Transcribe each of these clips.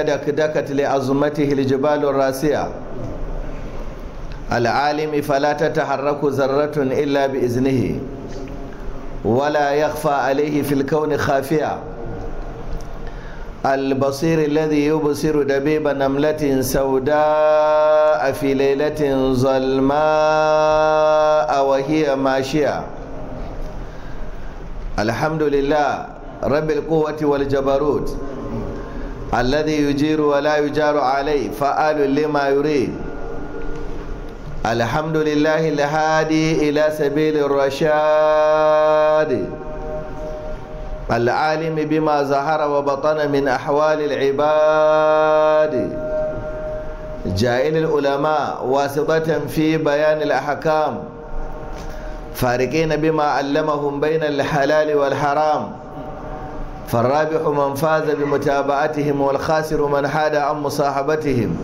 دكدكت لعظمته الجبال الراسية العالم فلا تتحرك ذرة إلا بإذنه ولا يخفى عليه في الكون خافية البصير الذي يبصر دبيب نملة سوداء في ليلة ظلماء وهي ماشية الحمد لله رب القوة والجبروت alladhi yujiru wa la yujaru alai fa'alu lima yurid alhamdulillahi alhadi ila sabilir rashad العالم بما ظهر وبطن من أحوال العباد جائل العلماء واسطة في بيان الأحكام فارقين بما علمهم بين الحلال والحرام فالرابح من فاز بمتابعتهم والخاسر من حاد عن مصاحبتهم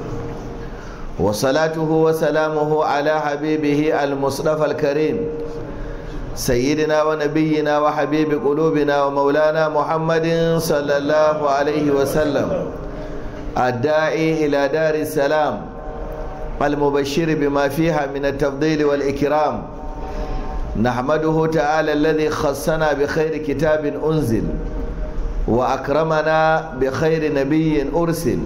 وصلاته وسلامه على حبيبه المصطفى الكريم سيدنا ونبينا وحبيب قلوبنا ومولانا محمد صلى الله عليه وسلم الداعي إلى دار السلام المبشر بما فيها من التفضيل والإكرام نحمده تعالى الذي خصنا بخير كتاب أنزل وأكرمنا بخير نبي أرسل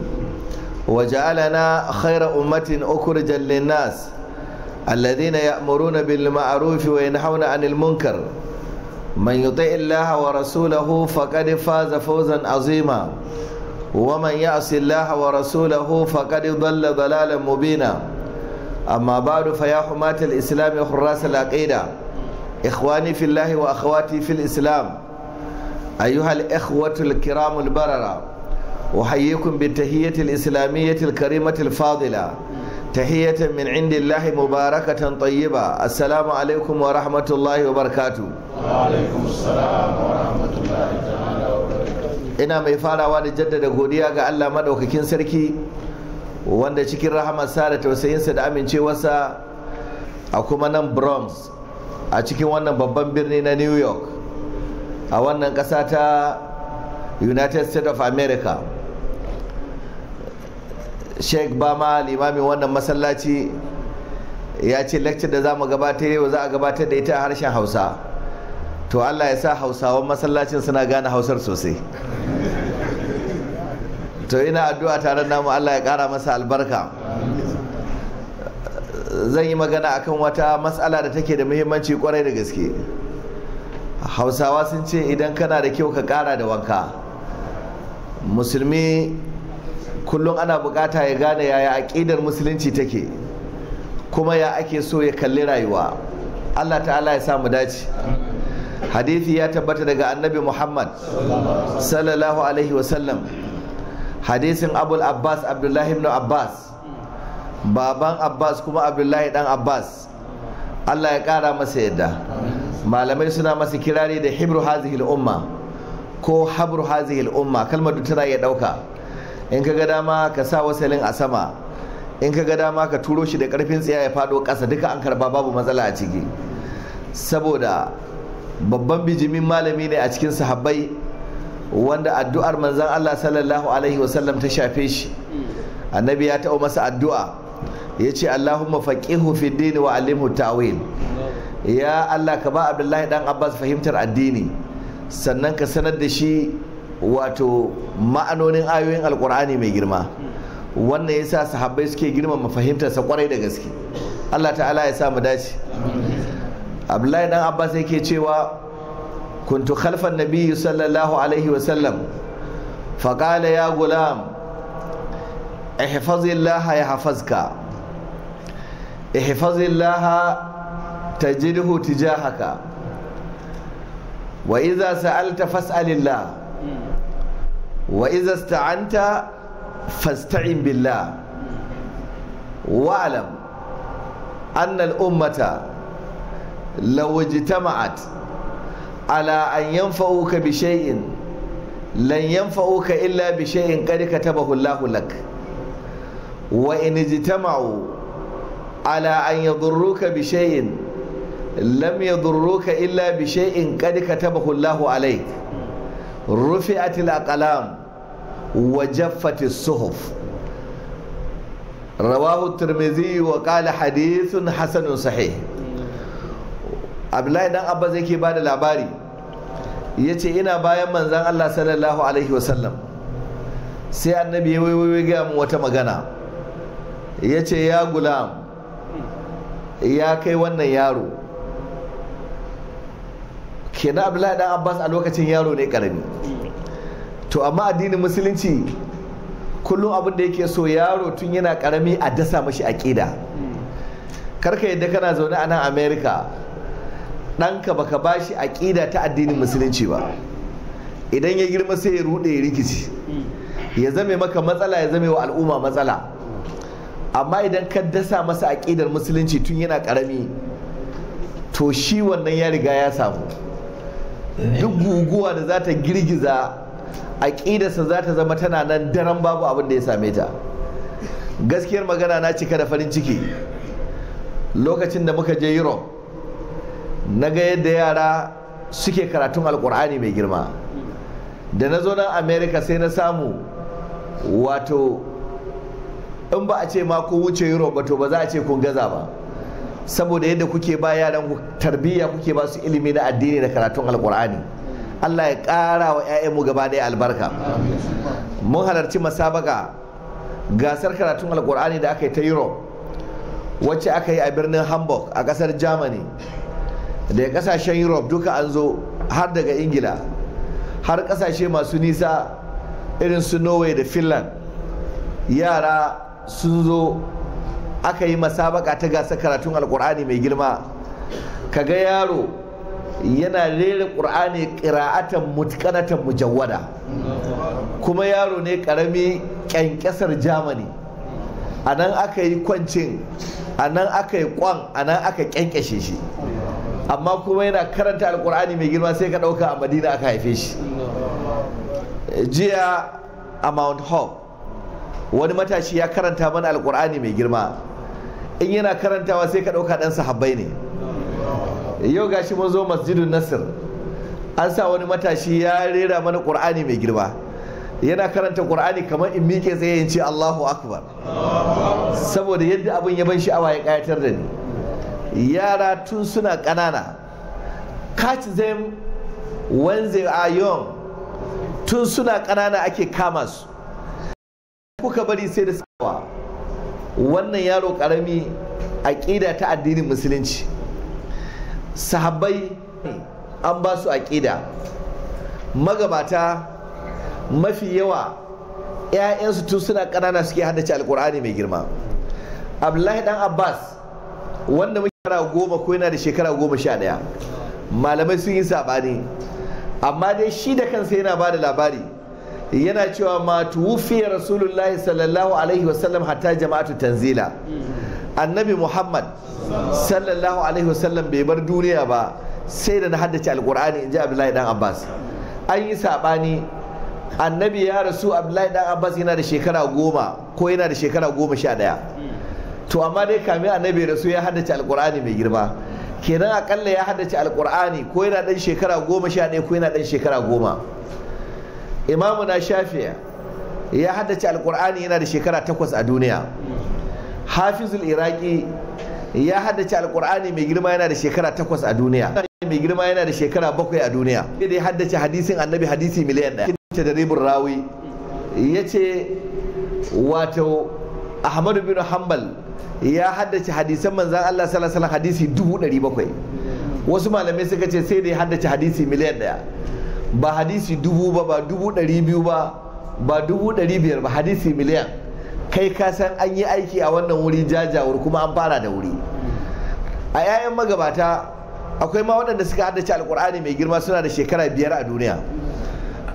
وجعلنا خير أمة أخرجا للناس الذين يأمرون بالمعروف وينحون عن المنكر من يطع الله ورسوله فقد فاز فوزا عظيما ومن يعص الله ورسوله فقد ضل ضلالا مبينا أما بعد فيا حماة الإسلام وحراس العقيدة إخواني في الله وأخواتي في الإسلام ayu hal ekwetul kiramul barara waxay yi kunbin tahiyyantar islamiyyantar karimatar fadhila tahiyyantar min cindillahi mubaraka tun tayyaba asalama alekum wa rahmatulahi wa barkatu. ina mai farawa da jaddada godiya ga allah maɗaukakin sarki wanda cikin rahama sare tausayinsa da amincewasa a kuma nan broms a cikin wannan babban birni na new york. a wannan ƙasa ta united states of america sheikh bama limamin wannan masallaci ya ce lecture da za mu gabatar yau za a gabatar da ita a harshen hausa to allah ya sa hausawan masallacin suna gane hausar sosai to ina addu'a tare namu allah ya kara masa albarka zan yi magana akan wata matsala da take da muhimmanci kwarai da gaske hausawa sun ce idan kana da kyau ka kara da wanka musulmi kullum ana bukata ya gane yaya aƙidar musulunci take kuma ya ake so ya kalli rayuwa allah ta'ala ya samu dace hadithi ya tabbata daga annabi muhammad sallallahu alaihi wasallam hadisin abul abbas abdullahi ibn abbas baban abbas kuma abdullahi dan abbas Allah ya ƙara masa yadda malamai suna masa kirari da hibru hazihil umma ko habru hazihil umma kalmar tana iya ɗauka in ka ga dama ka sa wasalin a sama in ka ga dama ka turo shi da ƙarfin tsiya ya fado ƙasa duka an karba babu matsala a ciki saboda babban bijimin malami ne a cikin sahabbai wanda addu'ar manzon Allah sallallahu alaihi wasallam ta shafe shi annabi ya taɓa masa addu'a ya ce Allahumma faqihu fi dini wa alimhu ta'wil ya Allah ka ba Abdullahi dan Abbas fahimtar addini sannan ka sanar da shi wato ma'anonin ayoyin alkur'ani mai girma wannan yasa sahabbai suke girmama sa kwarai da gaske Allah ta'ala ya sa mu dace Abdullahi dan Abbas yake cewa kuntu khalfan nabiyyi sallallahu alaihi wa sallam ya gulam ihfazillaha yahfazka ihfazillaha tajidhu haka. wa idza sa'alta fas'alillah wa idza ista'anta fasta'in billah wa'lam anna al-ummata law ijtama'at ala an yanfa'uka bi shay'in lan yanfa'uka illa bi shay'in qad katabahu Allahu wa ala an yadurruka bi shay'in lam yadurruka illa bi shay'in qad katabahu Allahu alayk rufi'at al-aqlam wa jaffat as-suhuf rawahu at-tirmidhi wa qala hadithun hasanun sahih Abdullahi dan Abbas yake bada labari yace ina bayan manzan Allah sallallahu alaihi wasallam sai annabi ya waiwaiwa ga mu wata magana yace ya gulam ya kai wannan yaro kenan abdullahi dan abbas a lokacin yaro ne karami to amma addinin musulunci kullum abin da yake so yaro tun yana karami a dasa mashi aƙida karka yadda kana zaune a nan america ɗanka baka bashi aƙida ta addinin musulunci ba idan ya girma sai ya rude ya rikici ya zame maka matsala ya zame wa al'umma matsala amma idan ka dasa masa aƙidar musulunci tun yana ƙarami to shi wannan ya riga ya samu duk guguwa da za ta girgiza aƙidarsa za ta zama tana nan daren babu abin da ya same ta gaskiyar magana na cika da farin ciki lokacin da muka je europe na ga yadda yara suke karatun alkur'ani mai girma da na zo na america sai na samu wato in ba a ce ma ko wuce europe ba to ba za a ce kun gaza ba saboda yadda kuke ba yaran tarbiyya kuke ba su ilimi na addini da karatun alkur'ani allah ya ƙara wa 'ya'yanmu gaba daya albarka mun halarci masabaka gasar karatun alkur'ani da aka yi ta europe wacce aka yi a birnin hamburg a kasar germany daga kasashen europe duka an zo har daga ingila har kasashe masu nisa irin su norway da finland yara sun zo aka yi masabaka ta gasa karatun alkur'ani mai girma Ka ga yaro yana rera ƙur'ani ƙira'atan mutkanatan mujawwada kuma yaro ne ƙarami ƙyanƙyasar jamani a nan aka yi kwancin a nan aka yi kwan a nan aka ƙyanƙyashe shi amma kuma yana karanta alkur'ani mai girma sai ka ɗauka a madina aka haife shi jiya a mount hope wani matashi ya karanta mana alkur'ani mai girma in yana karantawa sai ka ɗauka ɗansa sahabbai ne yau gashi mun zo masjidun nasir an sa wani matashi ya rera mana ƙur'ani mai girma yana karanta ƙur'ani kamar in miƙe tsaye in ce Allahu Akbar saboda yadda abin ya ban sha'awa ya ƙayatar da ni yara tun suna ƙanana catch them when they are tun suna ƙanana ake kama su kuka bari sai da sawa wannan yaro karami ƙida ta addinin musulunci sahabbai an ba su aƙida magabata mafi yawa 'ya'yansu tun suna ƙanana suke haddace Alƙur'ani mai girma abdullahi ɗan abbas wanda muke shekara goma ko yana da shekara goma sha ɗaya malamai sun yi saɓani amma dai shi da kansa yana ba da labari yana cewa ma tuwufiyar rasulullahi sallallahu alaihi wasallam hatta jama'atu tanzila annabi muhammad sallallahu alaihi wasallam bai bar duniya ba sai da na haddace alkur'ani in ji abdullahi dan abbas an yi saɓani annabi ya rasu abdullahi dan abbas yana da shekara goma ko yana da shekara goma sha ɗaya to amma dai kamin annabi ya rasu ya haddace alkur'ani mai girma kenan akalla ya haddace alkur'ani ko yana ɗan shekara goma sha ɗaya ko yana ɗan shekara goma imamu na shafiya ya haddace alkur'ani yana da shekara takwas a duniya hafizul iraki ya haddace alkur'ani mai girma yana da shekara takwas a duniya mai girma yana da shekara bakwai a duniya da ya haddace hadisin annabi hadisi miliyan ɗaya ta da ribin rawi ya ce wato ahmadu bin hanbal ya haddace hadisan manzan allah sallallahu hadisi dubu ɗari bakwai wasu malamai suka ce sai da ya haddace hadisi miliyan ɗaya ba hadisi dubu ba ba dubu ɗari biyu ba ba dubu ɗari biyar ba hadisi miliyan kai ka san an yi aiki a wannan wuri jajawar kuma an fara da wuri a 'ya'yan magabata akwai ma waɗanda suka haddace Alƙur'ani mai girma suna da shekara biyar a duniya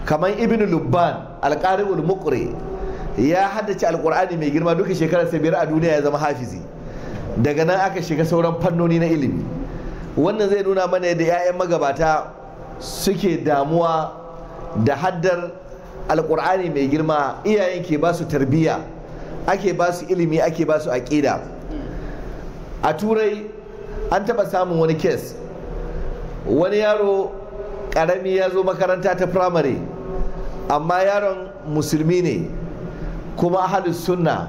kamar ibn lubban alƙari Mukre ya haddace Alƙur'ani mai girma duka shekararsa biyar a duniya ya zama hafizi daga nan aka shiga sauran fannoni na ilimi wannan zai nuna mana yadda 'ya'yan magabata suke damuwa da haddar alkur'ani mai girma iyayen ke ba su tarbiyya ake ba su ilimi ake ba su aƙida a turai an taɓa samun wani kes wani yaro ƙarami ya zo makaranta ta firamare amma yaron musulmi ne kuma ahalus sunna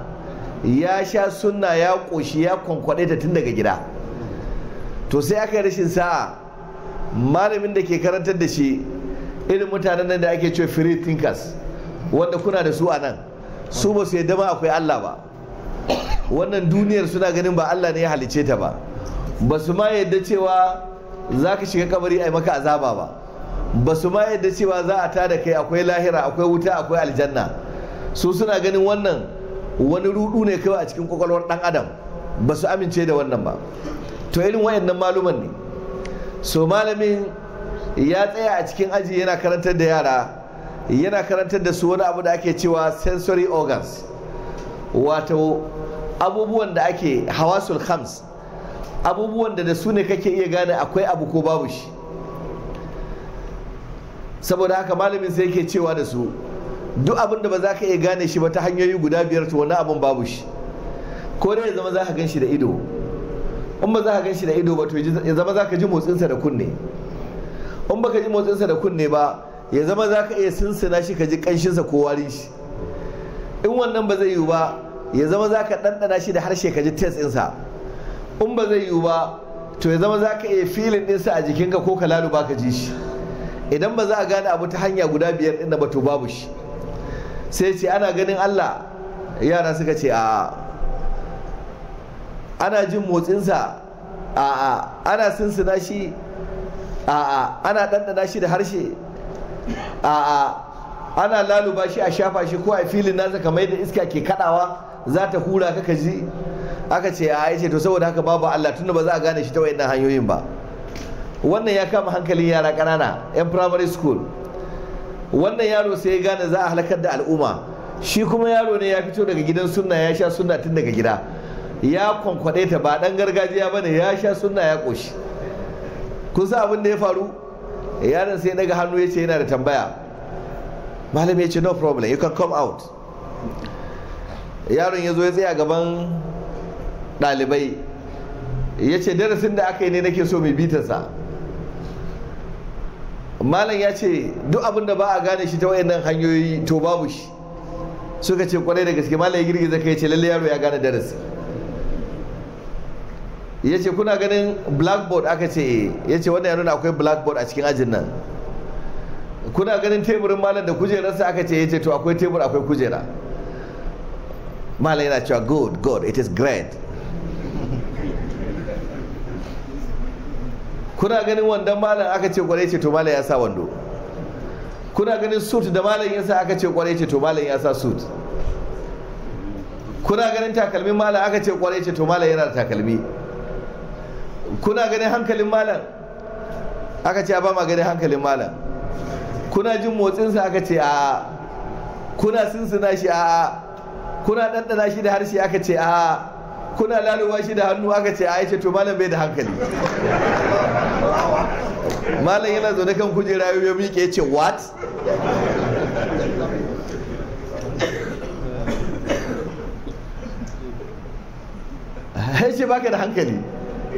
ya sha sunna ya ƙoshi ya kwankwaɗe ta tun daga gida to sai aka yi rashin sa'a malamin da ke karantar da shi irin mutanen nan da ake cewa free thinkers wanda kuna da su a nan su ba su yadda ma akwai Allah ba wannan duniyar suna ganin ba Allah ne ya halice ta ba ba su ma yadda cewa za ka shiga kabari a maka azaba ba ba su ma yadda cewa za a tada kai akwai lahira akwai wuta akwai aljanna su suna ganin wannan wani rudu ne kawai a cikin kwakwalwar dan adam ba su amince da wannan ba to irin wayannan maluman ne so malamin ya tsaya a cikin aji yana karantar da yara yana karantar da su wani abu da ake cewa sensory organs wato abubuwan da ake hawasul khams abubuwan da da su ne kake iya gane akwai abu ko babu shi saboda haka malamin sai yake cewa da su duk abin da ba za ka iya gane shi ba ta hanyoyi guda biyar to wani abin babu shi ko dai ya zama za ka gan shi da ido in ba za ka ganshi da ido ba to ya zama za ka ji motsinsa da kunne in ka ji motsinsa da kunne ba ya zama za ka iya sinsina shi ka ji kanshinsa ko warin shi in wannan ba zai yiwu ba ya zama za ka ɗanɗana shi da harshe ka ji tes ɗinsa in ba zai yiwu ba to ya zama za ka iya filin ɗinsa a jikinka ko ka ba ka ji shi idan ba za a gane abu ta hanya guda biyar ɗin ba to babu shi sai ce ana ganin Allah yara suka ce a ana jin motsinsa a'a ana sinsina shi a'a ana ɗanɗana shi da harshe a'a ana laluba shi a shafa shi ko a filin nasa kamar yadda iska ke kaɗawa za ta hura ka ji aka ce a ce to saboda haka babu Allah tunda ba za a gane shi ta wayannan hanyoyin ba wannan ya kama hankalin yara ƙanana 'yan primary school wannan yaro sai ya gane za a halakar da al'umma shi kuma yaro ne ya fito daga gidan sunna ya sha sunna tun daga gida ya kwankwaɗe ta ba ɗan gargajiya ba ne ya sha sunna ya ƙoshi kusa abin da ya faru yaron sai daga hannu ya ce yana da tambaya malam ya ce no problem you can come out yaron ya zo ya tsaya gaban ɗalibai ya ce darasin da aka yi ne nake so mai bitarsa malam ya ce duk abin da ba a gane shi ta wayannan hanyoyi to babu shi suka ce kwarai da gaske malam ya girgiza kai ya ce lalle yaro ya gane darasi ya ce kuna ganin blackboard aka ce eh. ya ce wannan ya nuna akwai blackboard a cikin ajin nan kuna ganin teburin malam da kujerarsa aka ce ya ce to akwai tebur akwai kujera malam yana cewa good good it is great kuna ganin wandon malam aka ce kwarai ce to malam ya sa wando kuna ganin suit da malam ya sa aka ce kwarai ce to malam ya sa suit kuna ganin takalmin malam aka ce kwarai ce to malam yana da takalmi kuna ganin hankalin malam aka ce ba ma ganin hankalin malam kuna jin motsinsa aka ce a kuna sinsina shi a kuna ɗanɗana shi da harshe aka ce a kuna laluwa shi da hannu aka ce a ya ce to malam bai da hankali malam yana zaune kan kujera ya miƙe ya ce what ya ce baka da hankali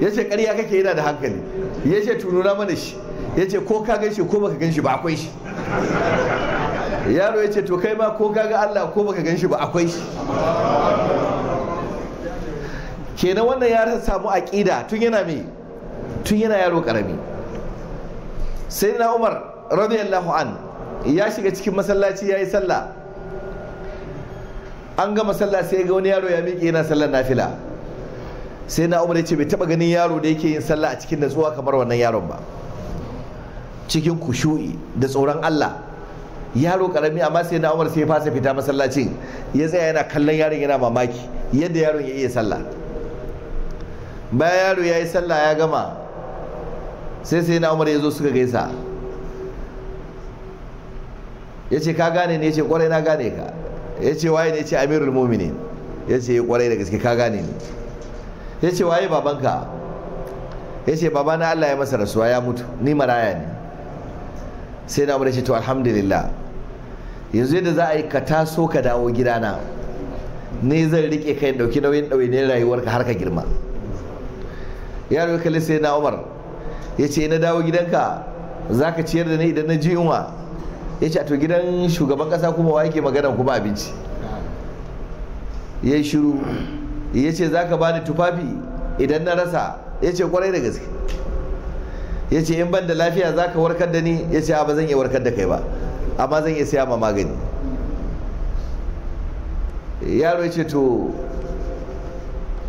ya ce ƙarya kake yana da hankali ya ce tunura mana shi ya ce ko ka ganshi ko baka ganshi ba akwai shi yaro ya ce to kai ma ko ka ga Allah ko baka ganshi ba akwai shi kenan wannan ya samu aƙida tun yana me tun yana yaro karami sai na umar radiyallahu an ya shiga cikin masallaci ya yi sallah an ga masallaci ya ga wani yaro ya miƙe yana sallar nafila sai na umar ya ce bai taba ganin yaro da yake yin sallah a cikin natsuwa kamar wannan yaron ba cikin kushu'i da tsoron Allah yaro karami amma sai na umar sai ya fasa fita masallacin ya tsaya yana kallon yaron yana mamaki yadda yaron ya iya sallah bayan yaro ya yi sallah ya gama sai sai na umar ya zo suka gaisa ya ce ka gane ne ya ce kwarai na gane ka ya ce waye ne ya ce amirul muminin ya ce kwarai da gaske ka gane ne ya ce waye babanka ya ce babana Allah ya masa rasuwa ya mutu ni maraya ne sai na ce to alhamdulillah yanzu yadda za a yi ka taso ka dawo gidana ne zan rike kai dauki nauyin rayuwar ka har ka girma yaro kalli sai na umar ya ce na dawo gidanka za ka ciyar da ni idan na ji yunwa ya ce to gidan shugaban kasa kuma wa yake magana kuma abinci ya yi shiru ya ce za ka bani tufafi idan na rasa ya ce kwarai da gaske ya ce in ban da lafiya za ka warkar da ni ya ce ba zan iya warkar da kai ba amma zan iya siya ma magani yaro ya ce to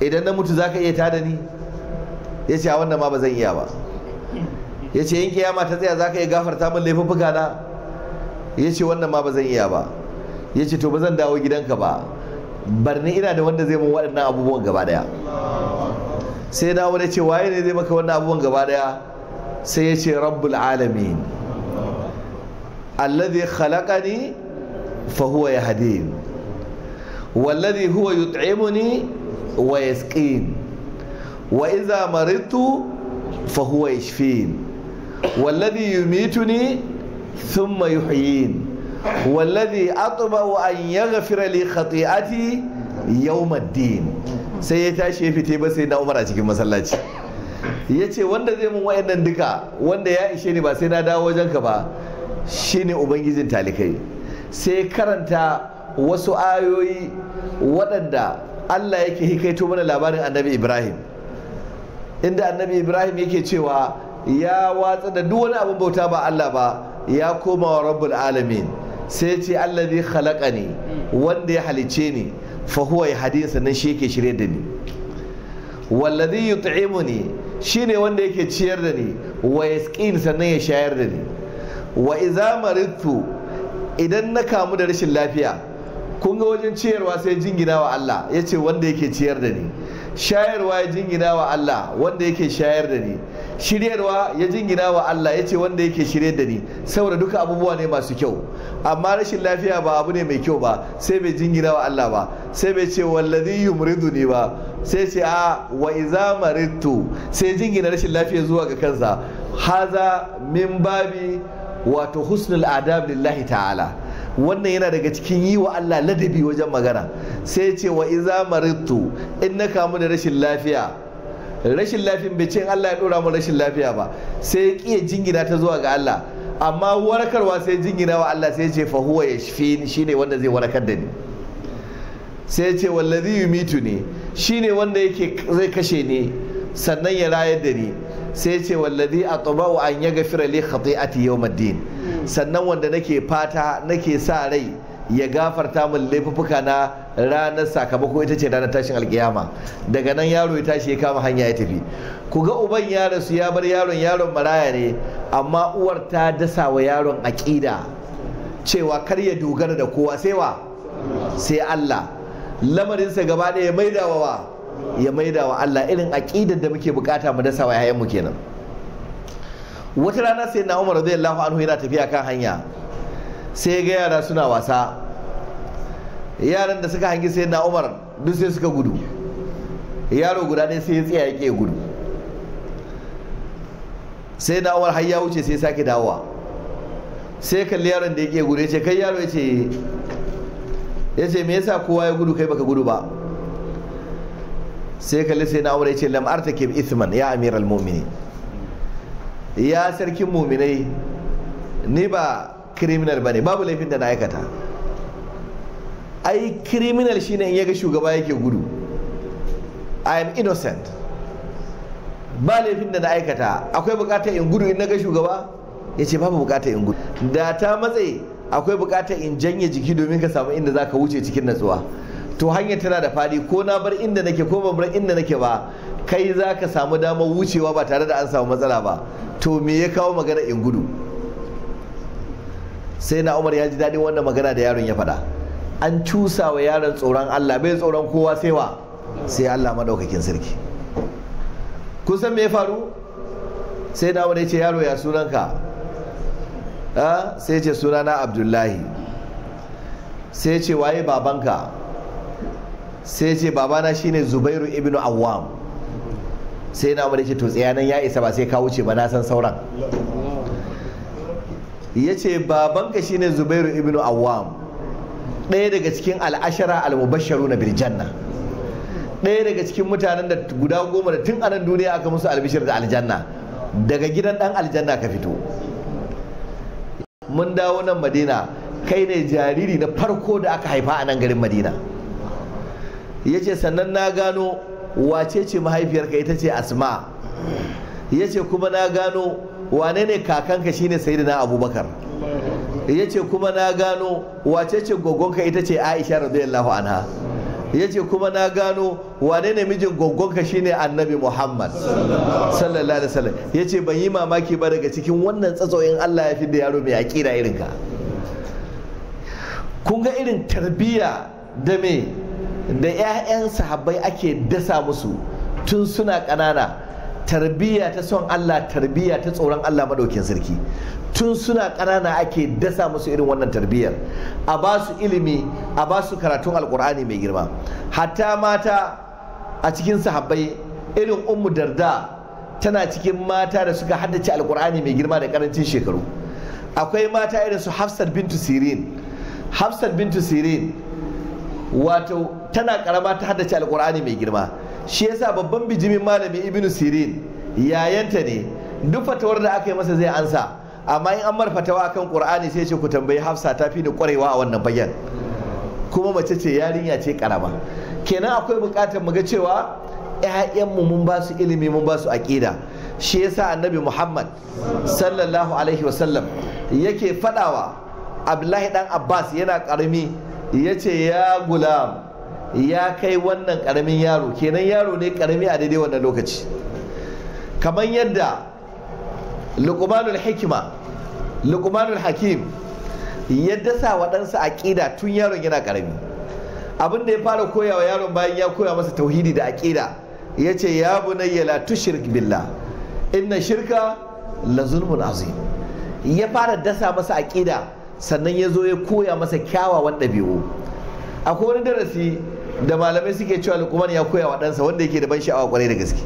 idan na mutu za ka iya tada ni ya ce a wannan ma ba zan iya ba ya ce in kiyama ta tsaya za ka iya gafarta min laifuffuka na ya ce wannan ma ba zan iya ba ya ce to ba zan dawo gidanka ba barni ina da wanda zai mun waɗannan abubuwan gaba daya sai dawo da ce waye ne zai maka wannan abubuwan gaba daya sai ya ce rabbul alamin alladhi khalaqani fa huwa yahdin والذي هو يطعمني ويسقين وإذا مرضت فهو يشفين والذي يميتني ثم يحيين wallazi wa an yaghfira li khati'ati ad-din sai ya tashi ya fite ba sai na Umar a cikin masallaci ya ce wanda zai mun wayannan duka wanda ya ishe ni ba sai na dawo wajen ka ba shine ubangijin talikai sai karanta wasu ayoyi waɗanda Allah yake hikaito mana labarin annabi Ibrahim inda annabi Ibrahim yake cewa ya watsa da duk wani abin bauta ba Allah ba ya koma wa rabbul alamin sai ce Allah halaka ne wanda ya halice ni fa huwa yahdini sannan shi yake shirye da ni wallazi shine wanda yake ciyar da ni wa yasqini sannan ya shayar da ni wa idza maridtu idan na kamu da rashin lafiya kun ga wajen ciyarwa sai jingina wa Allah yace wanda yake ciyar da ni shayarwa ya jingina wa Allah wanda yake shayar da ni shiryarwa ya jingina wa Allah ya ce wanda yake shirye da ni saboda duka abubuwa ne masu kyau amma rashin lafiya ba abu ne mai kyau ba sai bai jingina wa Allah ba sai bai ce wallazi yumridu ni ba sai ce a wa iza maridtu sai jingina rashin lafiya zuwa ga kansa haza min babi wato husnul adab lillahi ta'ala wannan yana daga cikin yi wa Allah ladabi wajen magana sai ce wa iza maridtu in na kamu da rashin lafiya rashin lafiyan bai ce Allah ya dora mu rashin lafiya ba sai ya jingina ta zuwa ga Allah amma warakarwa sai jingina wa Allah sai ce fa huwa yashfin shine wanda zai warakar da ni sai ce wallazi yumitu ne shine wanda yake zai kashe ni sannan ya rayar da ni sai ce wallazi atba'u an yaghfira li khati'ati yawmiddin sannan wanda nake fata nake sa rai ya gafarta min laifuka na ranar sakamako ita ce ranar tashin alkiyama daga nan yaro ya tashi ya kama hanya ya tafi ku ga uban ya rasu ya bar yaron yaron maraya ne amma uwar ta dasa wa yaron aƙida cewa kar ya dogara da kowa sai wa sai Allah lamarinsa gaba ɗaya ya maida wa ya maida wa Allah irin aƙidar da muke bukata mu dasa wa mu kenan wata rana sai na Umar radiyallahu anhu yana tafiya kan hanya sai ga yara suna wasa yaran da suka hangi sai na umar duk sai suka gudu yaro guda ne sai ya tsaya ya gudu sai na umar har ya wuce sai sake dawowa sai kalli yaron da ya ke gudu ya ce kai yaro ya ce ya ce me yasa kowa ya gudu kai baka gudu ba sai kalli sai na umar ya ce lam artakib ithman ya amiral mu'minin ya sarkin mu'minai ni ba criminal bane babu laifin da na aikata ai criminal shine in yaga shugaba yake gudu i am innocent ba laifin da na aikata akwai bukata in gudu in naga shugaba ya ce babu bukata in gudu da ta matse akwai bukata in janye jiki domin ka samu inda zaka wuce cikin natsuwa to hanyar tana da fadi ko na bar inda nake ko ban bar inda nake ba kai zaka samu damar wucewa ba tare da an samu matsala ba to me ya kawo magana in gudu sai na umar ya ji daɗin wannan magana da yaron ya faɗa an cusa wa yaron tsoron allah bai tsoron kowa sai wa sai allah maɗaukakin sarki kun san me ya faru sai na umar ya ce yaro ya sunanka sai ce suna na abdullahi sai ce waye babanka sai ce babana shine zubairu ibnu awwam sai na umar ya ce to tsayanan ya isa ba sai ka wuce ba na san sauran ya ce babanka shine zubairu ibn awam ɗaya daga cikin al'ashara al-mubasharu na birjanna ɗaya daga cikin mutanen da guda goma da tun anan duniya aka musu albishir da aljanna daga gidan ɗan aljanna ka fito mun dawo nan madina kai ne jariri na farko da aka haifa a nan garin madina ya ce sannan na gano wace ce mahaifiyarka ita ce asma ya ce kuma na gano wane ne kakanka shine sayyidina abubakar ya ce kuma na gano wace ce gogonka ita ce aisha radiyallahu anha ya ce kuma na gano wane ne mijin gogonka shine annabi muhammad sallallahu alaihi wasallam ya ce ban yi mamaki ba daga cikin wannan tsatsoyin allah ya fi da yaro mai aƙira irin ka kun ga irin tarbiyya da me da 'ya'yan sahabbai ake dasa musu tun suna ƙanana tarbiyya ta son Allah tarbiyya ta tsoron Allah madaukin sarki tun suna ƙanana ake dasa musu irin wannan tarbiyyar a ba su ilimi a ba su karatun alkur'ani mai girma hatta mata a cikin sahabbai irin ummu darda tana cikin mata da suka haddace alkur'ani mai girma da karancin shekaru akwai mata irin su hafsat bintu sirin hafsat bintu sirin wato tana karama ta haddace alkur'ani mai girma shi yasa babban bijimin malami ibnu sirin yayanta ne duk fatawar da aka yi masa zai ansa amma in an marfatawa akan qur'ani sai ce ku tambayi hafsa ta fi ni kwarewa a wannan bayan. kuma mace ce yarinya ce karama kenan akwai bukatar mu ga cewa ‘ya'yanmu mun ba su ilimi mun ba su aƙida shi yasa annabi muhammad sallallahu alaihi wasallam yake faɗawa abdullahi dan abbas yana ƙarami ya ce ya gulam ya kai wannan karamin yaro kenan yaro ne karami a daidai wannan lokaci kamar yadda luqmanul hikima luqmanul hakim ya dasa wa ɗansa aƙida tun yaron yana karami abin da ya fara koya wa yaron bayan ya koya masa tauhidi da aƙida ya ce ya bunayya la tushrik billah inna shirka la zulmun azim ya fara dasa masa aƙida sannan ya zo ya koya masa kyawawan ɗabi'u akwai wani darasi da malamai suke cewa lukuman ya koya wa ɗansa wanda yake da ban sha'awa kwarai da gaske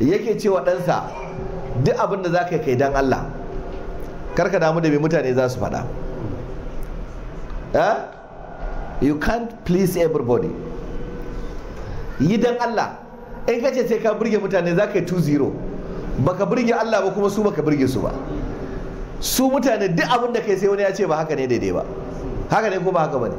yake wa ɗansa duk abin da za ka kai dan Allah karka damu da mai mutane za su faɗa eh? you can't please everybody yi dan Allah in ka ce sai ka burge mutane za ka yi 2-0 baka burge Allah ba kuma su baka burge su ba su mutane duk abin da kai sai wani ya ce ba haka ne daidai ba haka ne ko ba haka bane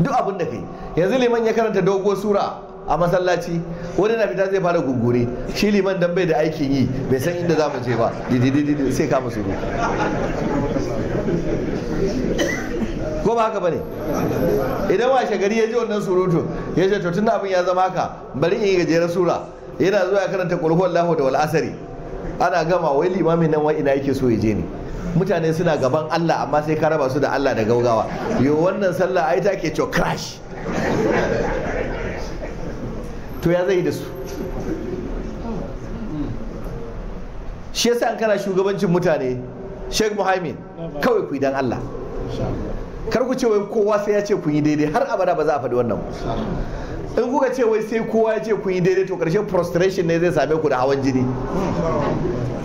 duk abin da kai yanzu liman ya karanta dogo sura a masallaci wani na fita zai fara gungure shi liman dan bai da aikin yi bai san inda za mu je ba didididi sai kama su ko ba haka bane idan wa gari ya ji wannan surutu ya ce to tunda abin ya zama haka bari in yi gajeren sura yana zuwa ya karanta kulhu Allahu da wal asari ana gama wai limamin nan wai ina yake so ya je ni. mutane suna gaban Allah amma sai ka raba su da Allah da gaugawa yo wannan sallah ai ta ke cewa crash to ya zai da su shi yasa an kana shugabancin mutane Sheikh Muhammad kawai ku yi dan Allah kar ku ce wai kowa sai ya ce kun yi daidai har abada ba za a faɗi wannan in kuka ce wai sai kowa ya ce kun yi daidai to karshen prostration ne zai same ku da hawan jini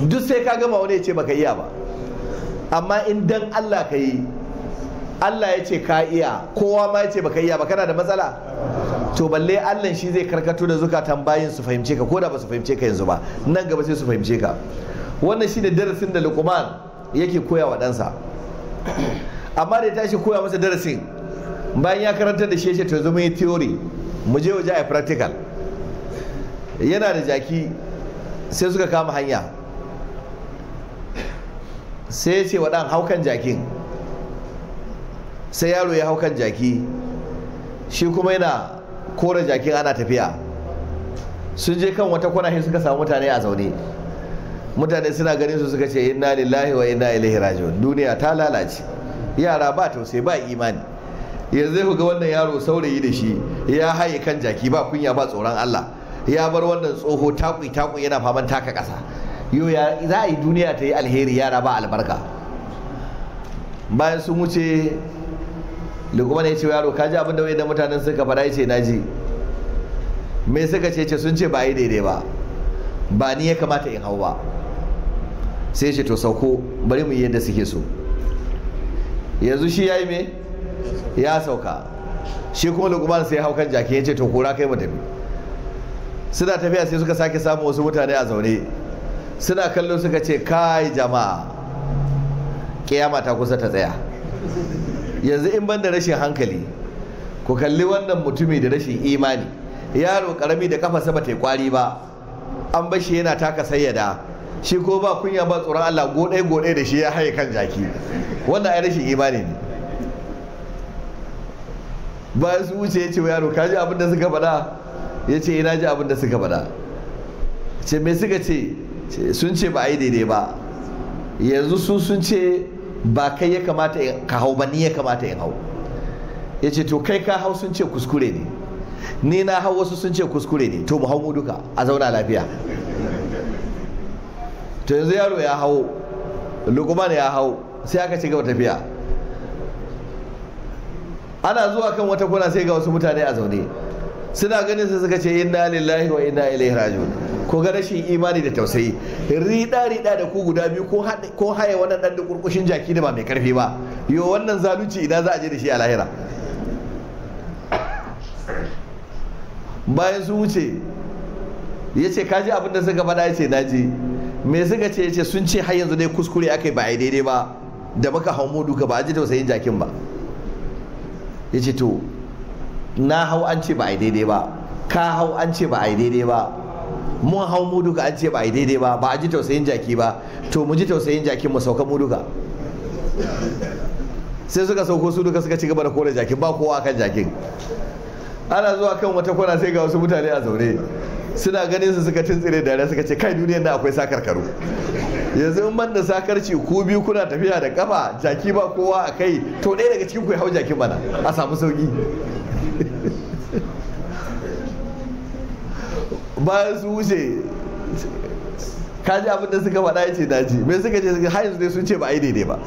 duk sai ka gama wani ya ce baka iya ba amma in dan Allah ka yi Allah ya ce ka iya kowa ma ya ce baka iya ba kana da matsala to balle Allah shi zai karkato da zukatan bayin su fahimce ka da ba su fahimce ka yanzu ba nan gaba sai su fahimce ka wannan shi shine darasin da Luqman yake koya wa ɗansa amma da ya tashi koya masa darasin bayan ya karanta da sheshe to zama yi theory mu je waje a practical yana da jaki sai suka kama hanya sai ya ce wa ɗan haukan jakin sai yaro ya haukan jaki shi kuma yana kora jakin ana tafiya sun je kan wata kwana suka samu mutane a zaune mutane suna ganin su suka ce inna lillahi wa inna ilaihi raji'un duniya ta lalace yara ba tausayi ba imani yanzu zai ga wannan yaro saurayi da shi ya haye kan jaki ba kunya ba tsoron Allah ya bar wannan tsoho takwi takwi yana faman taka ƙasa yau za a yi duniya ta yi alheri yara ba albarka bayan sun wuce lukman ya ce yaro ji abin da wayannan mutanen ka fara ce naji me suka ce ce sun ce ba yi daidai ba ba ni ya kamata in hau ba sai ce to sauko bari mu yi yadda suke so yanzu shi ya yi me ya sauka shi kuma lukman sai hau kan jaki ya ce to kora kai mu tafi suna tafiya sai suka sake samun wasu mutane a zaune suna kallo suka ce kai jama'a kiyama ta kusa ta tsaya yanzu in ban da rashin hankali ku kalli wannan mutumi da rashin imani yaro karami da kafa sama ta kwari ba an bashi yana taka sayyada shi ko ba kunya ba tsoron Allah gode gode da shi ya haye kan jaki wannan ai rashin imani ne bayan su wuce ya ce yaro ka ji abin da suka faɗa ya ce ina eh, ji abin da suka faɗa ce me suka ce sun ce ba a yi daidai ba yanzu su sun ce ba kai ya kamata ka hau ba ni ya kamata in hau ya ce to kai ka hau sun ce kuskure ne ni na hau wasu sun ce kuskure ne to mu hau mu duka a zauna lafiya to yanzu yaro ya hau lukman ya hau sai aka ci gaba tafiya ana zuwa kan wata kuna sai ga wasu mutane a zaune suna ganin su suka ce inna lillahi wa inna ilaihi raji'un ko ga rashin imani da tausayi rida rida da ku guda biyu ko haya wannan dan da kurkushin jaki da ba mai karfi ba yo wannan zalunci idan za a je da shi a lahira bayan su wuce ya ce kaji abin da suka faɗa ya ce ji. me suka ce ya ce sun ce har yanzu dai kuskure aka yi ba a daidai ba da muka hau modu duka ba a ji tausayin jakin ba ya ce to na hau an ce ba a daidai ba ka hau an ce ba a daidai ba mun hau mu duka an ce ba a yi daidai ba ba a ji tausayin jaki ba to mu ji tausayin jakin mu sauka mu duka sai suka sauko su duka suka ci gaba da kore jakin ba kowa kan jakin ana zuwa kan wata kwana sai ga wasu mutane a zaune suna ganin su suka tuntsire da suka ce kai duniyar na akwai karu yanzu in banda sakarci ku biyu kuna tafiya da kafa jaki ba kowa a kai to ɗaya daga cikin ku ya hau jakin mana a samu sauki bayan su wuce kaji abin da suka faɗa ya ce daji mai suka ce har yanzu dai sun ce ba a yi daidai ba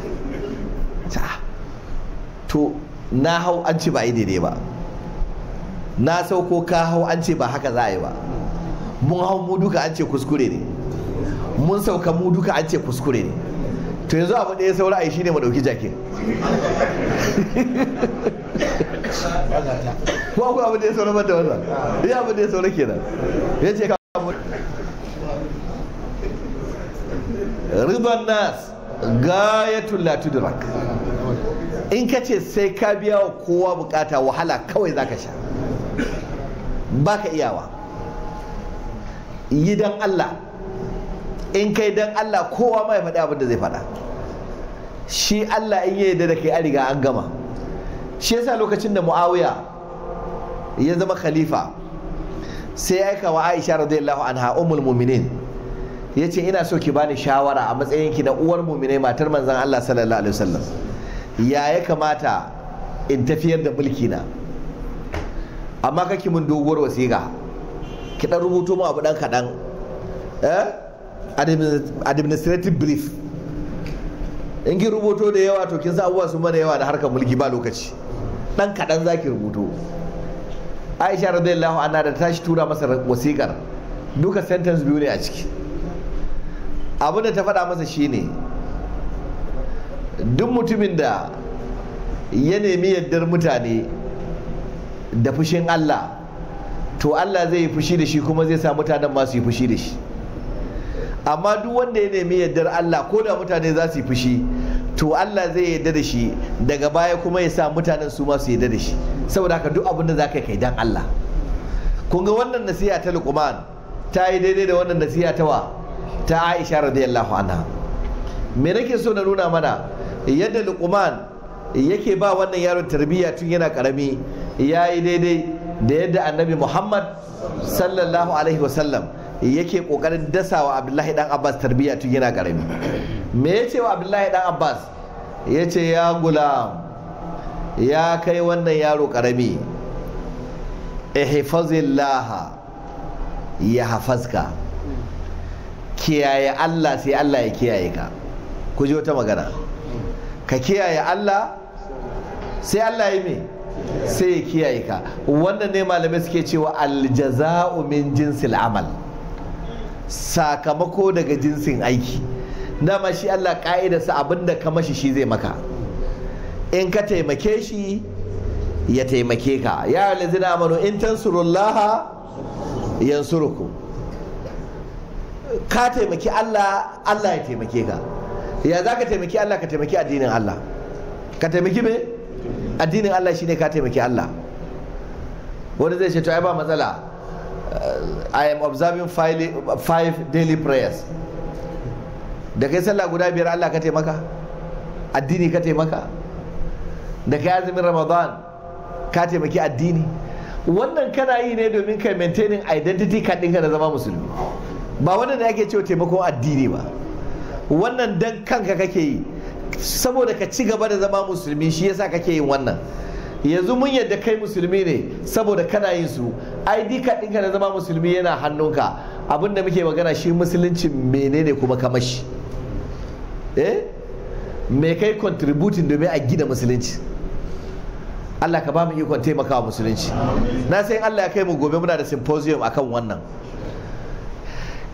to na hau an ce ba a yi daidai ba na sauko ka hau an ce ba haka za a yi ba mun hau mu duka an ce kuskure ne mun sauka mu duka an ce kuskure ne to yanzu abu ɗaya saura a yi shine mu ɗauki jakin ko ku abu ɗaya saura mata da wannan iya eh, abu ɗaya saura kenan ya ce ka abu riban nas gayatul la tudrak in ka ce sai ka biya wa kowa bukata wahala kawai za ka sha ba ka iyawa yi don Allah in kai dan Allah kowa ma ya faɗi abin da zai faɗa shi Allah in ya yarda da kai an riga an gama shi yasa lokacin da Muawiya ya zama khalifa sai ya aika wa Aisha radiyallahu anha ummul mu'minin yace ina so ki bani shawara a matsayin ki na uwar mu'minai matar manzon Allah sallallahu alaihi wasallam ya ya kamata in tafiyar da mulki na amma kake mun doguwar wasiƙa ki ɗan rubuto mu abu dan kadan eh? administrative brief in ki rubuto da yawa to kin sa abubuwa sun mana yawa da harkar mulki ba lokaci dan kaɗan za ki rubuto aisha radiyallahu anha da tashi tura masa wasikar duka sentence biyu ne a ciki abu da ta faɗa masa shine duk mutumin da ya nemi yardar mutane da fushin Allah to Allah zai yi fushi da shi kuma zai sa mutanen masu yi fushi da shi amma duk wanda ya nemi yardar Allah ko da mutane za su yi fushi to Allah zai yarda da shi daga baya kuma ya sa mutanen su ma su yarda da shi saboda haka duk abin da za ka kai dan Allah kun ga wannan nasiha ta Luqman ta yi daidai da wannan nasiha ta wa ta Aisha radiyallahu anha me nake so na nuna mana yadda Luqman yake ba wannan yaron tarbiyya tun yana karami ya yi daidai da yadda annabi Muhammad sallallahu alaihi wasallam yake kokarin dasawa abdullahi dan abbas tarbiyya tun yana karami me ya ce wa abdullahi dan abbas ya ce ya gulam ya kai wannan yaro karami ihfazillah ya hafazka kiyaye Allah sai Allah ya kiyaye ka ku ji wata magana ka kiyaye Allah sai Allah ya yi sai ya kiyaye ka wannan ne malamai suke cewa aljaza'u min jinsil amal sakamako daga jinsin aiki dama shi Allah ka'idarsa abinda ka mashi shi zai maka in ka taimake shi ya taimake ka ya lazina amanu in tansurullaha suruku. ka taimaki Allah Allah ya taimake ka ya za ka taimaki Allah ka taimaki addinin Allah ka taimaki me addinin Allah shine ka taimaki Allah wani zai ce to ai ba matsala uh, I am observing five, five daily prayers da kai sallah guda biyar Allah ka taimaka addini ka taimaka da kai azumin Ramadan ka taimaki addini wannan kana yi ne domin kai maintaining identity ka ɗinka da zama musulmi ba wannan da ake cewa taimakon addini ba wannan dan kanka kake yi saboda ka ci gaba da zama musulmi shi yasa kake yin wannan yanzu mun yadda kai musulmi ne saboda kana yin su id card ɗinka na zama musulmi yana hannunka abinda muke magana shi musulunci menene kuma kamashi eh me kai contributing domin a gida musulunci Allah ka ba mu ikon taimakawa musulunci na sai Allah ya kai mu gobe muna da symposium akan wannan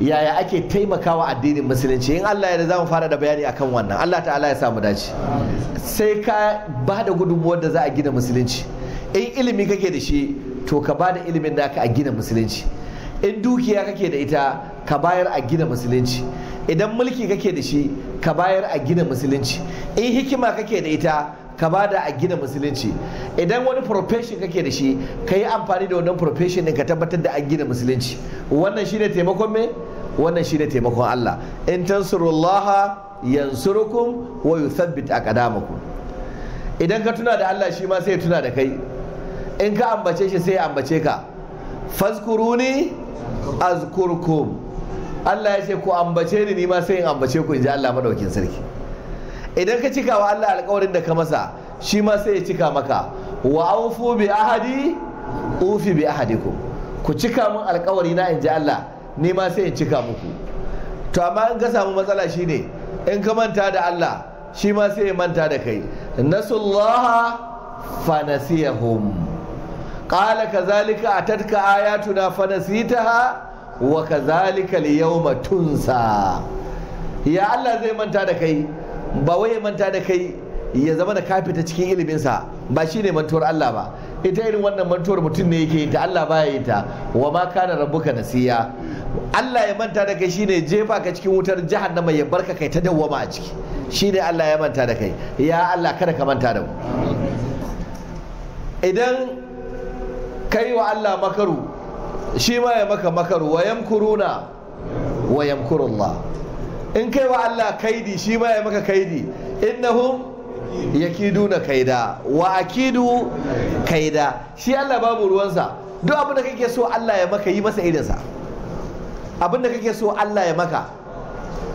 yaya ake taimakawa addinin musulunci in Allah ya za mu fara da bayani akan wannan Allah ta'ala ya samu dace sai ka ba da gudunmuwar da za a gina musulunci in ilimi kake da shi to ka ba da ilimin da a gina musulunci in dukiya kake da ita ka bayar a gina musulunci idan mulki kake da shi ka bayar a gina musulunci in hikima kake da ita ka ba da a gina musulunci idan wani profession kake da shi ka yi amfani da wannan profession ɗin ka tabbatar da an gina musulunci wannan shine taimakon me wannan shi ne taimakon Allah in tansurullaha yansurukum wa yuthabbit aqdamakum idan ka tuna da Allah shi ma sai tuna da kai in ka ambace shi sai ambace ka fazkuruni azkurkum Allah ya ce ku ambace ni ni ma sai in ambace ku in ji Allah madaukin sarki idan ka cika wa Allah alkawarin da ka masa shi ma sai ya cika maka wa aufu bi ahadi ufi bi ahadi ku cika min alƙawari na in ji Allah ni ma sai in cika muku to amma in ka samu matsala shine in ka manta da Allah shi ma sai ya manta da kai nasullaha fanasiyahum qala kazalika atatka ayatuna fanasitaha wa kazalika al-yawma tunsa ya Allah zai manta da kai ba wai manta da kai ya zama da kafita cikin iliminsa ba shi ne mantuwar Allah ba ita irin wannan mantuwar mutum ne yake ta Allah baya yi ta wa ma kana rabbuka nasiya Allah ya manta da kai shine jefa ka cikin wutar jahannama ya barka kai ta dawwama a ciki shine Allah ya manta da kai ya Allah kada ka manta da mu idan kai wa Allah makaru shi ma ya maka makaru wa yamkuruna wa yamkurullah in kai wa Allah kaidi shi ma ya maka kaidi innahum yakiduna kaida wa akidu kaida shi Allah babu ruwansa duk abin da kake so Allah ya maka yi masa irinsa abinda kake so Allah ya maka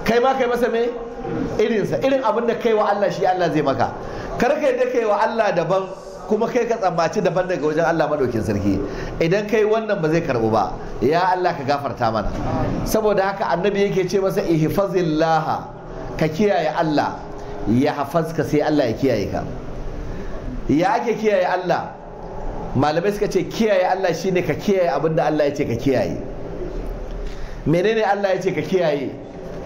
kai ma kai masa me irinsa irin abinda kai wa Allah shi Allah zai maka kar ka yadda kai wa Allah daban kuma kai ka tsammaci daban daga wajen Allah madaukin sarki idan kai wannan ba zai karbu ba ya Allah ka gafarta mana saboda haka annabi yake ce masa ihfazillaha ka kiyaye Allah ya hafazka sai Allah ya kiyaye ka ya ake kiyaye Allah malamai suka ce kiyaye Allah shine ka kiyaye abinda Allah ya ce ka kiyaye menene Allah ya ce ka kiyaye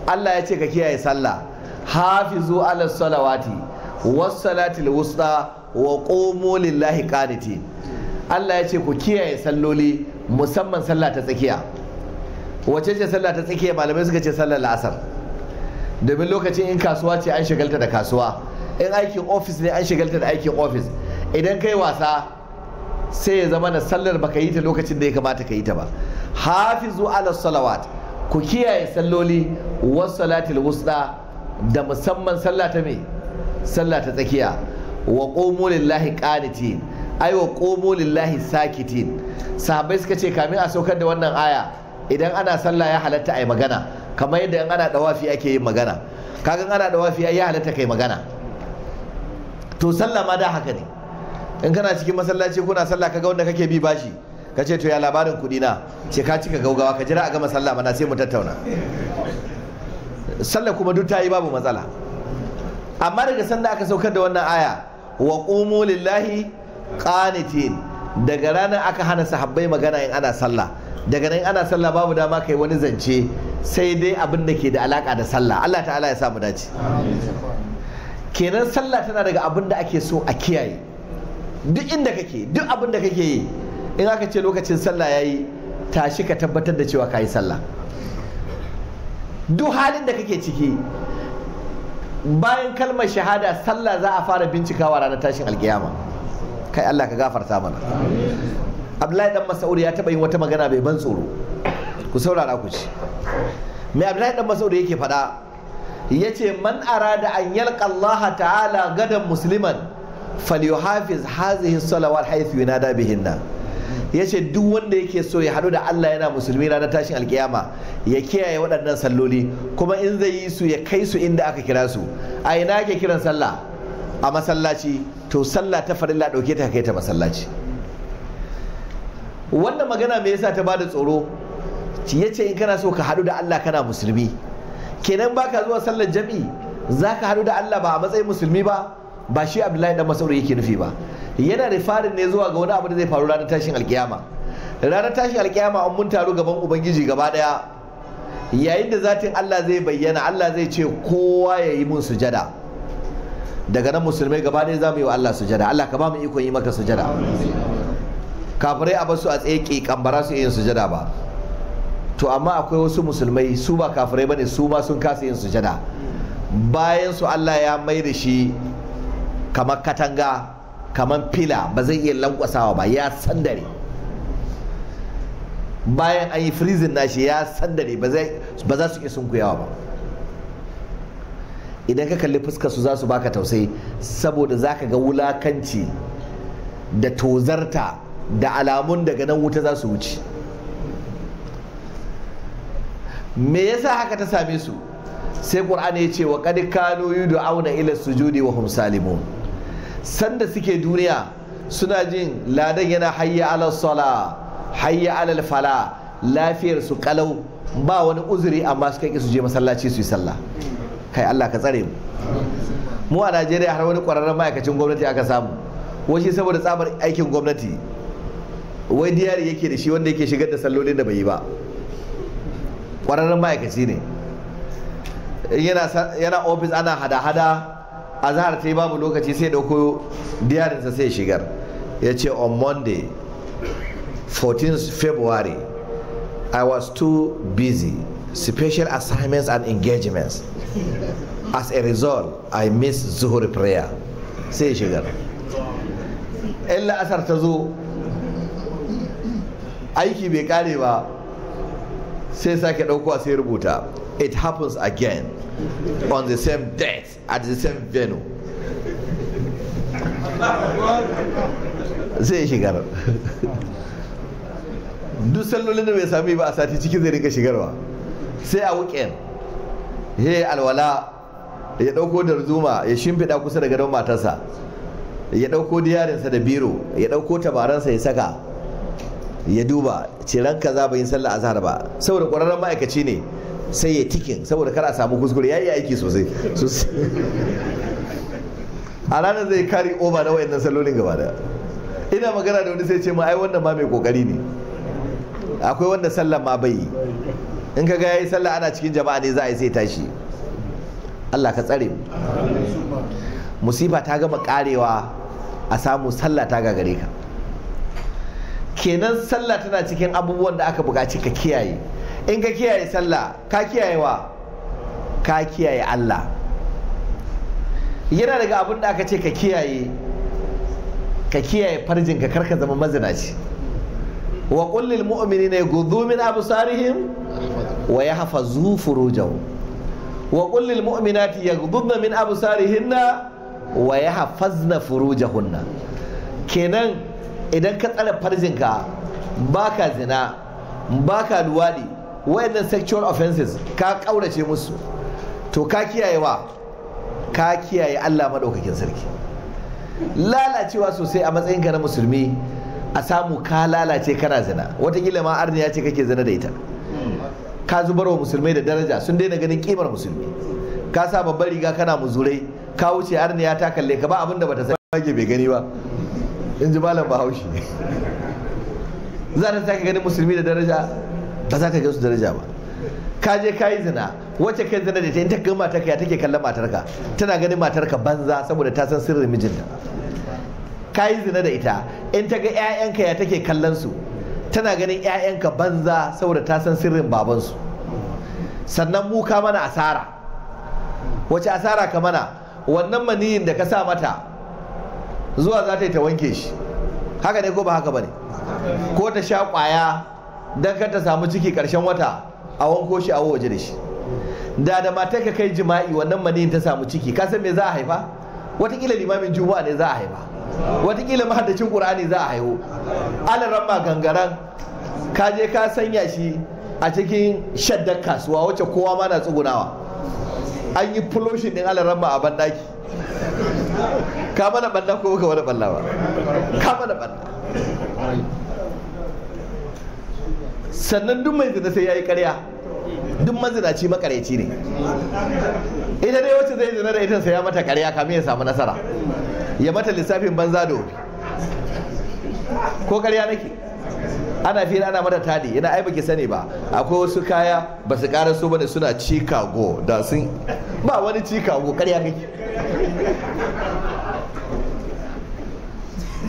Allah ya ce ka kiyaye sallah hafizu ala salawati was salatil wusta wa qumu lillahi qanitin Allah ya ce ku kiyaye salloli musamman sallah ta tsakiya wace ce sallah ta tsakiya malamai suka ce sallar asar. domin lokacin in kasuwa ce an shigalta da kasuwa in aikin ofis ne an shigalta da aikin ofis idan kai wasa sai ya zama na sallar baka yi ta lokacin da ya kamata ka yi ta ba hafizu ala salawat ku kiyaye salloli was salatil wusta da musamman sallah ta me sallah ta tsakiya wa qumu lillahi qanitin ai wa qumu lillahi sakitin sahabbai suka ce kamin a saukar da wannan aya idan ana sallah ya halatta ai magana kamar yadda in ana dawafi ake yin magana kagan ana dawafi ai ya halatta kai magana to sallah ma da haka ne in kana cikin masallaci kuna sallah kaga wanda kake bi bashi ka ce to ya labarin kuɗi na ce ka cika gaugawa ka jira a gama sallah mana sai mu tattauna sallah kuma duk tayi babu matsala amma daga sanda aka saukar da wannan aya wa qumu lillahi qanitin daga ranar aka hana sahabbai magana in ana sallah daga nan ana sallah babu dama kai wani zance sai dai abin da ke da alaka da sallah Allah ta'ala ya sa mu dace kenan sallah tana daga abin da ake so a kiyaye duk inda kake duk abin da kake yi in aka ce lokacin sallah yayi tashi ka tabbatar da cewa ka yi sallah duk halin da kake ciki bayan kalmar shahada sallah za a fara bincikawa ranar tashin alkiyama kai Allah ka gafarta mana Abdullahi dan Mas'ud ya taba yin wata magana bai ban tsoro ku saurara ku ci mai Abdullahi dan Mas'ud yake faɗa yace man arada an yalqa Allah ta'ala gadan musliman falyuhafiz hazihi salawat haythu yunada bihinna yace duk wanda yake so ya hadu da Allah yana musulmi na tashin alkiyama ya kiyaye waɗannan salloli kuma in zai yi su ya kai su inda aka kira su a ina ake kiran sallah a masallaci to sallah ta farilla ɗauke ta kai ta masallaci wannan magana me yasa ta bada tsoro yace in kana so ka hadu da Allah kana musulmi kenan baka zuwa sallar jami'i za ka hadu da Allah ba a matsayin musulmi ba ba shi abdullahi dan masauri yake nufi ba yana da farin ne zuwa ga wani abu da zai faru ranar tashin alkiyama ranar tashin alkiyama an mun taru gaban ubangiji gaba daya yayin da zatin Allah zai bayyana Allah zai ce kowa ya yi mun sujada daga nan musulmai gaba daya za mu yi wa Allah sujada Allah ka ba mu ikon yi maka sujada kafirai a basu a tsaye kikan su su yin sujada ba to amma akwai wasu musulmai su ba kafirai bane su ma sun kasa yin sujada bayan su Allah ya mai da shi kamar katanga kamar fila ba zai iya lankwasawa ba ya sandare bayan an yi freezing nashi ya sandare ba za su iya sunkuyawa ba idan ka kalli fuska su za su baka tausayi saboda za ka ga wulakanci da tozarta da alamun daga nan wuta za su wuce me yasa haka ta same su sai ƙur'ani ya ce wa qad da auna ila sujudi wa hum salimun sanda suke duniya suna jin ladan yana hayya ala sala hayya ala fala lafiyar su kalau ba wani uzuri amma su kai su je masallaci su yi sallah kai Allah ka tsare mu mu a Najeriya har wani kwararren ma'aikacin gwamnati aka samu wani saboda tsabar aikin gwamnati wai diyari yake da shi wanda yake shigar da sallolin da bai yi ba kwararren ma'aikaci ne yana ofis ana hada-hada ta yi babu lokaci sai dauko diyarinsa sai shigar ya ce on monday 14th february i was too busy special assignments and engagements as a result i missed zuhur prayer sai shigar illa asar ta zo aiki bai kare ba sai sake dauko sai rubuta it happens again on the same date at the same venue zai shigar duk sallolin da bai sami ba a sati cikin zai rinka shigarwa sai a wukin, he alwala ya dauko da ruzuma ya shimfiɗa kusa da gadon matarsa ya dauko diyarinsa da biro ya dauko tabaransa ya saka ya duba ciran kaza bai yin sallah azhar ba saboda ƙwararren ma'aikaci ne sai ya tikin saboda kar a samu kuskure ya yi aiki sosai a ranar zai kari oba na wayannan salolin gaba daya ina magana da wani sai ce ma ai wanda ma mai kokari ne akwai wanda sallah ma bai in ka ga yayi sallah ana cikin jama'a ne za a yi sai tashi Allah ka tsare musiba ta gama karewa a samu sallah ta gagare ka kenan sallah tana cikin abubuwan da aka buƙaci ka kiyaye in ka kiyaye sallah ka kiyaye wa ka kiyaye Allah yana daga abin da aka ce ka kiyaye ka kiyaye farjin ka karka zama mazinaci wa kullil ne gudu min absarihim wa ya hafa yahfazu furujahum wa kullil mu'minati gudu min absarihinna wa ya hafa yahfazna furujahunna kenan idan ka tsare farjinka baka zina baka luwaɗi wayannan sexual offenses ka kaurace musu to ka kiyaye wa ka kiyaye Allah madaukakin sarki lalacewa sosai a matsayin ka na musulmi a samu ka lalace kana zina watakila ma arniya ce kake zina da ita ka zubar musulmai da daraja sun daina ganin kimar musulmi ka sa babbar riga kana muzurai ka wuce arniya ta kalle ka ba abin da bata sake bai gani ba in ji malam bahaushe za ta sake ganin musulmi da daraja ba za ka ga su daraja ba ka je ka yi zina wacce kai zina da ta in ta ga matarka ya take kallon matarka tana ganin matarka banza saboda ta san sirrin mijinta ka yi zina da ita in ta ga 'ya'yanka ya take kallon su tana ganin 'ya'yanka banza saboda ta san sirrin babansu sannan mu ka mana asara wace asara ka mana wannan maniyin da ka sa mata zuwa za ta yi ta wanke shi haka ne ko ba haka ba ne ko ta sha kwaya don kar ta samu ciki karshen wata a wanko shi a waje da shi da da matar ka kai jima'i wannan mani ta samu ciki ka san me za a haifa watakila limamin juma'a ne za a haifa watakila mahaddacin qur'ani za a haihu alaran rabba gangaran ka je ka sanya shi a cikin shaddar kasuwa wacce kowa ma na tsugunawa an yi fuloshin din alaran rabba a bandaki ka mana banda ko ka wani balla ba ka mana banda sannan duk mai zina sai ya yi karya duk mazinaci makareci ne ita dai wacce zai zina da ita sai ya mata karya kamin ya samu nasara ya mata lissafin banza da wuri ko karya nake ana fiye ana mata tadi yana ai baki sani ba akwai wasu kaya ba su kara so bane suna chicago da sun ba wani chicago karya kake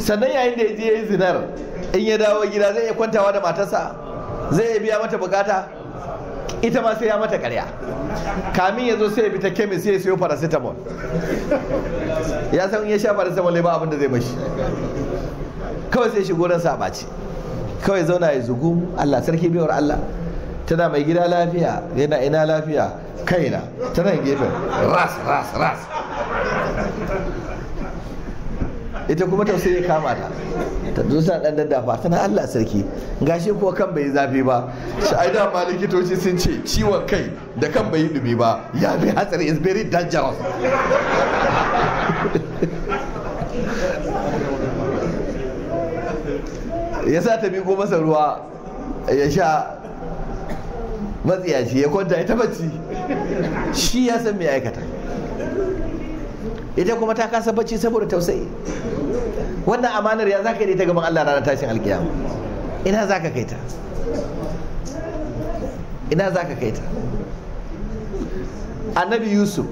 sannan yayin da ya je yi zinar in ya dawo gida zai iya kwantawa da matarsa zai iya biya mata bukata ita ma sai ya mata karya kamin ya zo sai ya bi ta kemis sai ya siyo paracetamol ya san ya sha paracetamol ne ba abin da zai mashi kawai sai shigo ransa a ɓaci kawai zauna ya zugu Allah sarki biyar Allah tana mai gida lafiya yana ina lafiya kaina tana gefen ras ras ras ita kuma tausayi ya kama ta ta dusa dan daddafa tana Allah sarki gashi kuwa kan bai zafi ba shaida ma likitoci sun ce ciwon kai da kan bai dumi ba ya bi hatsari is very dangerous ya sa ta miko masa ruwa ya sha matsiyaci ya kwanta ita bacci shi ya san mai aikata ita kuma ta kasa bacci saboda tausayi wannan amanar ya zaka yi ta gaban Allah ranar tashin alkiyama ina zaka kai ta ina zaka kai ta annabi yusuf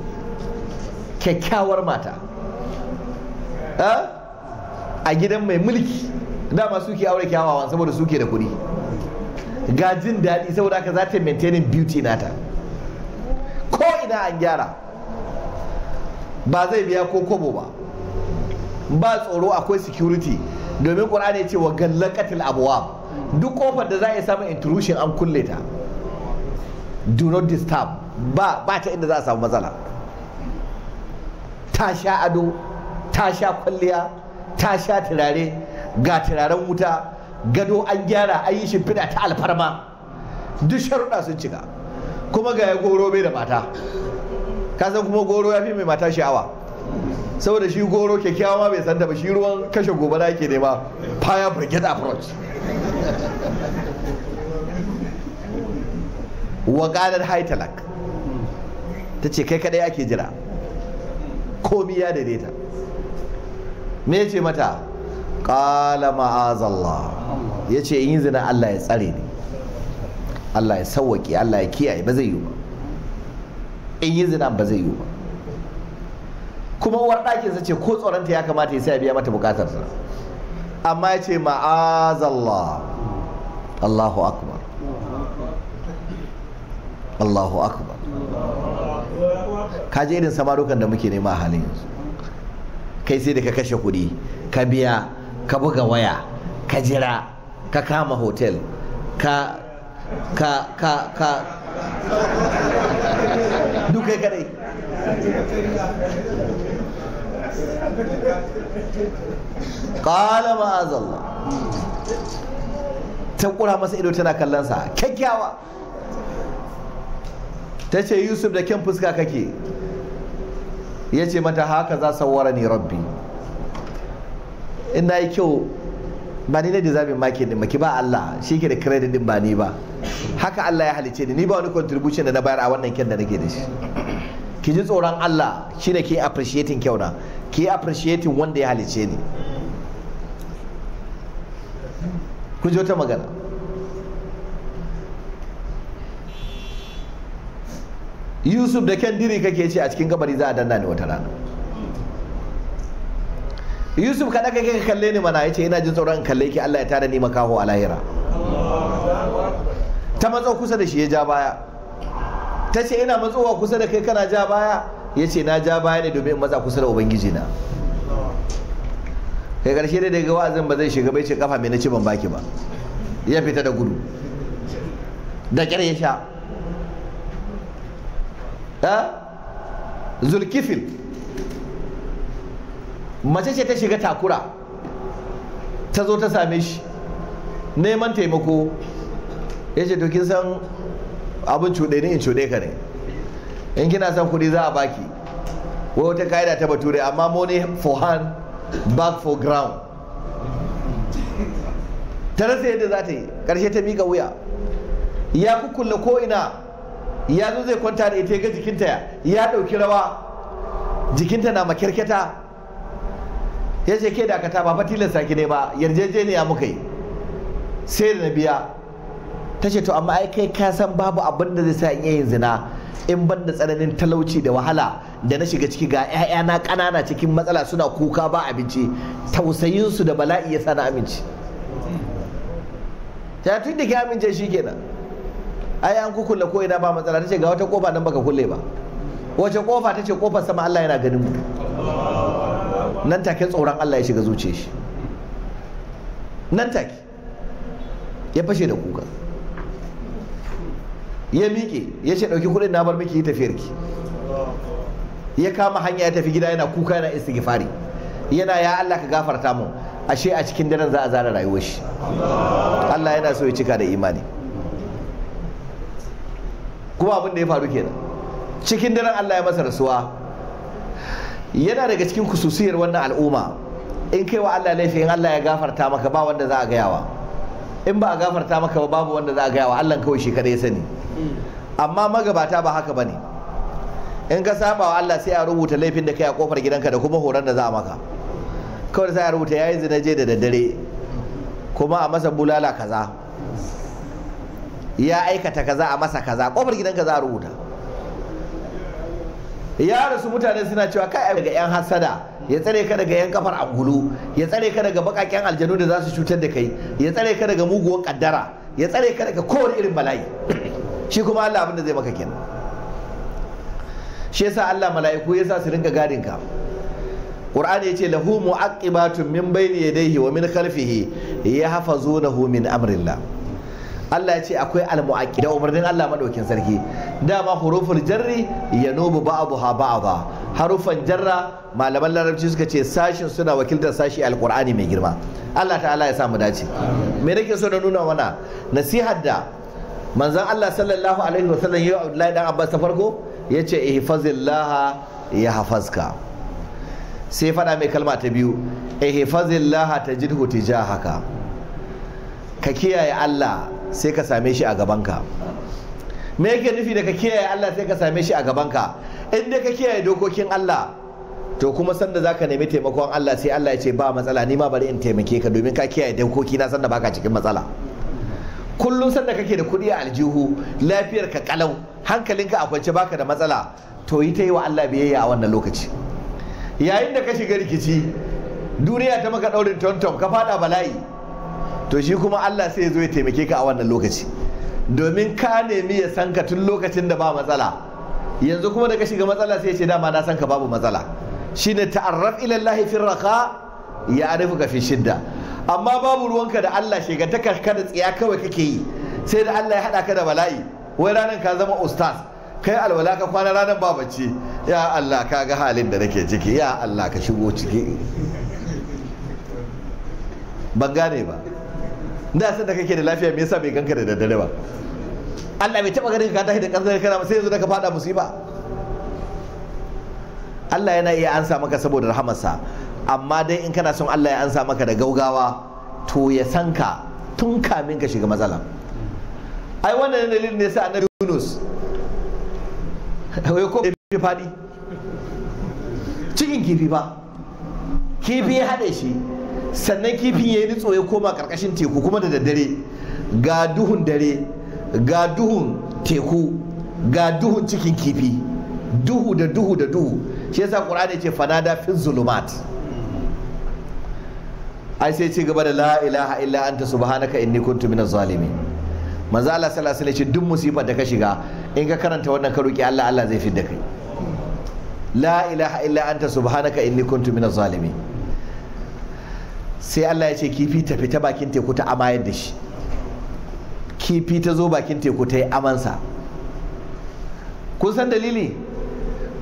kyakkyawar mata a gidan mai mulki dama suke aure kyawawa saboda suke da kuɗi ga jin daɗi saboda aka za ta maintaining beauty nata ko ina an gyara ba zai biya ko kobo ba ba tsoro akwai security domin ƙur'ani ce wa gallakatil abuwa duk kofar da za a samun intrusion an kulle ta do not disturb ba ba ta inda za a samu matsala ta sha ado ta sha kwalliya ta sha turare ga turaren wuta gado an gyara an yi shimfiɗa ta alfarma duk sharuɗa sun cika kuma ga ya goro bai da mata ka san kuma goro ya fi mai mata sha'awa saboda shi goro kyakkyawa ma bai santa ba shi ruwan kashe gobara yake nema fire brigade approach wakalar haitalak ta ce kai kadai ake jira komi ya daidaita me ce mata ƙala ma'azallah ya ce in yi zina Allah ya tsare ni Allah ya sawwaƙi Allah ya kiyaye ba zai yi ba Eh, in yi zina ba zai yi ba kuma uwar sa ce ko tsoronta ya kamata ya sai ya biya mata bukatarsa amma ya ce ma'azallah Allahu akbar Allahu akbar ka irin samarukan da muke nema halin yanzu kai sai da ka kashe kuɗi ka biya ka buga waya ka jira ka kama hotel ka ka ka ka kai kadai ta kura masa ido tana kallon sa kyakkyawa ta ce yusuf da kyan fuska kake ya ce mata haka za sawara ni rabbi in na yi kyau ba ni ne deserving maki din maki ba Allah shi ke da credit din ba ni ba haka Allah ya halice ni ni ba wani contribution da na bayar a wannan kyan da nake da shi ki ji tsoron Allah shi ne ke appreciating kyauna ke appreciating wanda ya halice ni ku ji wata magana Yusuf da kyan diri kake ce a cikin kabari za a danna ni wata rana yusuf ka kake ka kalle ni mana yace ina jin tsoron kalle ki Allah ya tada ni makaho a lahira ta matso kusa da shi ya ja baya ta ce ina matsowa kusa da kai kana ja baya ya ce na ja baya ne domin in matsa kusa da ubangiji na kai karshe da daga wa'azin ba zai shiga bai ce kafa mai na ci ban baki ba ya fita da gudu da kyar ya sha zulkifil mace ce ta shiga takura ta zo ta same shi neman taimako ya ce to kin san abin cuɗe ni in cuɗe ka ne in kina san kuɗi za a baki wai wata ka'ida ta bature amma moni for hand back for ground ta rasa yadda za ta yi ƙarshe ta miƙa wuya ya kukkulle ko'ina, ya zo zai kwanta da ita ga jikinta ya ɗauki rawa jikinta na makyarketa ya ce ke dakata ba fatilar ki ne ba yarjejeniya muka yi sai da na biya ta ce to amma ai kai ka san babu abin da zai sa in yin zina in ban da tsananin talauci da wahala da na shiga ciki ga na ƙanana cikin matsala suna kuka ba abinci tausayinsu da bala'i ya sana aminci ta tun da ke amince shi kenan ai an kukulle ko ina ba matsala ta ce ga wata kofa nan baka kulle ba wace kofa ta ce kofar sama Allah yana ganin mu nan take tsoron Allah ya shiga zuciya shi nan take ya fashe da kuka ya miƙe ya ce ɗauki kuɗin na bar miki yi tafiyar ki ya kama hanya ya tafi gida yana kuka yana istighfari yana ya Allah ka gafarta mu ashe a cikin daren za a zara rayuwar shi Allah yana so ya cika da imani kuma abin da ya faru kenan cikin daren Allah ya masa rasuwa yana daga cikin kususiyar wannan al'umma in kai wa Allah laifi in Allah ya gafarta maka ba wanda za a gayawa in ba a gafarta maka ba babu wanda za a gayawa Allah kawai shi kadai ya sani amma magabata ba haka bane in ka saba wa Allah sai a rubuta laifin da kai a kofar gidanka da kuma horon da za a maka kawai sai a rubuta yayi je da daddare kuma a masa bulala kaza ya aikata kaza a masa kaza kofar gidanka za a rubuta ya rasu mutane suna cewa kai daga yan hasada ya tsare ka daga yan kafar angulu ya tsare ka daga bakaken aljanu da za su cutar da kai ya tsare ka daga muguwar kaddara ya tsare ka daga kowane irin bala'i shi kuma Allah abin da zai maka kenan shi yasa Allah mala'iku sa su rinka gadin ka Qur'ani yace lahu mu'aqibatun min bayni yadayhi wa min khalfihi yahfazunahu min amrillah Allah ya ce akwai almu'aqqi da umarnin Allah madaukin sarki Da dama huruful jarri ya yanubu ba'daha ba. harufan jarra malaman larabci suka ce sashin suna wakiltar sashi alqur'ani mai girma Allah ta'ala ya samu dace me nake so da nuna mana nasihar da manzon Allah sallallahu alaihi wasallam ya Abdullahi dan Abbas ta farko yace ya hafazka sai fada mai kalma ta biyu ta tajidhu tijahaka ka kiyaye Allah sai ka same shi a gabanka me yake nufi da ka kiyaye Allah sai ka same shi a gabanka in dai ka kiyaye dokokin Allah to kuma sanda zaka nemi taimakon Allah sai Allah ya ce ba matsala ni ma bari in taimake ka domin ka kiyaye dokoki na sanda baka cikin matsala kullum sanda kake da kuɗi a aljihu lafiyar ka kalau hankalinka a kwance baka da matsala to yi ta yi wa Allah biyayya a wannan lokaci yayin da ka shiga rikici duniya ta maka daurin tonton ka fada bala'i to shi kuma Allah sai ya zo ya taimake ka a wannan lokaci domin ka nemi ya san ka tun lokacin da ba matsala yanzu kuma da ka shiga matsala sai ya ce dama na san ka babu matsala shine ta'arraf ila Allah fi raqa ya arifu ka fi shidda amma babu ruwanka da Allah ta ka da tsiya kawai kake yi sai da Allah ya hada ka da bala'i wai ranan ka zama ustaz kai alwala ka kwana ranar ba bacci ya Allah ka ga halin da nake ciki ya Allah ka shigo ciki ban gane ba da san da kake da lafiya me yasa bai ganka da daddare ba Allah bai taba ganin ka tashi da kasar kana sai yanzu da ka fada musiba Allah yana iya ansa maka saboda rahamarsa amma dai in kana son Allah ya ansa maka da gaugawa to ya san ka tun kamin ka shiga matsala ai wannan dalilin ne sa annabi Yunus ai ko bai fadi cikin kifi ba kifi ya hade shi sannan kifin ya yi nitso ya koma karkashin teku kuma da daddare ga duhun dare ga duhun teku ga duhun cikin kifi duhu da duhu da duhu shi yasa qur'ani ce fanada fi zulumat ai sai ce gaba da la ilaha illa anta subhanaka inni kuntu minaz zalimin manzo Allah sallallahu alaihi wasallam duk musibar da ka shiga in ka karanta wannan ka roki Allah Allah zai fidda kai la ilaha illa anta subhanaka inni kuntu minaz zalimin sai Allah ya ce kifi ta fita bakin teku ta amayar da shi kifi ta zo bakin teku ta yi amansa kun san dalili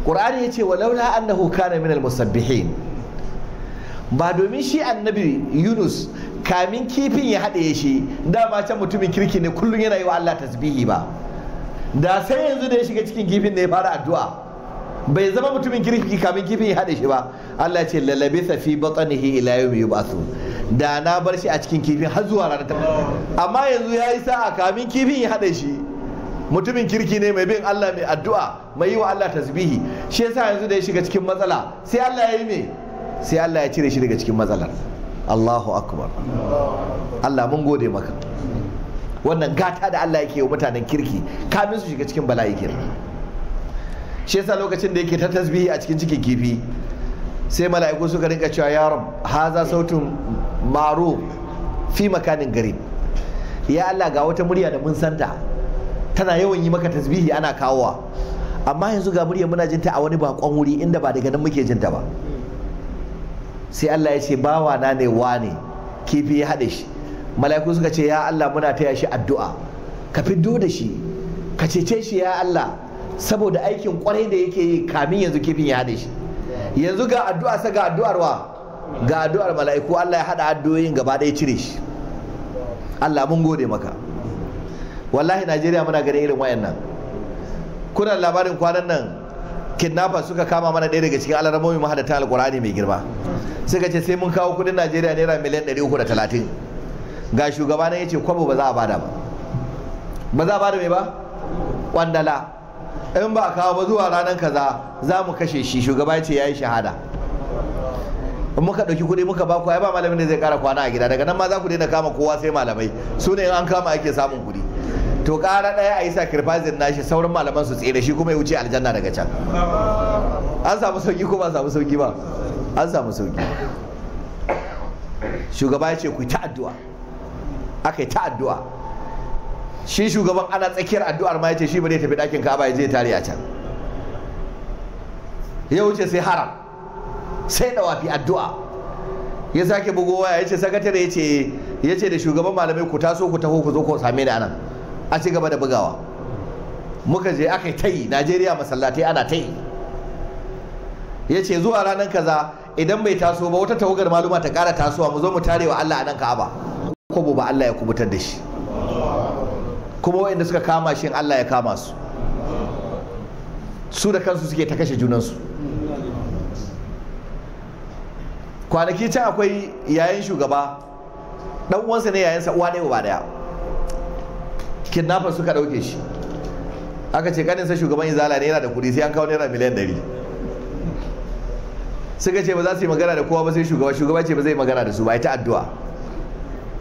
ƙur'ani ya ce walaula annahu kana minal musabbihin ba domin shi annabi yunus kamin kifin ya haɗe shi dama can mutumin kirki ne kullum yana yi wa Allah tasbihi ba da sai yanzu da ya shiga cikin kifin da ya fara addu'a bai zama mutumin kirki kamin kifin ya haɗe shi ba Allah ce lalabe safi batsanihi ila yau mai basu da na bar shi a cikin kifin har zuwa ranar tabbata amma yanzu ya yi sa'a kamin kifin ya haɗe shi mutumin kirki ne mai bin Allah mai addu'a mai yi wa Allah tasbihi shi yasa yanzu da ya shiga cikin matsala sai Allah ya yi me sai Allah ya cire shi daga cikin matsalar Allahu akbar Allah mun gode maka wannan gata da Allah yake wa mutanen kirki kamin su shiga cikin bala'i kenan shi yasa lokacin da yake ta tasbihi a cikin cikin kifi sai mala'iku suka rinka cewa ya rab haza sautin maro fi makanin gari ya Allah ga wata murya da mun santa tana yawan yi maka tasbihi ana kawowa amma yanzu ga murya muna jinta a wani bakon wuri inda ba daga nan muke jinta ba sai Allah ya ce bawa na ne wane kifi ya haɗe shi mala'iku suka ce ya Allah muna taya shi addu'a ka fiddo da shi ka cece shi ya Allah saboda aikin kwarai da yake yi kamin yanzu kifin ya haɗe shi yanzu ga addu'a sa ga addu'ar wa ga addu'ar mala'iku Allah ya haɗa addu'oyin gaba ɗaya cire shi Allah mun gode maka wallahi Najeriya muna ganin irin wayannan kuna labarin kwanan nan kidnappers suka kama mana ɗaya daga cikin alaramomi mahadata alkurani mai girma suka ce sai mun kawo kudin Najeriya naira miliyan 330 ga shugaba ya ce kwabo ba za a bada ba ba za a bada mai ba kwandala in ba kawo ba zuwa ranar kaza za mu kashe shi shugaba ya ce ya yi shahada in muka ɗauki kuɗi muka ba ku ai ba malamin da zai ƙara kwana a gida daga nan ma za ku daina kama kowa sai malamai su ne in an kama ake samun kuɗi to ƙara ɗaya a yi sacrificing nashi sauran malaman su tsere shi kuma ya wuce aljanna daga can an samu sauki ko ba samu sauki ba an samu sauki shugaba ya ce ku yi ta addu'a aka yi ta addu'a shi shugaban ana tsakiyar addu'ar ma ya ce shi ba zai tafi ɗakin ka'aba ya je tare a can ya wuce sai haram sai dawafi addu'a ya sake bugo waya ce sakatare ya ce da shugaban malamai ku taso ku taho ku zo ku same ni anan a ci gaba da bugawa muka je aka yi tayi Najeriya masallatai ana tayi ce zuwa ranar kaza idan bai taso ba wata tawagar maluma ta kara tasowa mu zo mu tare wa Allah anan Ka'aba ko ba Allah ya kubutar da shi kuma wayanda suka kama shi Allah ya kama su su da kansu suke ta kashe junansu kwanaki can akwai yayin shugaba dan uwansa ne yayin uwa ɗaya ba ɗaya kidnapper suka dauke shi aka ce sa shugaban izala ne yana da kudi sai an kawo naira miliyan 100 suka ce ba za su yi magana da kowa ba sai shugaba shugaba ce ba zai magana da su ba ita ta addu'a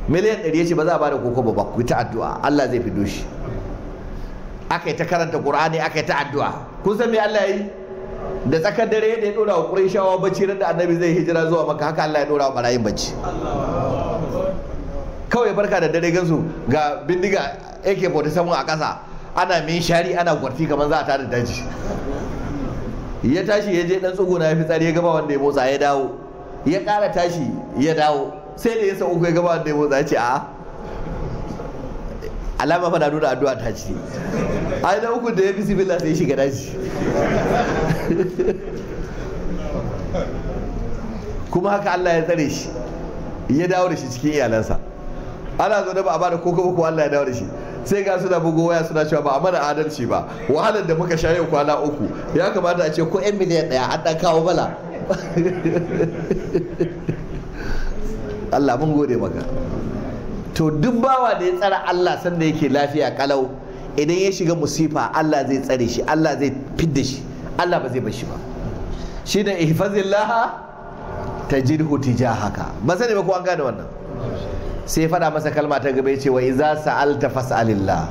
miliyan ɗari ya ce ba za a bada koko ba ku ta addu'a Allah zai fido shi aka yi ta karanta Qur'ani aka yi ta addu'a kun san me Allah da tsakar dare da ya dora wa Qurayshawa bacci ran da Annabi zai hijira zuwa maka haka Allah ya dora wa barayin bacci kawai barka da dare gansu ga bindiga AK47 a kasa ana min shari ana gwarfi kamar za a tada daji ya tashi ya je dan tsuguna ya fitsari ya gaba wanda ya motsa ya dawo ya kara tashi ya dawo sai da yasa uku ya gaba da ya motsa ce a alama fa na nuna addu'a ta ci ai na uku da ya bisi billah sai shiga daji kuma haka Allah ya tsare shi ya dawo da shi cikin iyalansa ana zaune ba a bada ko kuma ko Allah ya dawo da shi sai ga suna bugo waya suna cewa ba a mana adalci ba wahalar da muka sha kwana uku ya kamata a ce ko yan miliyan daya an kawo bala Allah mun gode maka to duk bawa da ya tsara Allah sanda yake lafiya kalau idan ya shiga musifa Allah zai tsare shi Allah zai fidda shi Allah ba zai bar shi ba shi da ihfazillah tajidhu tijahaka ba sani ba ko an gane wannan sai faɗa masa kalma ta gaba ce wa iza sa'alta fas'alillah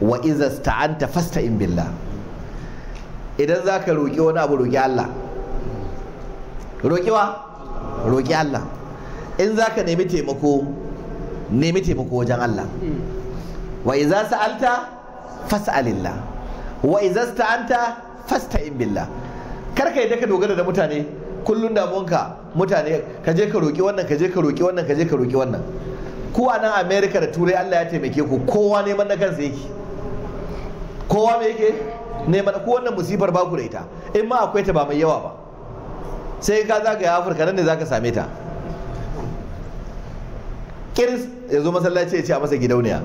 wa iza sta'anta fasta'in billah idan zaka roki wani abu roki Allah roki wa roki Allah in za ka nemi taimako nemi taimako wajen Allah wa iza sa'alta fas'alillah wa iza sta'anta fasta'in billah kar ka yadda ka dogara da mutane kullun damuwanka mutane ka je ka roki wannan ka je ka roki wannan ka je ka roki wannan kowa nan America da turai Allah ya taimake ku kowa neman na kansa yake kowa me yake neman ko wannan musibar ba ku da ita in ma akwai ta ba mai yawa ba sai ka zagaya Afirka nan ne zaka same ta kirs ya zo masallaci ya ce a masa gidauniya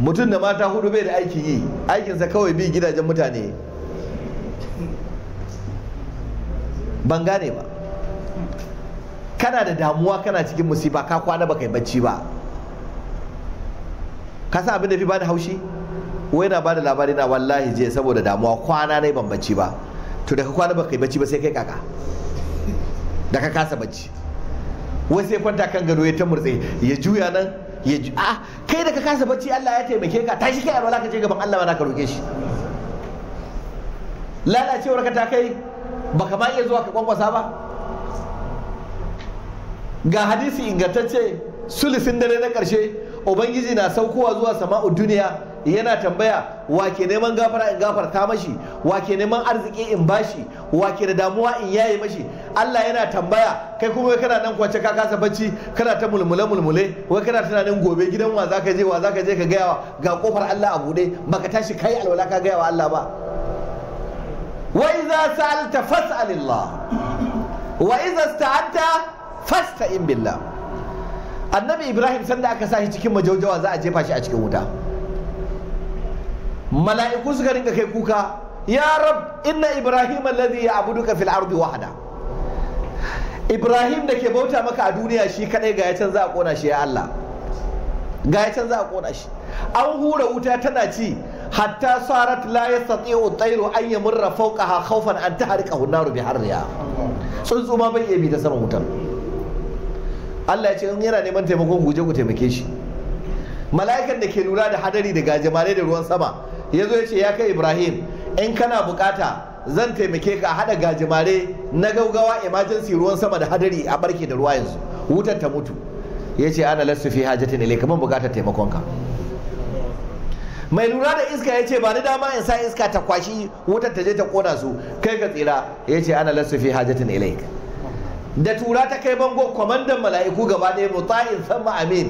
mutum da mata hudu bai da aikin yi aikinsa kawai bi gidajen mutane ban gane ba kana da damuwa kana cikin musifa ka kwana baka yi bacci ba ka sa abin da fi bada haushi wai na bada labari na wallahi je saboda damuwa kwana na ban bacci ba to da ka kwana baka yi bacci ba sai kai kaka da ka kasa bacci wai sai kwanta kan gado ya ta murtse ya juya nan ya a ah, kai da ka kasa bacci Allah ya taimake ka tashi kai ba za ka je gaban Allah ba za ka roke shi lalacewar ka ta kai baka ma iya zuwa ka kwankwasa ba ga hadisi ingantacce sulisin dare na karshe ubangiji na saukowa zuwa sama'u duniya yana tambaya wa ke neman gafara in gafarta mashi wa ke neman arziki in bashi wa ke da damuwa in yaye mashi Allah yana tambaya kai kuma kana nan kwance ka kasa bacci kana ta mulmule mulmule wai kana nan gobe gidan wa zaka je wa zaka je ka gaya ga kofar Allah a bude baka tashi kai alwala ka gaya wa Allah ba wa idza sa'alta fas'alillah wa idza ista'anta fasta'in billah annabi ibrahim sanda aka sa shi cikin majaujawa za a jefa shi a cikin wuta mala'iku suka rinka kai kuka ya rab inna ibrahim alladhi ya'buduka fil ardi wahda ibrahim da ke bauta maka a duniya shi kadai ga ya can za a kona shi ya allah ga ya can za a kona shi an hura wuta tana ci hatta sarat la yastati'u tayru an yamurra fawqaha khawfan an tahriqa an-nar bi harriha sun zuma bai iya bi ta saman wutar Allah ya ce in yana neman taimakon guje ku taimake shi mala'ikan da ke lura da hadari da gajimare da ruwan sama ya zo ya ce ya kai ibrahim in kana bukata zan taimake ka haɗa gajimare na gaugawa emergency ruwan sama da hadari a barke da ruwa yanzu wutar ta mutu ya ce ana lasu fi hajjatin ilai kamar bukatar ka. mai lura da iska ya ce ba ni dama in sa iska ta kwashi wutar ta je ta kona su kai ka tsira ya ce ana lasu fi hajjatin ilai da tura ta kai bango kwamandan mala'iku gaba ɗaya mutain sama amin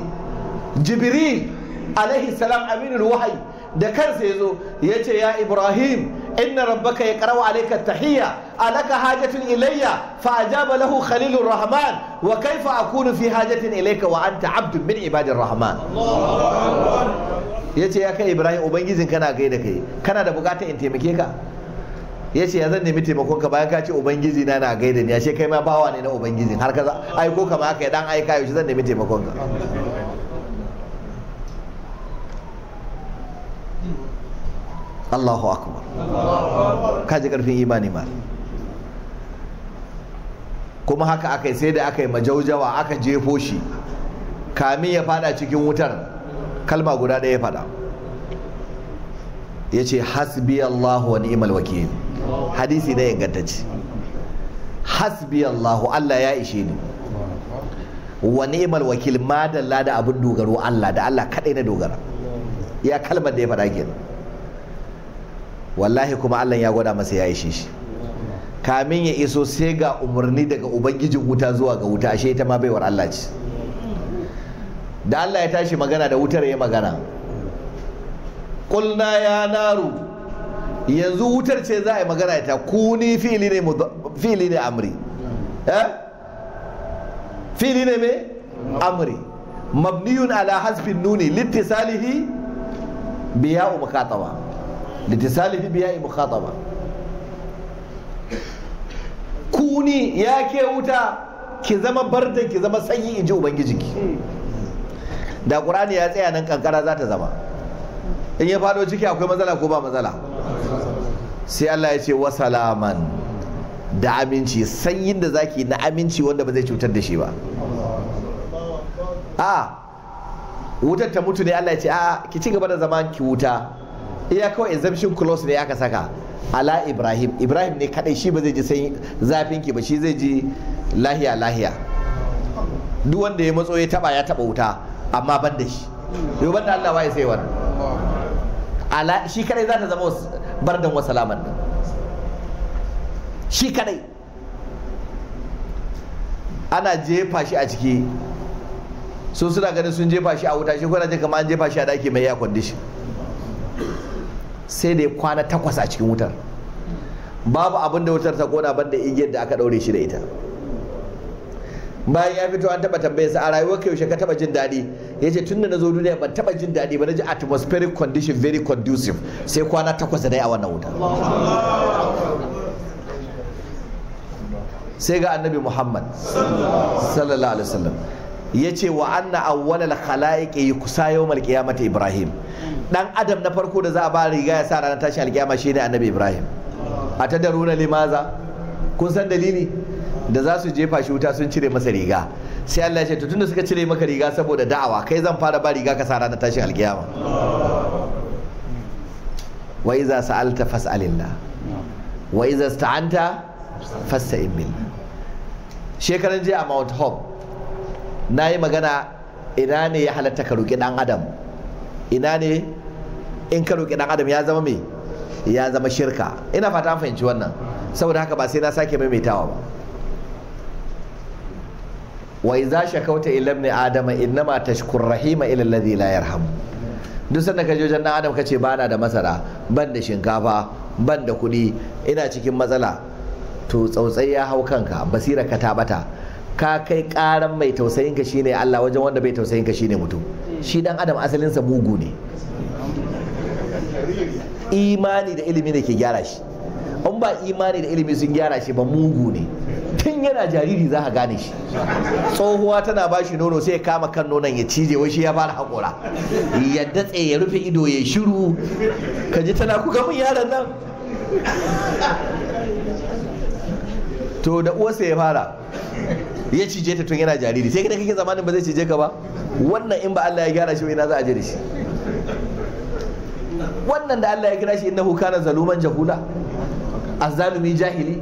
jibril alaihi salam aminul wahayi da kansa ya zo ya ce ya ibrahim inna rabbaka ya karawa alaika tahiyya alaka hajatin ilayya fa ajaba lahu khalilur rahman wa kaifa akunu fi hajatin ilayka wa anta abdun min ibadir rahman ya ce ya kai ibrahim ubangijin kana gai da kai kana da bukatar in taimake ka ya ce ya zan nemi taimakon ka bayan ka ce ubangiji na na gai ni ashe kai ma bawa ne na ubangijin har ka aiko ko kama aka ya dan aika yaushe zan nemi taimakon ka Allahu akbar ji karfin imani ma kuma haka aka yi sai da aka yi majaujawa aka jefo shi kamin ya fada cikin wutar kalma guda ɗaya ya fada ya ce hasbi Allahu wa ni'mal wakil hadisi na ingantacce hasbi Allahu Allah ya ishe ni wa ni'mal wakil madalla da abin dogaro Allah da Allah kadai na dogara ya kalmar da ya faɗa kenan wallahi kuma Allah ya gwada masa ya ishe shi kamin ya iso sai ga umarni daga ubangijin wuta zuwa ga wuta ashe ita ma baiwar Allah ce da Allah ya tashi magana da wutar ya magana kulna ya naru yanzu wutar ce za a yi magana ita kuni fili ne fili ne amri eh fili ne me amri mabniyun ala hasfin nuni littisalihi biya umkatawa litisalihi biya mukhataba kuni ya ke wuta ki zama barda ki zama sanyi in ji ubangiji ki da qur'ani ya tsaya nan kankara za ta zama in ya fado ciki akwai matsala ko ba matsala sai Allah ya ce wasalaman da aminci sanyin da zaki na aminci wanda ba zai cutar da shi ba a wutar ta mutu ne Allah ya ce a ki ci gaba da zama ki wuta iya kawai exemption clause ne aka saka ala ibrahim ibrahim ne kadai shi ba zai ji zafin ki ba shi zai ji lahiya lahiya duk wanda ya matso ya taba ya taba wuta amma ban da shi yau ban da Allah waye sai wannan ala shi kadai za ta zama bardan wa salaman nan shi kadai ana jefa shi a ciki sun suna ganin sun jefa shi a wuta shi kuna je kamar an jefa shi a daki mai ya kwandishin sai da ya kwana takwas a cikin wutar babu abin da wutar ta kona banda igiyar da aka ɗaure shi da ita bayan ya fito an taba tambayar sa a rayuwar ka yaushe ka taba jin daɗi ya ce tun da na zo duniya ban taba jin daɗi ba na ji atmospheric condition very conducive sai kwana takwas da a wannan wuta sai ga annabi muhammad sallallahu alaihi wasallam ya ce wa anna awwalal khala'iqi kusa yawmal qiyamati ibrahim dan adam na farko da za a ba riga ya sa ranar tashin alkiyama shine annabi ibrahim a ta daruna limaza kun san dalili da za su jefa shi wuta sun cire masa riga sai Allah ya ce tunda suka cire maka riga saboda da'awa kai zan fara ba riga ka sa ranar tashin alkiyama wa iza sa'alta fas'alillah wa iza sta'anta fasta'in billah shekaran jiya a Mount Hope na yi magana ina ne ya halatta ka roƙi ɗan adam ina ne in ka roƙi ɗan adam ya zama me ya zama shirka ina fata an fahimci wannan saboda haka ba sai na sake maimaitawa ba wa iza shakauta ila ibn adam innama tashkur rahima ila alladhi la yarham duk sanda ka je wajen dan adam kace bana da masara ban da shinkafa ban da kuɗi ina cikin matsala to tsautsai ya hau kanka basira ka tabata ka kai karan mai tausayin ka shine Allah wajen wanda bai tausayin ka shine mutum shi dan adam asalinsa mugu ne imani da ilimi ne ke gyara shi in ba imani da ilimi sun gyara shi ba mugu ne tun yana jariri za ka gane shi tsohuwa tana ba shi nono sai ya kama kan nonon ya cije wai shi ya fara hakora ya datse ya rufe ido ya shiru ka ji tana kuka mun yaron nan to da uwarsa ya fara ya cije ta tun yana jariri sai kai kake zamanin ba zai cije ka ba wannan in ba Allah ya gyara shi ina za a je da shi wannan da Allah ya kira shi innahu kana zaluman jahula azzalumi jahili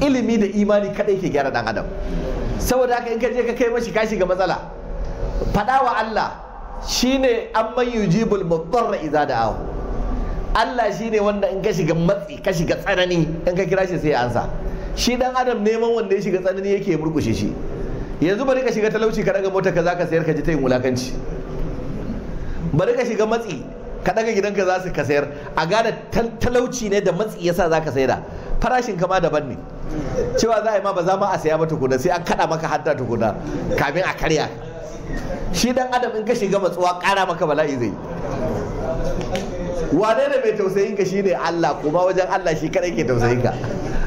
ilimi da imani kadai ke gyara dan adam saboda haka in ka je ka kai mashi kashi ga matsala fada wa Allah shine amman yujibul mudarra idza da'ahu Allah shine wanda in ka shiga matsi ka shiga tsanani in ka kira shi sai ya ansa shi dan adam neman wanda ya shiga tsanani yake murkushe shi yanzu bari ka shiga talauci ka daga mota ka za ka sayar ka ji ta yin wulakanci bari ka shiga matsi ka daga gidanka za su ka sayar a gada talauci ne da matsi ya sa za ka sayar farashin kama daban ne cewa za a yi ma ba za ma a saya ba tukuna sai an kada maka hadda tukuna kamin a karya shi dan adam in ka shiga matsuwa kara maka bala'i zai wane ne mai tausayin ka ne Allah kuma wajen Allah shi kadai ke tausayin ka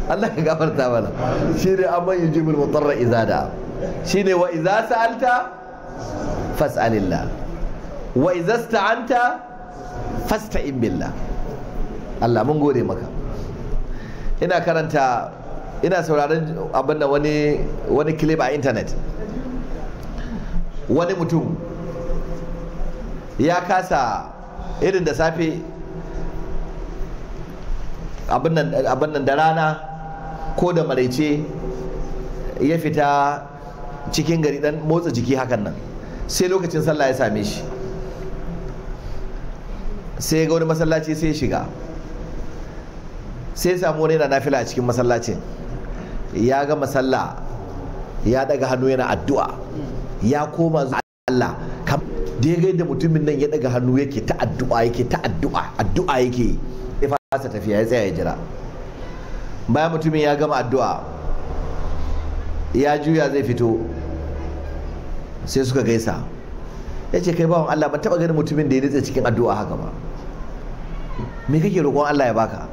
Allah ya gafarta mana shine amman yujibul mutarra izada. da ne wa iza sa'alta fas'alillah wa iza sta'anta fasta'in billah Allah mun gode maka ina karanta ina sauraron abin da wani wani clip a internet wani mutum ya kasa irin da safe abin nan da rana ko da maraice ya fita cikin gari dan motsa jiki hakan nan sai lokacin sallah ya same shi sai ga wani masallaci sai shiga sai samu wani yana nafila a cikin masallacin ya ga masalla ya daga hannu yana addu'a ya koma zuwa Allah da ya da mutumin nan ya daga hannu yake ta addu'a yake ta addu'a addu'a yake ya fasa tafiya ya tsaya ya jira bayan mutumin ya gama addu'a ya juya zai fito sai suka gaisa ya ce kai bawan Allah ba taba ganin mutumin da ya nitsa cikin addu'a haka ba me kake roƙon Allah ya baka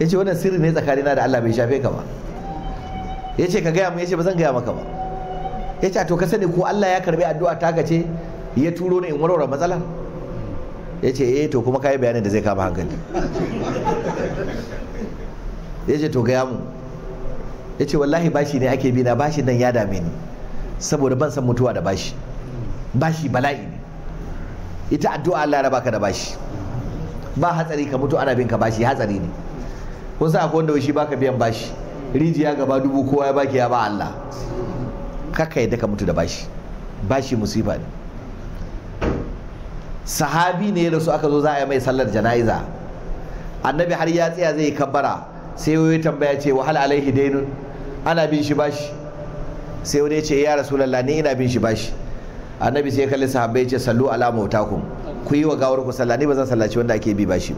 ya ce wannan sirri ne tsakanina da Allah bai shafe ka ba ya ce ka gaya mu ya ce ba zan gaya maka ba ya ce to ka sani ko Allah ya karbi addu'a ta ka ce ya turo ni in warware matsalar ya ce eh to kuma ka yi bayanin da zai kama hankali ya ce to gaya mu ya ce wallahi bashi ne ake bina bashi nan ya dame ni saboda ban san mutuwa da bashi bashi bala'i ne ita addu'a Allah ya baka da bashi ba hatsari ka mutu ana bin ka bashi hatsari ne kun san akwai wanda shi baka biyan bashi rijiya gaba dubu kowa ya baki ya ba Allah kaka yadda ka mutu da bashi bashi musifa ne sahabi ne ya rasu aka zo za a yi mai sallar jana'iza annabi har ya tsaya zai kabbara sai ya tambaya ce wahal alaihi dainun ana bin shi bashi sai wani ya ce ya rasulallah ni ina bin shi bashi annabi sai kalli sahabbai ya ce sallu ala mautakum ku yi wa gawar ku sallah ni ba zan sallaci wanda ake bi bashi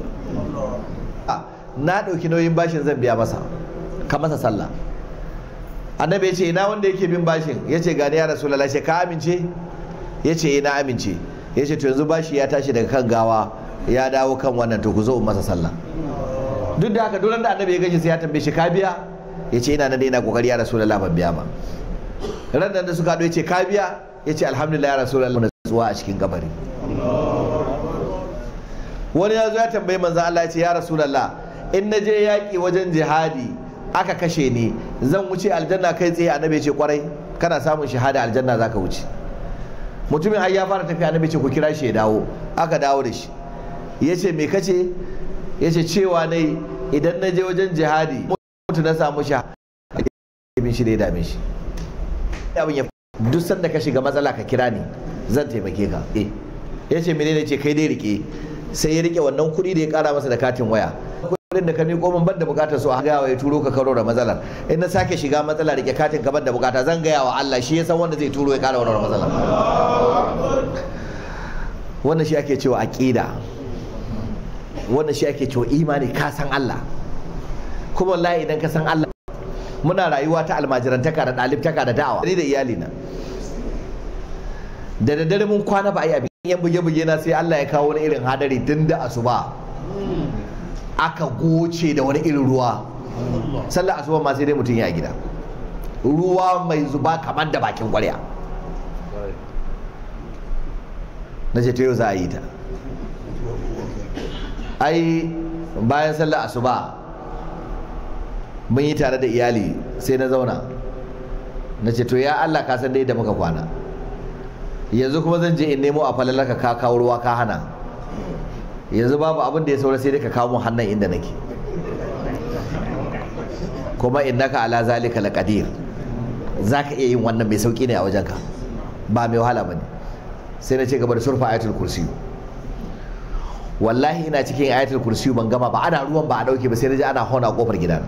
ba na ɗauki nauyin bashin zan biya masa ka masa sallah annabi ya ce ina wanda yake bin bashin ya ce gani ya rasulallah ce ka amince ya ce ina eh, amince ya ce to yanzu bashi ya tashi daga kan gawa ya dawo kan wannan to ku zo masa sallah duk da haka dole da annabi ya gashi sai ya tambaye shi ka biya ya ce ina nan da ina kokari ya rasulullah ban biya ba ran da suka haɗu ya ce ka biya ya ce alhamdulillah ya rasulullah muna zuwa a cikin gabari wani ya zo ya tambayi manzo Allah ya ce ya rasulullah in na je yaƙi wajen jihadi aka kashe ni zan wuce aljanna kai tsaye annabi ya ce kwarai kana samun shahada aljanna zaka wuce mutumin har ya fara tafiya annabi ce ku kira shi ya dawo aka dawo da shi ya ce me kace ya ce cewa ne idan na je wajen jihadi mutu na samu sha bin shi da ya dame shi abin ya duk sanda ka shiga matsala ka kira ni zan taimake ka eh. ya ce ne ce kai dai rike sai ya rike wannan kuɗi da ya kara masa da katin waya kuɗin da ka miƙo min ban da bukatar su a gawa ya turo ka karo da matsalar in na sake shiga matsala rike katin ka ban da bukata zan gaya wa Allah shi ya san wanda zai turo ya kara wannan matsalar wannan shi ake cewa aqida wannan shi ake cewa imani ka san Allah kuma wallahi idan ka san Allah muna rayuwa ta almajirantaka da ɗalibtaka da da'awa da iyali iyalina da daddare mun kwana ba a yi abin yan buge-buge na sai Allah ya kawo wani irin hadari tun da asuba aka goce da wani irin ruwa sallar asuba ma sai dai mutum ya gida ruwa mai zuba kamar da bakin kwarya na ce ta yau za a yi ta ai bayan sallar asuba mun yi tare da iyali sai na zauna na ce to ya Allah ka san dai da muka kwana yanzu kuma zan je in nemo a falalaka ka kawo ruwa ka hana yanzu babu abin da ya saura sai dai ka kawo mun hannun inda nake kuma innaka ala zalika laqadir zaka iya yin wannan mai sauki ne a wajenka ba mai wahala bane sai na ce gaba da surfa ayatul kursi. wallahi ina cikin ayatul kursi ban gama ba ana ruwan ba a dauke ba sai naji ana hona kofar gidan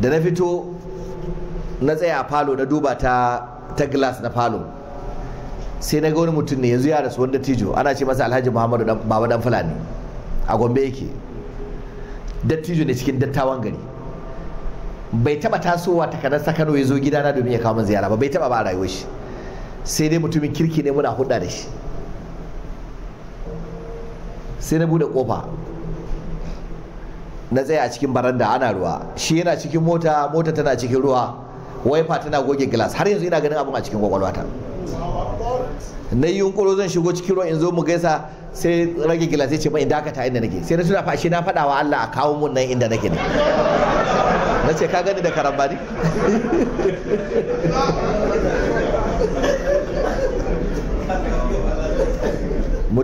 da na fito na tsaya a falo na duba ta ta glass na falo sai na ga wani mutum ne yanzu ya rasu wanda tijo ana ce masa alhaji muhammadu baba dan fulani a gombe yake dattijo ne cikin dattawan gari bai taba tasowa takardar sakano ya zo gidana domin ya kawo ziyara ba bai taba ba a rayuwar shi sai dai mutumin kirki ne muna hudda da shi sai na bude kofa na tsaya a cikin baranda ana ruwa shi yana cikin mota mota tana cikin ruwa waifa tana goge glass har yanzu ina ganin abin a cikin ta na yi yunkuro zan shigo cikin ruwa in zo mu gaisa sai rage glass ya ce mai dakata inda nake sai na tuna fa shi na fada wa Allah a kawo mun nan inda nake ne na ce ka gani da karambani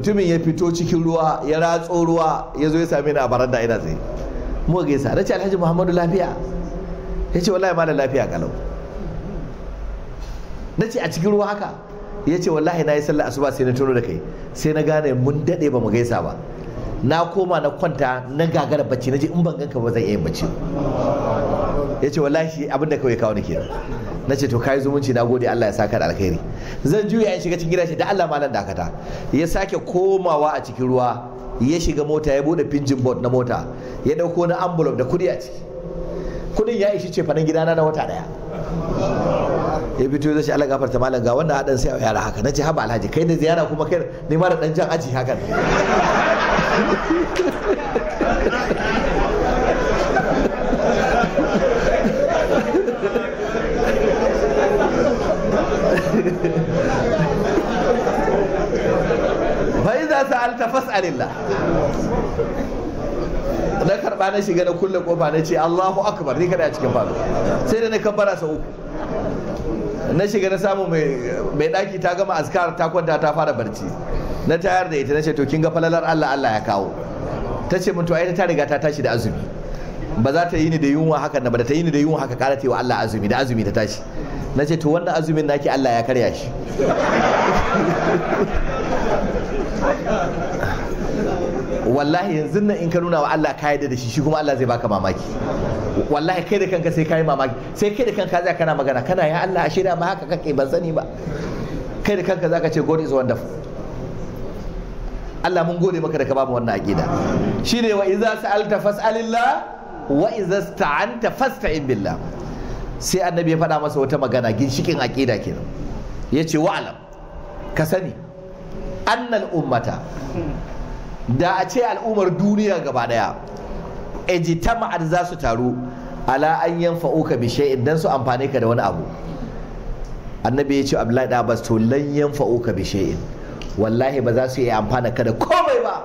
mutumin ya fito cikin ruwa ya ratso ruwa ya zo ya same ni a baranda ina zai. mu gaisa na alhaji muhammadu lafiya ya ce wallahi malam lafiya kalau na ce a cikin ruwa haka ya ce wallahi na yi sallar asuba sai na tono da kai sai na gane mun daɗe ba mu gaisa ba na koma na kwanta na gagara bacci na ji in ban ganka ba zan iya bacci ya ce wallahi abin da kawai kawo ni kenan na ce to kai zumunci na gode Allah ya saka da alkhairi zan juya in shiga cikin gida shi da Allah malam dakata ya sake komawa a cikin ruwa ya shiga mota ya bude pinjin board na mota ya dauko na envelope da kudi a ciki kudin ya ishi ce fanin gidana na wata daya ya fito zai ce Allah gafarta malam ga wannan hadan sai a yara haka nace haba alhaji kai da ziyara kuma kai ne mara dan jan aji hakan idza sa'alta fas'alillah na karba na shiga na kulle kofa na ce Allahu akbar ni kada a cikin falo sai da na kabbara sau uku na shiga na samu mai daki ta gama azkar ta kwanta ta fara barci na tayar da ita na ce to kin ga falalar Allah Allah ya kawo ta ce mun to ai ta riga ta tashi da azumi ba za ta yi ni da yunwa haka na ba da ta yi ni da yunwa haka kara ta yi wa Allah azumi da azumi ta tashi na ce to wannan azumin naki Allah ya karya shi wallahi yanzu nan in ka nuna wa Allah ka yarda da shi shi kuma Allah zai baka mamaki wallahi kai da kanka sai kai mamaki sai kai da kanka zai kana magana kana ya Allah ashe da ma haka kake ban sani ba kai da kanka zaka ce God is wonderful Allah mun gode maka da ka bamu wannan aqida shine wa idza sa'alta fas'alillah wa idza sta'anta fasta'in billah sai annabi ya faɗa masa wata magana ginshikin aqida kenan yace wa'alam ka sani annal ummata da a ce al'ummar duniya gaba daya ijtama'at za su taru ala an yanfa'uka bi shay'in dan su amfane ka da wani abu annabi ya ce abdullahi da abbas to lan yanfa'uka bi shay'in wallahi ba za su yi amfana ka da komai ba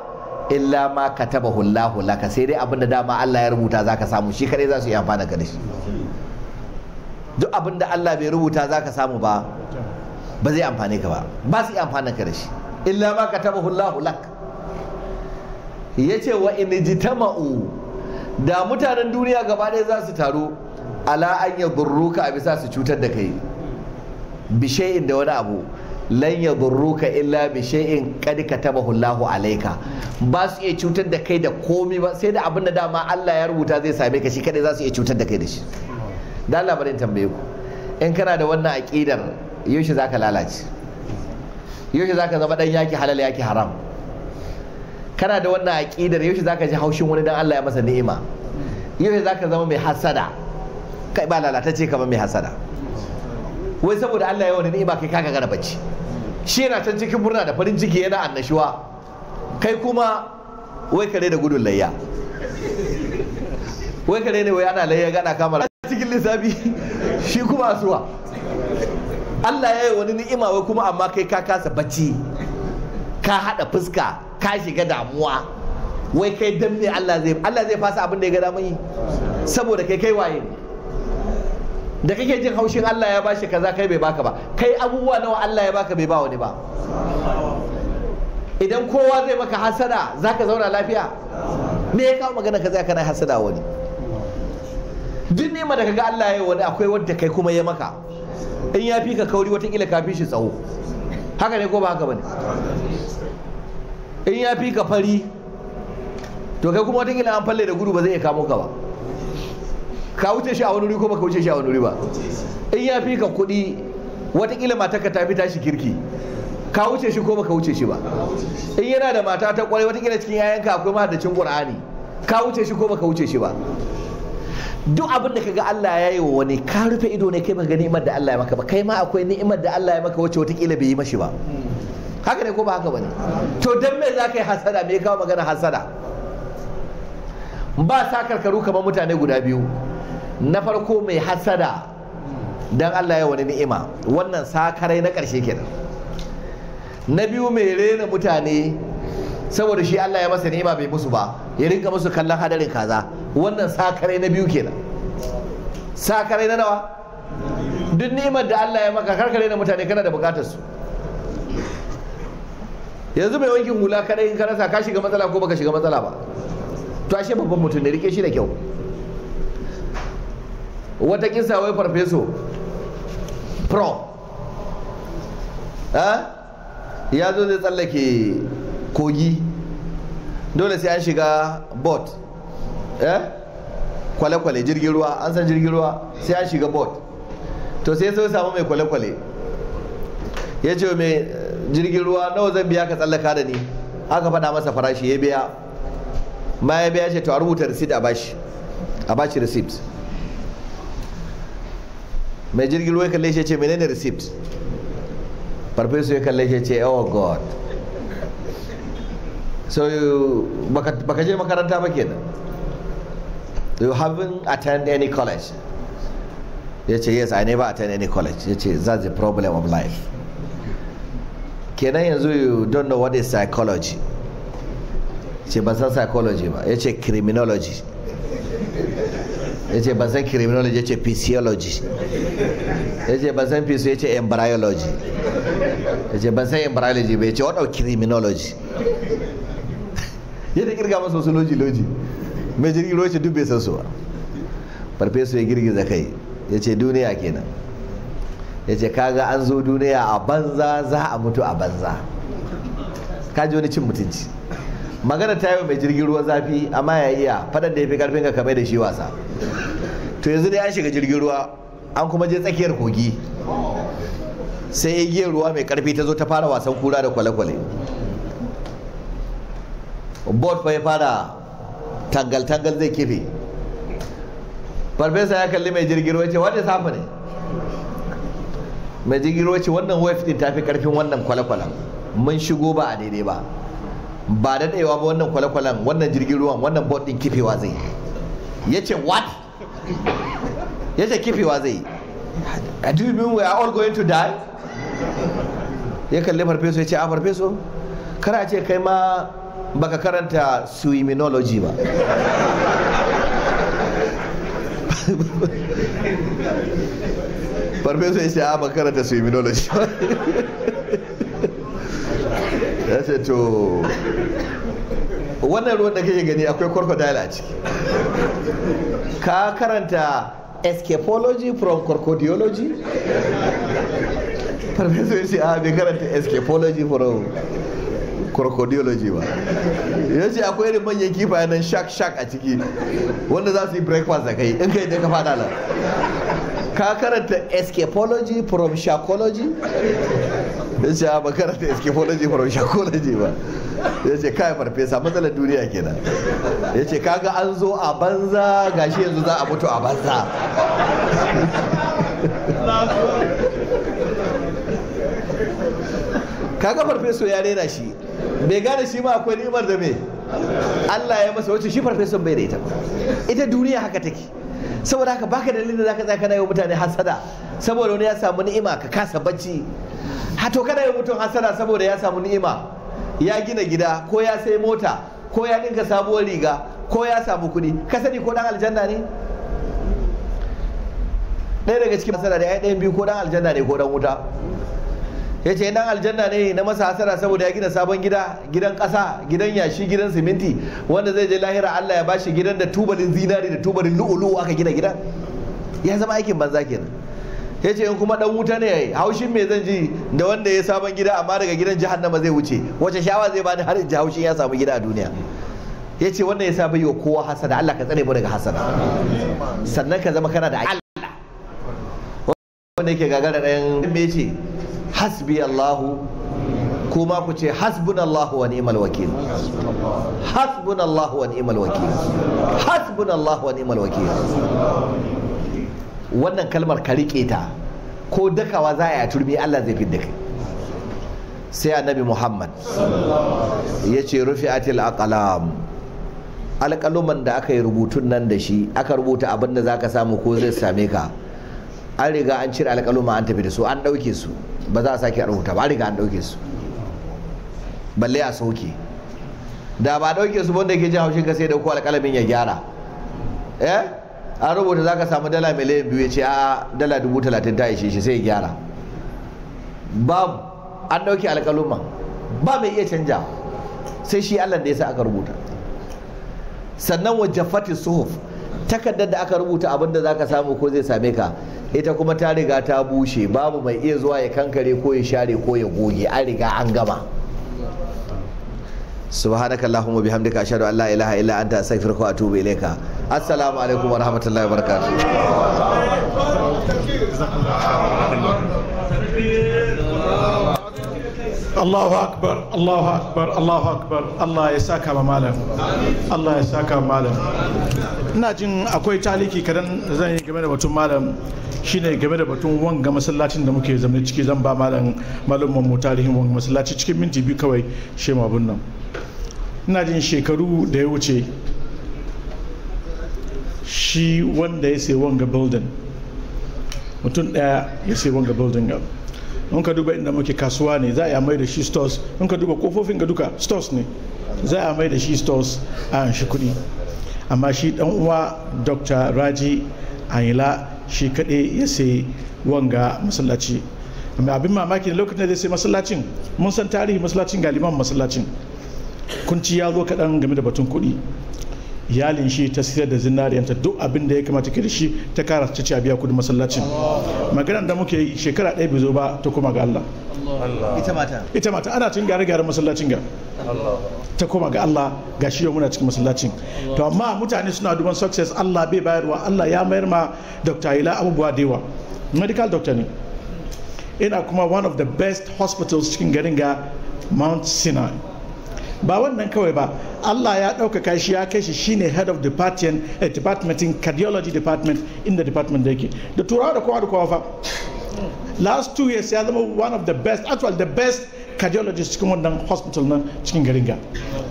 illa ma katabahu Allah laka sai dai abinda dama Allah ya rubuta zaka samu shi kare za su yi amfana ka da shi duk abinda Allah bai rubuta zaka samu ba ba zai amfane ka ba ba su yi amfana ka da shi illa ma katabahu Allah laka ya ce wa ma'u, da mutanen duniya gaba ɗaya za su taru ala an ya burruka a bisa su cutar da kai bishe'in da wani abu lan ya burruka illa bishe'in ka taba hulahu alaika ba su iya cutar da kai da komi ba sai da abin da dama Allah ya rubuta zai same ka shi kadai za su iya cutar da kai da shi dan labarin tambaye ku in kana da wannan aqidar yaushe zaka lalace yaushe zaka zama dan yaki halal yaki haram kana da wannan aƙidar yaushe zaka ji haushin wani dan Allah ya masa ni'ima yaushe zaka zama mai hasada kai ba lalata ce kamar mai hasada wai saboda Allah ya wani ni'ima kai kaka gara bacci shi yana can cikin murna da farin ciki yana annashuwa kai kuma wai kare da gudun layya wai kare ne wai ana layya gana kamar cikin lissafi shi kuma asuwa Allah ya yi wani ni'ima wai kuma amma kai ka kasa bacci ka haɗa fuska ka shiga damuwa wai kai dan me Allah zai Allah zai fasa abin da ya ga damun yi saboda kai kai waye da kake jin haushin Allah ya bashi kaza kai bai baka ba kai abubuwa nawa Allah ya baka bai ba wani ba idan kowa zai maka hasada zaka zauna lafiya me ya kawo magana ka kana hasada wani duk nema da kaga Allah ya wani akwai wanda kai kuma ya maka in ya fi ka kauri watakila ka fi shi tsawo haka ne ko ba haka bane in ya fi ka fari to kai kuma watakila an falle da gudu ba zai iya kamo ka ba ka wuce shi a wani wuri ko baka wuce shi a wani wuri ba in ya fi ka kuɗi watakila mata ta fi tashi kirki ka wuce shi ko baka wuce shi ba in yana da mata ta kwarai watakila cikin ka akwai mahaddacin qur'ani ka wuce shi ko baka wuce shi ba duk abin da kaga Allah ya yi wa wani ka rufe ido ne kai ba ga ni'imar da Allah ya maka ba kai ma akwai ni'imar da Allah ya maka wacce watakila bai yi mashi ba haka ne ko ba haka bane to dan me za ka yi hasada me kawo magana hasada ba sa karkaru kamar mutane guda biyu na farko mai hasada dan Allah ya wani ni'ima wannan sakarai na karshe kenan na biyu mai rena mutane saboda shi Allah ya masa ni'ima bai musu ba ya rinka musu kallon hadarin kaza wannan sakarai na biyu kenan sakarai na nawa duk ni'imar da Allah ya maka karkare na mutane kana da bukatar su yanzu mai wankin hula kadai in karasa ka shiga matsala ko baka shiga matsala ba to ashe babban mutum ne rike shi da kyau wata kisa wai farfeso pro ya zo zai tsallake kogi dole sai an shiga bot kwale-kwale jirgin ruwa an san jirgin ruwa sai an shiga bot to sai sai samu mai kwale-kwale ya ce mai jirgin ruwa nawa zan biya ka tsallaka da ni aka faɗa masa farashi ya biya ma ya biya shi to a rubuta receipt a bashi a bashi receipt mai jirgin ruwa ya kalle shi ya ce menene receipt farfesu ya kalle shi ya ce oh god so baka je makaranta ba kenan you haven't attended any college ya ce yes i never attended any college ya ce that's the problem of life kenan yanzu you don't know what is psychology ce ba san psychology ba ya ce criminology ya ce ba san criminology ya ce physiology ya ce ba san physiology ya ce embryology ya ce ba san embryology ba ya ce what criminology ta kirga masu wasu loji-loji mai jirgin roce duk bai san su ba farfesa ya girgiza kai ya ce duniya kenan ya ce kaga an zo duniya a banza za a mutu a banza kaji wani cin mutunci magana ta yi mai jirgin ruwa zafi amma ya iya fadan da ya fi karfin ka kamar da shi wasa to yanzu dai an shiga jirgin ruwa an kuma je tsakiyar kogi sai igiyar ruwa mai karfi ta zo ta fara wasan kura da kwale-kwale bot fa ya fara tangal-tangal zai kife farfesa ya kalli mai jirgin ruwa ce ya safa ne. mai jirgin ce wannan wife din tafi karfin wannan kwale-kwalen mun shigo ba a daidai ba ba daewa ba wannan kwale-kwalen wannan jirgin ruwan wannan bot din kifewa zai ya ce what ya ce kifewa zai a do you mean we are all going to die ya kalli farfeso ya ce a farfeso kara ce kai ma baka karanta suiminology ba farfesa ya ce a ah, ban karanta seminology ya ce to wannan ruwan da kake gani akwai crocodile a ciki ka karanta escapology from crocodiology farfesa ya ce a ah, bai karanta escapology from crocodiology ba ya ce akwai irin manyan kifayen nan shak shak a ciki wanda za su yi breakfast da kai in kai da ka fada ka karanta escapology from shakology ya ce ba karanta escapology from shakology ba ya ce kai farfesa matsalar duniya kenan ya ce kaga an zo a banza gashi yanzu za a mutu a banza kaga farfeso ya rera shi bai gane shi ma akwai nimar da me Allah ya masa wacce shi farfeson bai da ita ita duniya haka take saboda haka baka dalilin da zaka tsaya kana mutane hasada saboda wani ya samu ni'ima ka kasa bacci hato kana yi mutum hasada saboda ya samu ni'ima ya gina gida ko ya sai mota ko ya dinka sabuwar riga ko ya samu kuɗi ka sani ko dan aljanna ne ɗaya daga cikin hasada da ya ɗayan biyu ko dan aljanna ne ko dan wuta ya ce nan aljanna ne na masa hasara saboda ya gina sabon gida gidan ƙasa gidan yashi gidan siminti wanda zai je lahira Allah ya bashi gidan da tubalin zinari da tubalin lu'ulu aka gina gidan ya zama aikin banza kenan ya ce in kuma dan wuta ne haushin me zan ji da wanda ya sabon gida amma daga gidan jahannama zai wuce wace shawa zai bani har in ji haushin ya samu gida a duniya ya ce wannan ya sa bai wa kowa hasada Allah ka tsare mu daga hasada sannan ka zama kana da Allah wanda yake gagara ɗayan me ce hasbi Allahu kuma ku ce hasbun hasbunallahu wa ni'mal wakil hasbunallahu wa ni'mal wakil Allahu wa ni'mal wakil wannan kalmar ka rike ta ko dakawa za a yi turmi Allah zai fidda kai sai annabi Muhammad ya ce rufi'atil aqlam alƙaluman da aka yi rubutun nan da shi aka rubuta abin da za ka samu ko zai same ka an riga an cire alƙaluma an tafi da su an ɗauke su ba za a sake rubuta ba riga an ɗauke su balle a soke da ba ɗauke su wanda ke jin haushin ka sai da ko alƙalamin ya gyara eh an rubuta za ka samu dala miliyan biyu ya ce a dala dubu talatin ta ishe shi sai ya gyara ba an ɗauke alƙaluma ba mai iya canja sai shi allah da ya sa aka rubuta sannan wajen fatin suhuf takardar da aka rubuta abin da za ka samu ko zai same ka ita kuma ta riga ta bushe babu mai iya zuwa ya kankare ko ya share ko ya goge an riga an gama subhanaka allahumma bihamdika ashhadu an la ilaha illa anta astaghfiruka wa atubu ilayka assalamu alaikum wa rahmatullahi wa barakatuh Allahu akbar Allahu akbar Allahu akbar Allah ya saka ma malam Allah ya saka ma malam ina jin akwai taliki kadan zan yi game da batun malam shine game da batun wanga masallacin da muke zama ciki zan ba malam malumman mu tarihin wanga masallaci cikin minti biyu kawai she abun nan ina jin shekaru da ya wuce shi wanda ya sai wanga building mutum daya ya sai wanga building up in ka duba inda muke kasuwa ne za a yi mai da shi stores in ka duba kofofin ga duka stores ne za a mai da shi stores a shi kuɗi amma shi dan uwa dr raji anila shi kaɗai ya sai wanga masallaci amma abin mamaki lokacin da zai sai masallacin mun san tarihi masallacin galiban masallacin kunci ya zo kaɗan game da batun kuɗi iyalin shi ta sayar da zinariyanta duk abin da ya kamata ke da shi ta kara ta ci a biya kudin masallacin maganar da muke shekara ɗaya bai zo ba ta koma ga Allah ita mata ita mata ana cin gare gare masallacin ga ta koma ga Allah ga shi yau muna cikin masallacin to amma mutane suna duban success Allah bai bayarwa Allah ya mayar ma Dr. Ila abubuwa dewa yawa medical doctor ne ina kuma one of the best hospitals cikin garin ga Mount Sinai ba wannan kawai ba Allah ya ɗaukaka shi ya kai shi shine head of department eh, in cardiology department in the department da yake da turawa da kowa da kowa fa last two years ya zama one of the best actual the best cardiologist cikin wannan hospital na cikin garin ga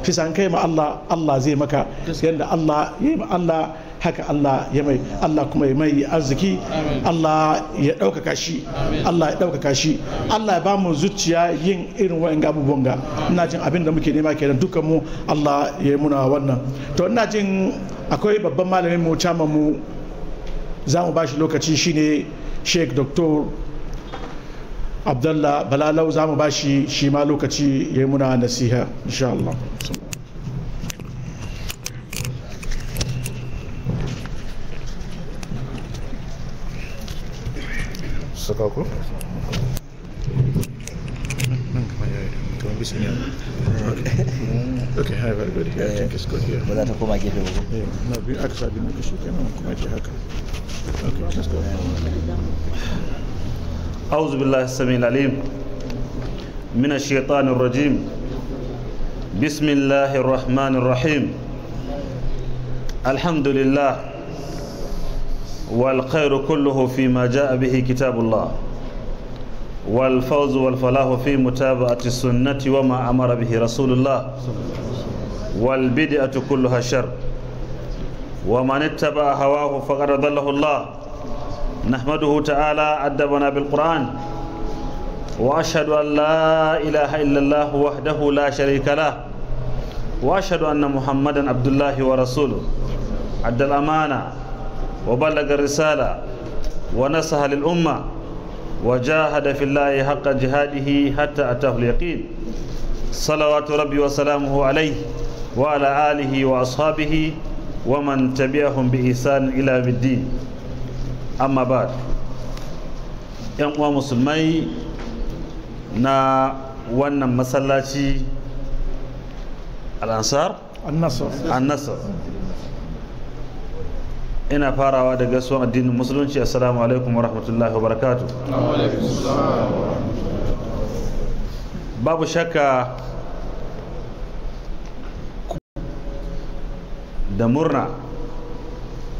Fisa kai ma Allah Allah zai maka yanda Allah ya ma Allah haka Allah ya mai Allah kuma ya mai arziki Allah ya ɗaukaka shi Allah ya ɗaukaka shi Allah ya ba zuciya yin irin wa'in abubuwan ga ina jin abin da muke nema kenan dukkan mu Allah ya yi muna wannan to ina jin akwai babban malamin mu chama mu za mu bashi lokaci shine Sheikh Dr. Abdullah Balalau za mu bashi shi ma lokaci ya yi muna nasiha insha Allah. سكاكو أعوذ بالله السميع العليم من الشيطان الرجيم بسم الله الرحمن الرحيم الحمد لله والخير كله فيما جاء به كتاب الله والفوز والفلاح في متابعة السنة وما أمر به رسول الله والبدعة كلها شر ومن اتبع هواه فقد ضله الله نحمده تعالى أدبنا بالقرآن وأشهد أن لا إله إلا الله وحده لا شريك له وأشهد أن محمدا عبد الله ورسوله عبد الأمانة وبلغ الرسالة ونصح للأمة وجاهد في الله حق جهاده حتى أتاه اليقين صلوات ربي وسلامه عليه وعلى آله وأصحابه ومن تبعهم بإحسان إلى الدين أما بعد ‘yan uwa musulmai na wannan masallaci al'ansar? annasar ina farawa da gaisuwan addinin musulunci assalamu alaikum wa rahmatullahi wa barakatu babu shakka da murna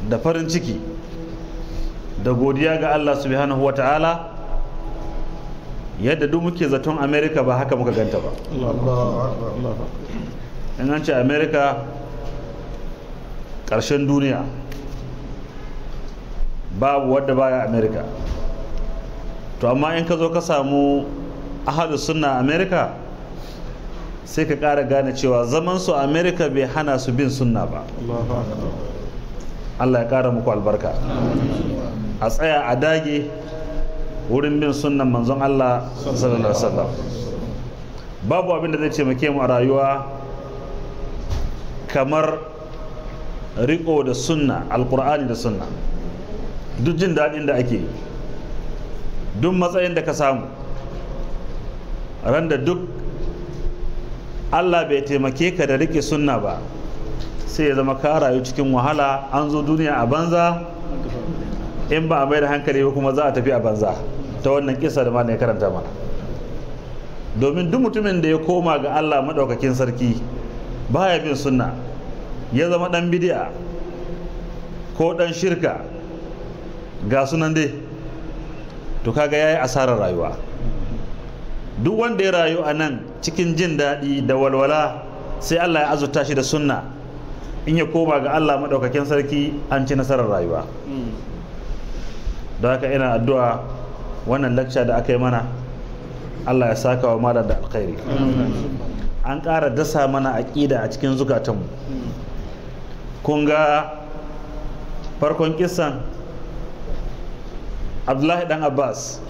da farin ciki da godiya ga allah subhanahu wa ta'ala yadda duk muke zaton america ba haka muka ganta ba in an ce america ƙarshen duniya babu wadda baya Amerika, to amma in ka zo ka samu ahalu sunna Amerika, sai ka ƙara gane cewa zaman su Amerika bai hana su bin sunna ba allah ya ƙara muku albarka a tsaya a dage wurin bin sunnan manzon allah sallallahu wasallam babu abin da zai taimake mu a rayuwa kamar riko da sunna alkur'ani da sunna duk jin daɗin da ake duk matsayin da ka samu ran da duk allah bai taimake ka da rike sunna ba sai ya zama ka rayu cikin wahala an zo duniya a banza in ba a mai da hankali ba kuma za a tafi a banza ta wannan kisa da ya karanta mana domin duk mutumin da ya koma ga allah maɗaukakin sarki baya bin sunna ya zama ɗan bidiya ko ɗan shirka ga sunan dai to kaga yayi asarar rayuwa duk wanda ya rayu a nan cikin jin daɗi da walwala sai Allah ya azurta shi da sunna in ya koma ga Allah maɗaukakin sarki an ci nasarar rayuwa don haka ina addu'a wannan lakca da aka yi mana Allah ya saka wa malam da alkhairi an ƙara dasa mana aƙida a cikin zukatanmu kun ga farkon kisan abdullahi dan abbas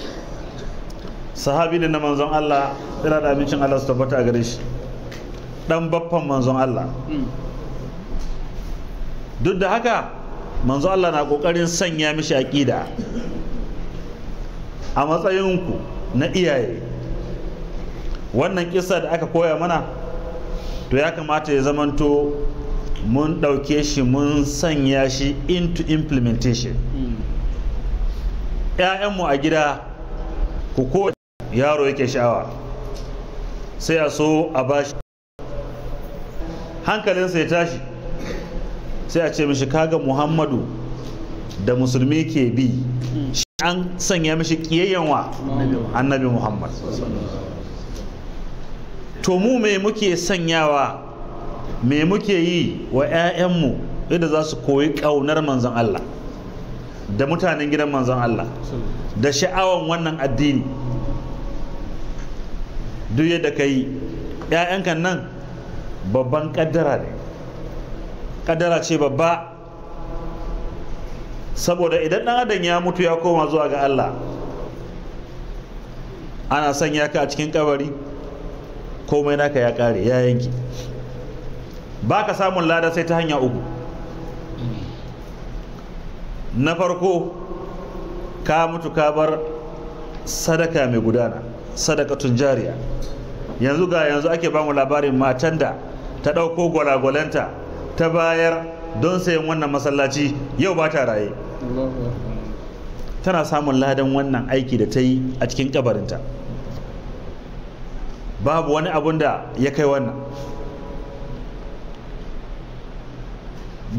sahabi da na manzon allah yana da abincin allah su tabbata a gare shi dan baffan manzon allah duk da haka manzon allah na kokarin sanya mishi aƙida a matsayinku na iyaye wannan kisa da aka koya mana to ya kamata ya zamanto mun ɗauke shi mun sanya shi into implementation 'ya'yanmu a gida ku ko yaro yake sha'awa sai a so a bashi hankalinsa ya tashi sai a ce mishi kaga muhammadu da musulmi ke bi an sanya mishi kiyayyanwa annabi muhammad to mu me muke sanyawa me muke yi wa 'ya'yanmu yadda za su koyi ƙaunar manzon allah da mutanen gidan manzon Allah da sha'awan wannan addini duk yadda ka yi ‘ya'yanka nan babban ƙaddara ne ƙaddara ce babba saboda idan ɗan adam ya mutu ya koma zuwa ga Allah ana sanya ka a cikin kabari komai naka ya ƙare ya yanki ba ka samun lada sai ta hanya uku na farko ka mutu ka bar sadaka mai gudana sadaka tun jariya yanzu ga yanzu ake bamu labarin matan da ta ɗauko gwalagwalanta ta bayar don sayan wannan masallaci yau ba ta raye tana samun ladan wannan aiki da ta yi a cikin kabarinta babu wani abun da ya kai wannan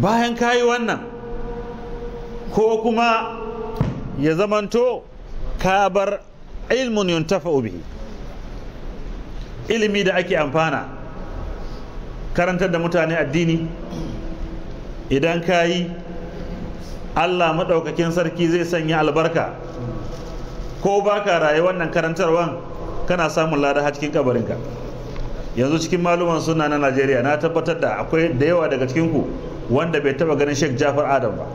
bayan kayi wannan ko kuma ya zamanto ka bar ilmin yuntafa ubi ilimi da ake amfana karantar da mutane addini idan ka yi allah maɗaukakin sarki zai sanya albarka ko ba ka raye wannan karantarwan kana samun lada a cikin kabarinka yanzu cikin maluman suna na najeriya na tabbatar da akwai da yawa daga cikinku wanda bai taba ganin sheikh jafar adam ba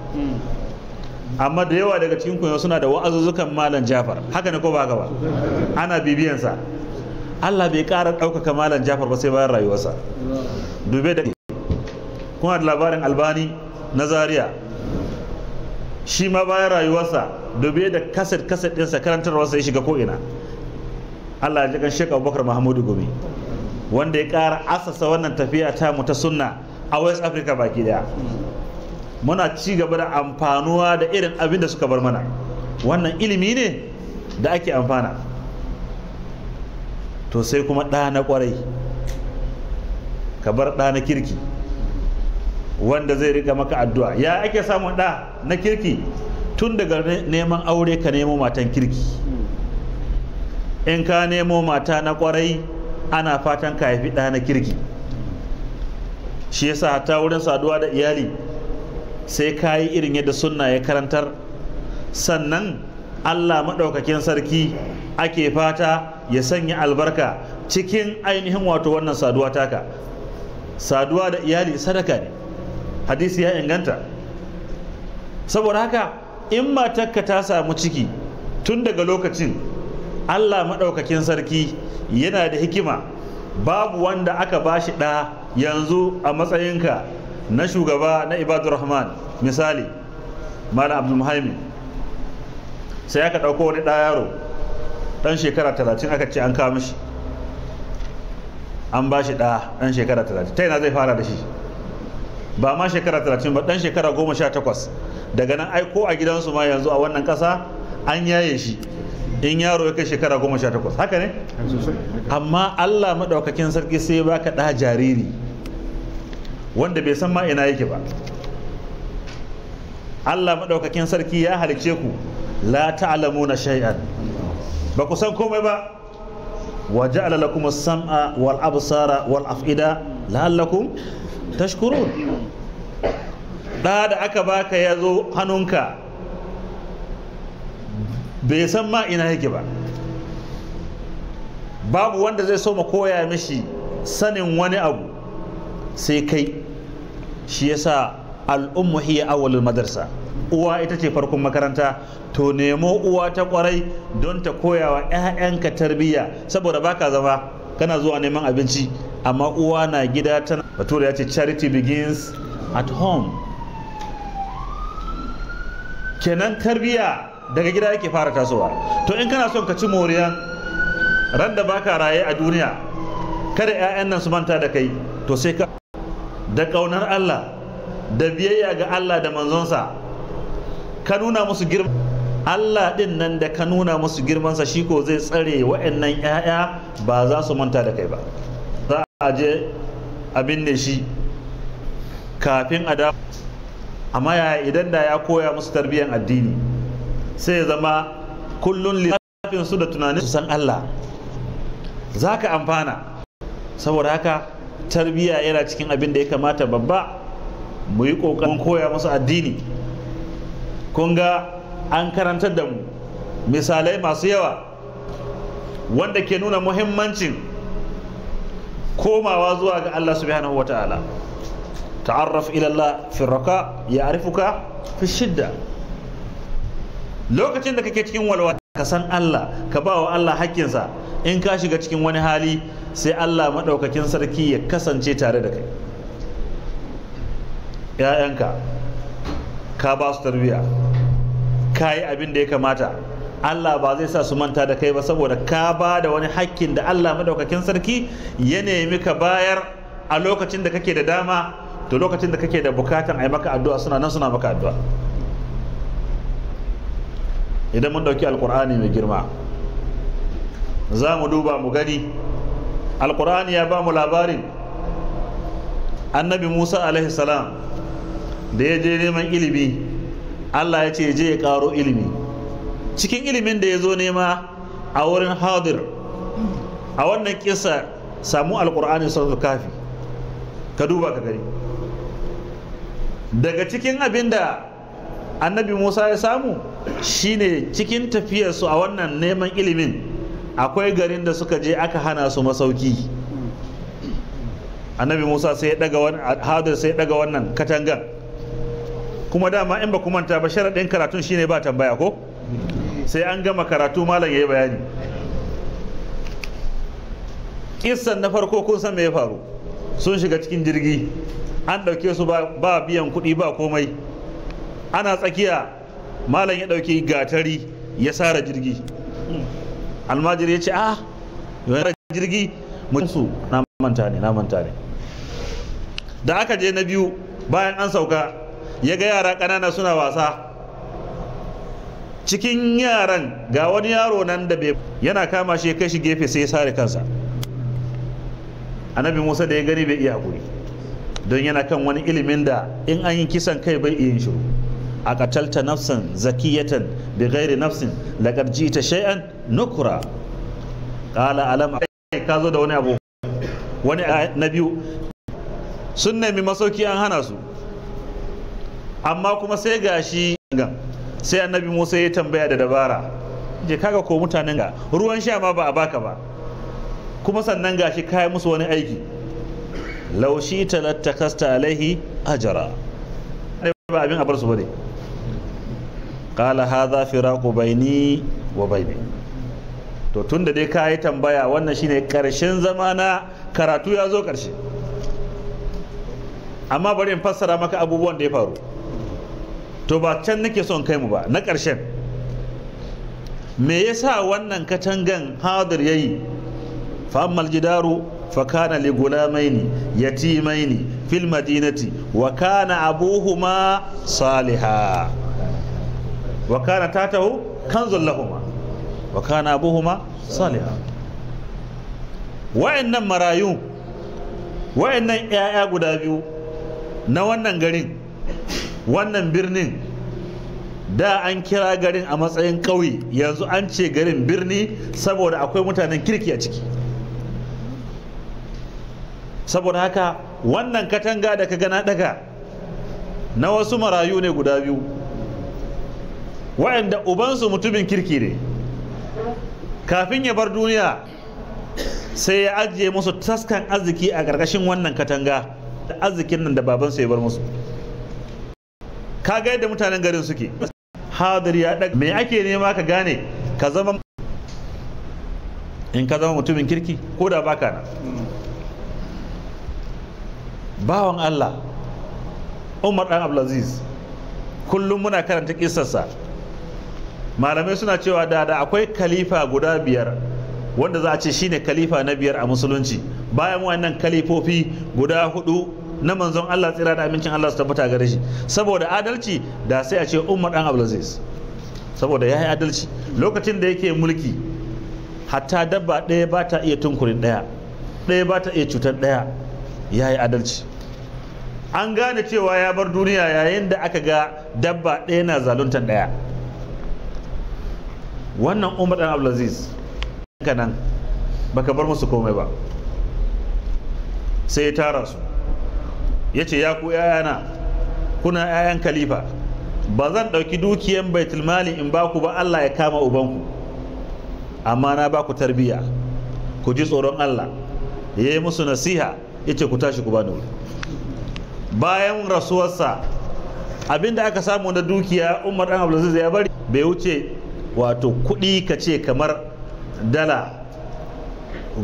amma da yawa daga cikin kunya suna da wa'azuzzukan malam jafar haka ne ko ba gaba ana bibiyansa Allah bai ƙara ɗaukaka malam jafar ba sai bayan rayuwarsa dube da kuma da labarin albani na Zariya shi ma bayan rayuwarsa dube da kaset kaset ɗinsa karantarwarsa ya shiga ko'ina Allah ya jikan shekaru Bakar mahamudu Gumi wanda ya kara asasa wannan tafiya ta mu ta sunna a West Africa baki daya muna ci gaba da amfanuwa da irin abin da suka bar mana wannan ilimi ne da ake amfana to sai kuma ɗa na ƙwarai ka bar ɗa na kirki wanda zai rika maka addu'a ya ake samun ɗa na kirki tun daga neman aure ka nemo matan kirki in ka nemo mata na ƙwarai ana fatan ka haifi ɗa na kirki shi yasa hatta wurin saduwa da iyali sai ka yi irin yadda sunna ya karantar sannan allah maɗaukakin sarki ake fata ya sanya albarka cikin ainihin wato wannan saduwa taka saduwa da iyali sadaka ne hadisi ya inganta saboda haka in matarka ta samu ciki tun daga lokacin allah maɗaukakin sarki yana da hikima babu wanda aka bashi ɗa yanzu a matsayinka na shugaba na ibadu rahman misali malam abdul muhaimin sai aka ɗauko wani ɗa yaro ɗan shekara talatin aka ce an kama shi an ba shi ɗaya ɗan shekara talatin ta yana zai fara da shi ba ma shekara talatin ba ɗan shekara goma sha takwas daga nan ai ko a gidansu ma yanzu a wannan ƙasa an yaye shi in yaro ya kai shekara goma sha takwas haka ne amma allah maɗaukakin sarki sai baka ɗa jariri wanda bai san ma ina yake ba Allah maɗaukakin sarki ya halice ku la ta'lamuna shay'an ba ku san komai ba wa ja'ala lakum as-sam'a wal absara wal af'ida la'allakum tashkurun da da aka baka ya zo hannunka bai san ma ina yake ba babu wanda zai so ma koya mishi sanin wani abu sai kai shi yasa al'ummu hiya awwalul madarsa uwa ita ce farkon makaranta to nemo uwa ta kwarai don ta koya wa 'ya'yanka tarbiyya saboda baka zama kana zuwa neman abinci amma uwa na gida tana bature ya ce charity begins at home kenan tarbiyya daga gida yake fara tasowa to in kana son ka ci moriya ran da baka raye a duniya kada 'ya'yan nan su manta da kai to sai ka da ƙaunar Allah da biyayya ga Allah da manzonsa ka nuna musu girma Allah ɗin nan da ka nuna musu girmansa shi ko zai tsare wa'annan 'ya'ya ba za su manta da kai ba za a je abin da shi kafin a da amma ya idan da ya koya musu tarbiyyar addini sai ya zama kullum littafin su da tunanin su san Allah za ka amfana saboda haka tarbiyya yana cikin abin da ya kamata babba mu yi ƙoƙarin koya musu addini kun ga an karantar da mu misalai masu yawa wanda ke nuna muhimmancin komawa zuwa ga Allah subhanahu wata'ala ta'arraf ila Allah fi raka ya arifuka fi shidda lokacin da kake cikin walwata ka san Allah ka ba wa Allah hakkinsa in ka shiga cikin wani hali sai Allah maɗaukakin sarki ya kasance tare da kai ‘ya'yanka ka ba su tarbiyya ka yi abin da ya kamata Allah ba zai sa su manta da kai ba saboda ka ba da wani hakkin da Allah maɗaukakin sarki ya nemi ka bayar a lokacin da kake da dama to lokacin da kake da bukatan a yi maka addu'a suna nan suna maka addu'a idan mun ɗauki alkur'ani mai girma za mu duba mu gani alkur'ani ya ba mu labarin annabi musa alaihi salam da ya je neman ilimi allah ya ce je ya karo ilimi cikin ilimin da ya zo nema a wurin hadir a wannan kisa samu alkur'ani sun kafi ka duba ka gari daga cikin abin da annabi musa ya samu shine cikin tafiyarsu a wannan neman ilimin akwai garin da suka je aka hana su masauki annabi musa sai ya daga wannan sai ya daga wannan katangan kuma dama in ba ku manta ba sharaɗin karatun shine ba tambaya ko sai an gama karatu malam ya yi bayani kissan na farko kun san me ya faru sun shiga cikin jirgi an ɗauke su ba biyan kuɗi ba komai ana tsakiya malam ya ɗauki gatari ya sara jirgi almajiri ya ce a ah, yawan jirgi mutu na manta ne na manta ne da aka je na biyu bayan an sauka ya ga yara ƙanana suna wasa cikin yaran ga wani yaro nan da bai yana kama shi kai shi gefe sai ya sare kansa annabi musa da ya gani bai iya hakuri don yana kan wani ilimin da in an yi kisan kai bai iya yin shiru a katalta nafsan zakiyatan bighairi nafsin laqad jita shay'an nukra qala alam ka zo da wani abu wani na biyu sun nemi masauki an hana su amma kuma sai gashi sai annabi Musa ya tambaya da dabara je kaga ko mutanen ga ruwan sha ma ba a baka ba kuma sannan gashi kai musu wani aiki laushi talatta kasta alaihi ajara ba abin a bar su bane qala hadha firaqu ni wa ne. to tunda dai ka yi tambaya wannan shine karshen zama na karatu ya zo karshe amma bari in fassara maka abubuwan da ya faru to ba can nake son kai mu ba na karshen me yasa wannan katangan hadir yayi fa ammal jidaru fa kana li gulamaini yatimaini fil madinati wa kana abuhuma Saliha. wa kana tatahu kanzul lahuma wa kana abuhuma salihan wa'annan marayu wa'annan yaya guda biyu na wannan garin wannan birnin da an kira garin a matsayin ƙauye yanzu an ce garin birni saboda akwai mutanen kirki a ciki saboda haka wannan katanga da ka gana daga na wasu marayu ne guda biyu wa'anda ubansu mutumin kirki ne kafin ya bar duniya sai ya ajiye musu taskan arziki a ƙarƙashin wannan katanga da arzikin nan da babansu ya bar musu ka ga yadda mutanen garin suke hadir ya ɗaga me ake nema ka gane ka zama in ka zama mutumin kirki ko da baka na bawan Allah Umar dan Abdulaziz kullum muna karanta kisarsa malamai suna cewa da da akwai kalifa guda biyar wanda za a ce shine kalifa na biyar a musulunci bayan wannan kalifofi guda hudu na manzon Allah tsira da amincin Allah su tabbata gare shi saboda adalci da sai a ce Umar dan Abdulaziz saboda ya yi adalci lokacin da yake mulki hatta dabba ɗaya ba ta iya tunkurin ɗaya ɗaya ba ta iya cutar ɗaya ya yi adalci an gane cewa ya bar duniya yayin da aka ga dabba ɗaya na zaluntar ɗaya wannan umar dan abdulaziz ka nan baka bar musu komai ba sai ya tara su ya ce ya ku yayana kuna yayan kalifa ba zan ɗauki dukiyan baitulmali in ba ku ba allah ya kama ubanku amma na ba ku tarbiya ku ji tsoron allah ya yi musu nasiha ya ce ku tashi ku bani wuri bayan rasuwarsa abinda aka samu na dukiya umar dan abdulaziz ya bari bai wuce wato kuɗi ka ce kamar dala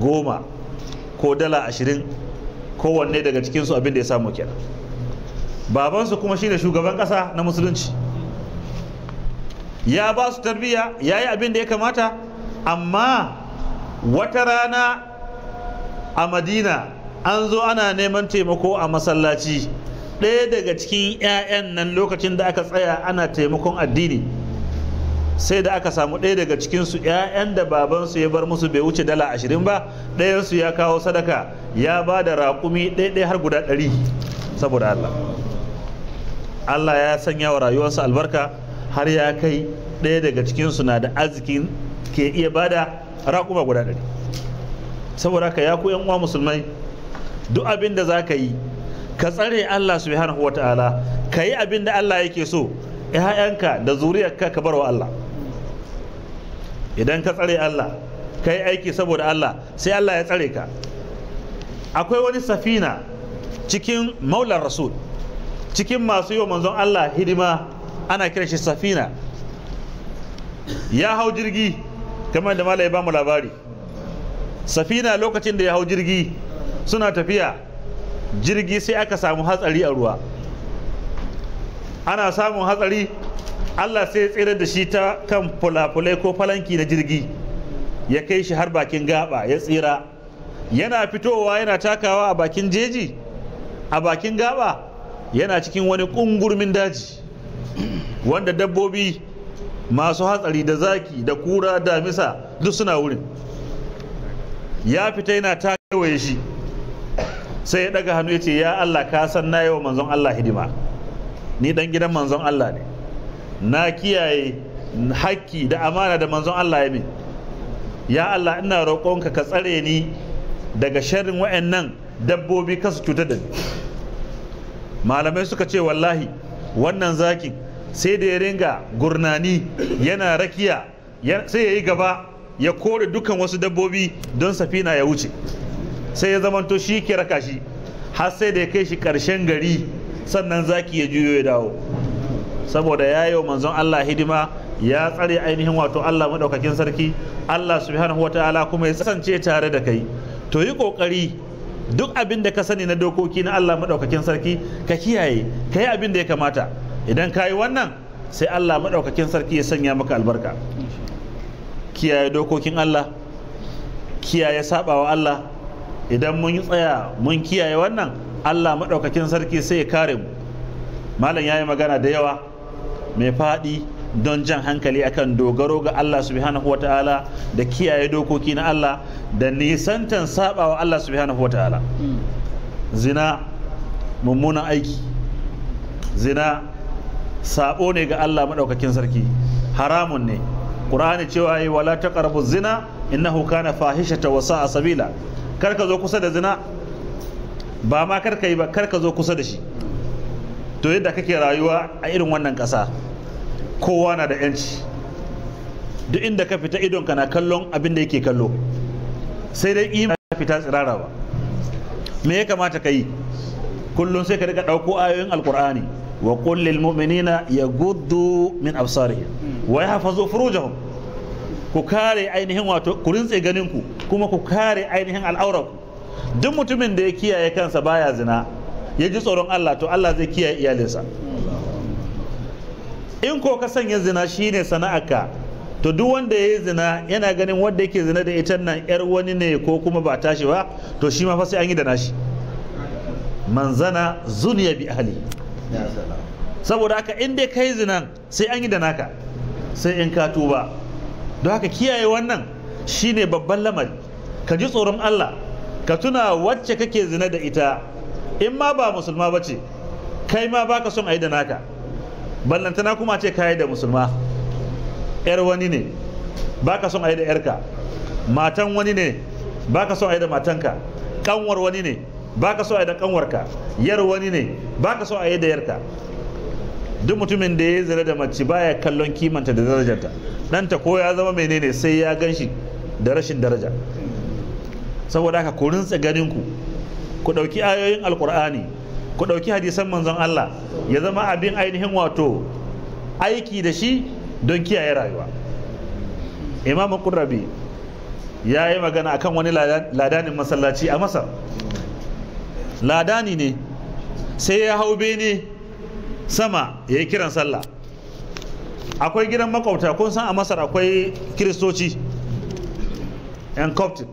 goma ko dala ashirin kowanne daga cikinsu abin da ya samu kenan babansu kuma shine shugaban kasa na musulunci ya ba su tarbiyya ya yi abin da ya kamata amma wata rana a madina an zo ana neman taimako a masallaci ɗaya daga cikin 'ya'yan nan lokacin da aka tsaya ana taimakon addini sai da aka samu ɗaya daga cikinsu 'ya'yan da babansu ya bar musu bai wuce dala ashirin ba ɗayansu ya kawo sadaka ya ba da raƙumi ɗaiɗai har guda ɗari saboda Allah Allah ya sanya wa rayuwarsa albarka har ya kai ɗaya daga cikinsu na da arzikin ke iya ba da raƙuma guda ɗari saboda ka ya ku 'yan uwa musulmai duk abin da za ka yi ka tsare Allah subhanahu wa ta'ala ka yi abin da Allah yake so 'ya'yanka da zuriyarka ka bar wa Allah idan ka tsare Allah ka yi aiki saboda Allah sai Allah ya tsare ka akwai wani safina cikin maular rasul cikin masu yi manzon Allah hidima ana kiran shi safina ya hau jirgi kamar da malai ba mu labari safina lokacin da ya hau jirgi suna tafiya jirgi sai aka samu hatsari a ruwa ana samun hatsari allah sai ya tsira da shi ta kan fulafulai ko falanki na jirgi ya kai shi har bakin gaba ya tsira yana fitowa yana takawa a bakin jeji a bakin gaba yana cikin wani ƙungurmin daji wanda dabbobi masu hatsari da zaki da kura da misa duk suna wurin ya fita yana takawaye shi sai ya daga hannu ya ce ya allah ka san na yawa manzon allah hidima ni dan gidan manzon Allah ne na kiyaye hakki da amana da manzon Allah ya min ya Allah ina roƙonka ka tsare ni daga sharrin wa'annan dabbobi kasu cutar da ni malamai suka ce wallahi wannan zakin sai da ya ringa gurnani yana rakiya sai ya yi gaba ya kore dukan wasu dabbobi don safina ya wuce sai ya zamanto shi ke raka shi har sai da ya kai shi ƙarshen gari sannan zaki ya juyo ya dawo saboda ya yi manzon Allah hidima ya tsare ainihin wato Allah maɗaukakin sarki Allah subhanahu wataala kuma ya kasance tare da kai to yi kokari duk abin da ka sani na dokoki na Allah madaukakin sarki ka kiyaye ka yi abin da ya kamata idan ka yi wannan sai Allah maɗaukakin sarki ya sanya maka albarka kiyaye dokokin Allah kiyaye sabawa Allah idan mun tsaya mun kiyaye wannan Allah maɗaukakin sarki sai ya kare mu malam ya yi magana da yawa mai faɗi don jan hankali akan dogaro ga Allah subhanahu wa ta'ala da kiyaye dokoki na Allah da nisantan sabawa Allah subhanahu wa ta'ala zina mummunan aiki zina sabo ne ga Allah maɗaukakin sarki haramun ne ƙur'ani cewa yi wala ta zina innahu kana fahishata wasa a sabila kar ka zo kusa da zina ba ma karka yi ba kar ka zo kusa da shi to yadda kake rayuwa a irin wannan ƙasa kowa na da yanci duk inda ka fita idon ka na kallon abin da yake kallo sai dai ima fita tsirara ba me ya kamata ka yi kullum sai ka riga ɗauko ayoyin alkur'ani wa kullil mu'minina ya gudu min absarihim wa ya yahfazu furujahum ku kare ainihin wato ku rintse ganin ku kuma ku kare ainihin al'aurar duk mutumin da ya kiyaye kansa baya zina ya ji tsoron Allah to Allah zai kiyaye iyalinsa in ko ka sanya zina shine sana'aka to duk wanda ya yi zina yana ganin wanda yake zina da ita nan yar wani ne ko kuma ba tashi ba to shi ma fa sai an yi da nashi man zuniya bi ahli saboda haka in dai kai zinan sai an yi da naka sai in ka tuba don haka kiyaye wannan shine babban lamari ka ji tsoron Allah ka tuna wacce kake zina da ita in ma ba musulma ba ce kai ma baka son a yi da naka ballantana kuma ce ka yi da musulma yar wani ne baka son a yi da yarka matan wani ne baka son a yi da matanka kanwar wani ne baka son a yi da kanwarka yar wani ne baka son a yi da yarka duk mutumin da ya zira da mace baya kallon kimanta da darajarta ɗanta ko ya zama menene sai ya gan shi da rashin daraja saboda haka ku rintsa ganin ku ku ɗauki ayoyin alkur'ani ku ɗauki hadisan manzon Allah ya zama abin ainihin wato aiki da shi don kiyaye rayuwa imamu kurrabi ya yi magana akan wani ladanin masallaci a masar ladani ne sai ya hau bene sama ya yi kiran sallah akwai gidan makwabta kun san a masar akwai kiristoci yan coptic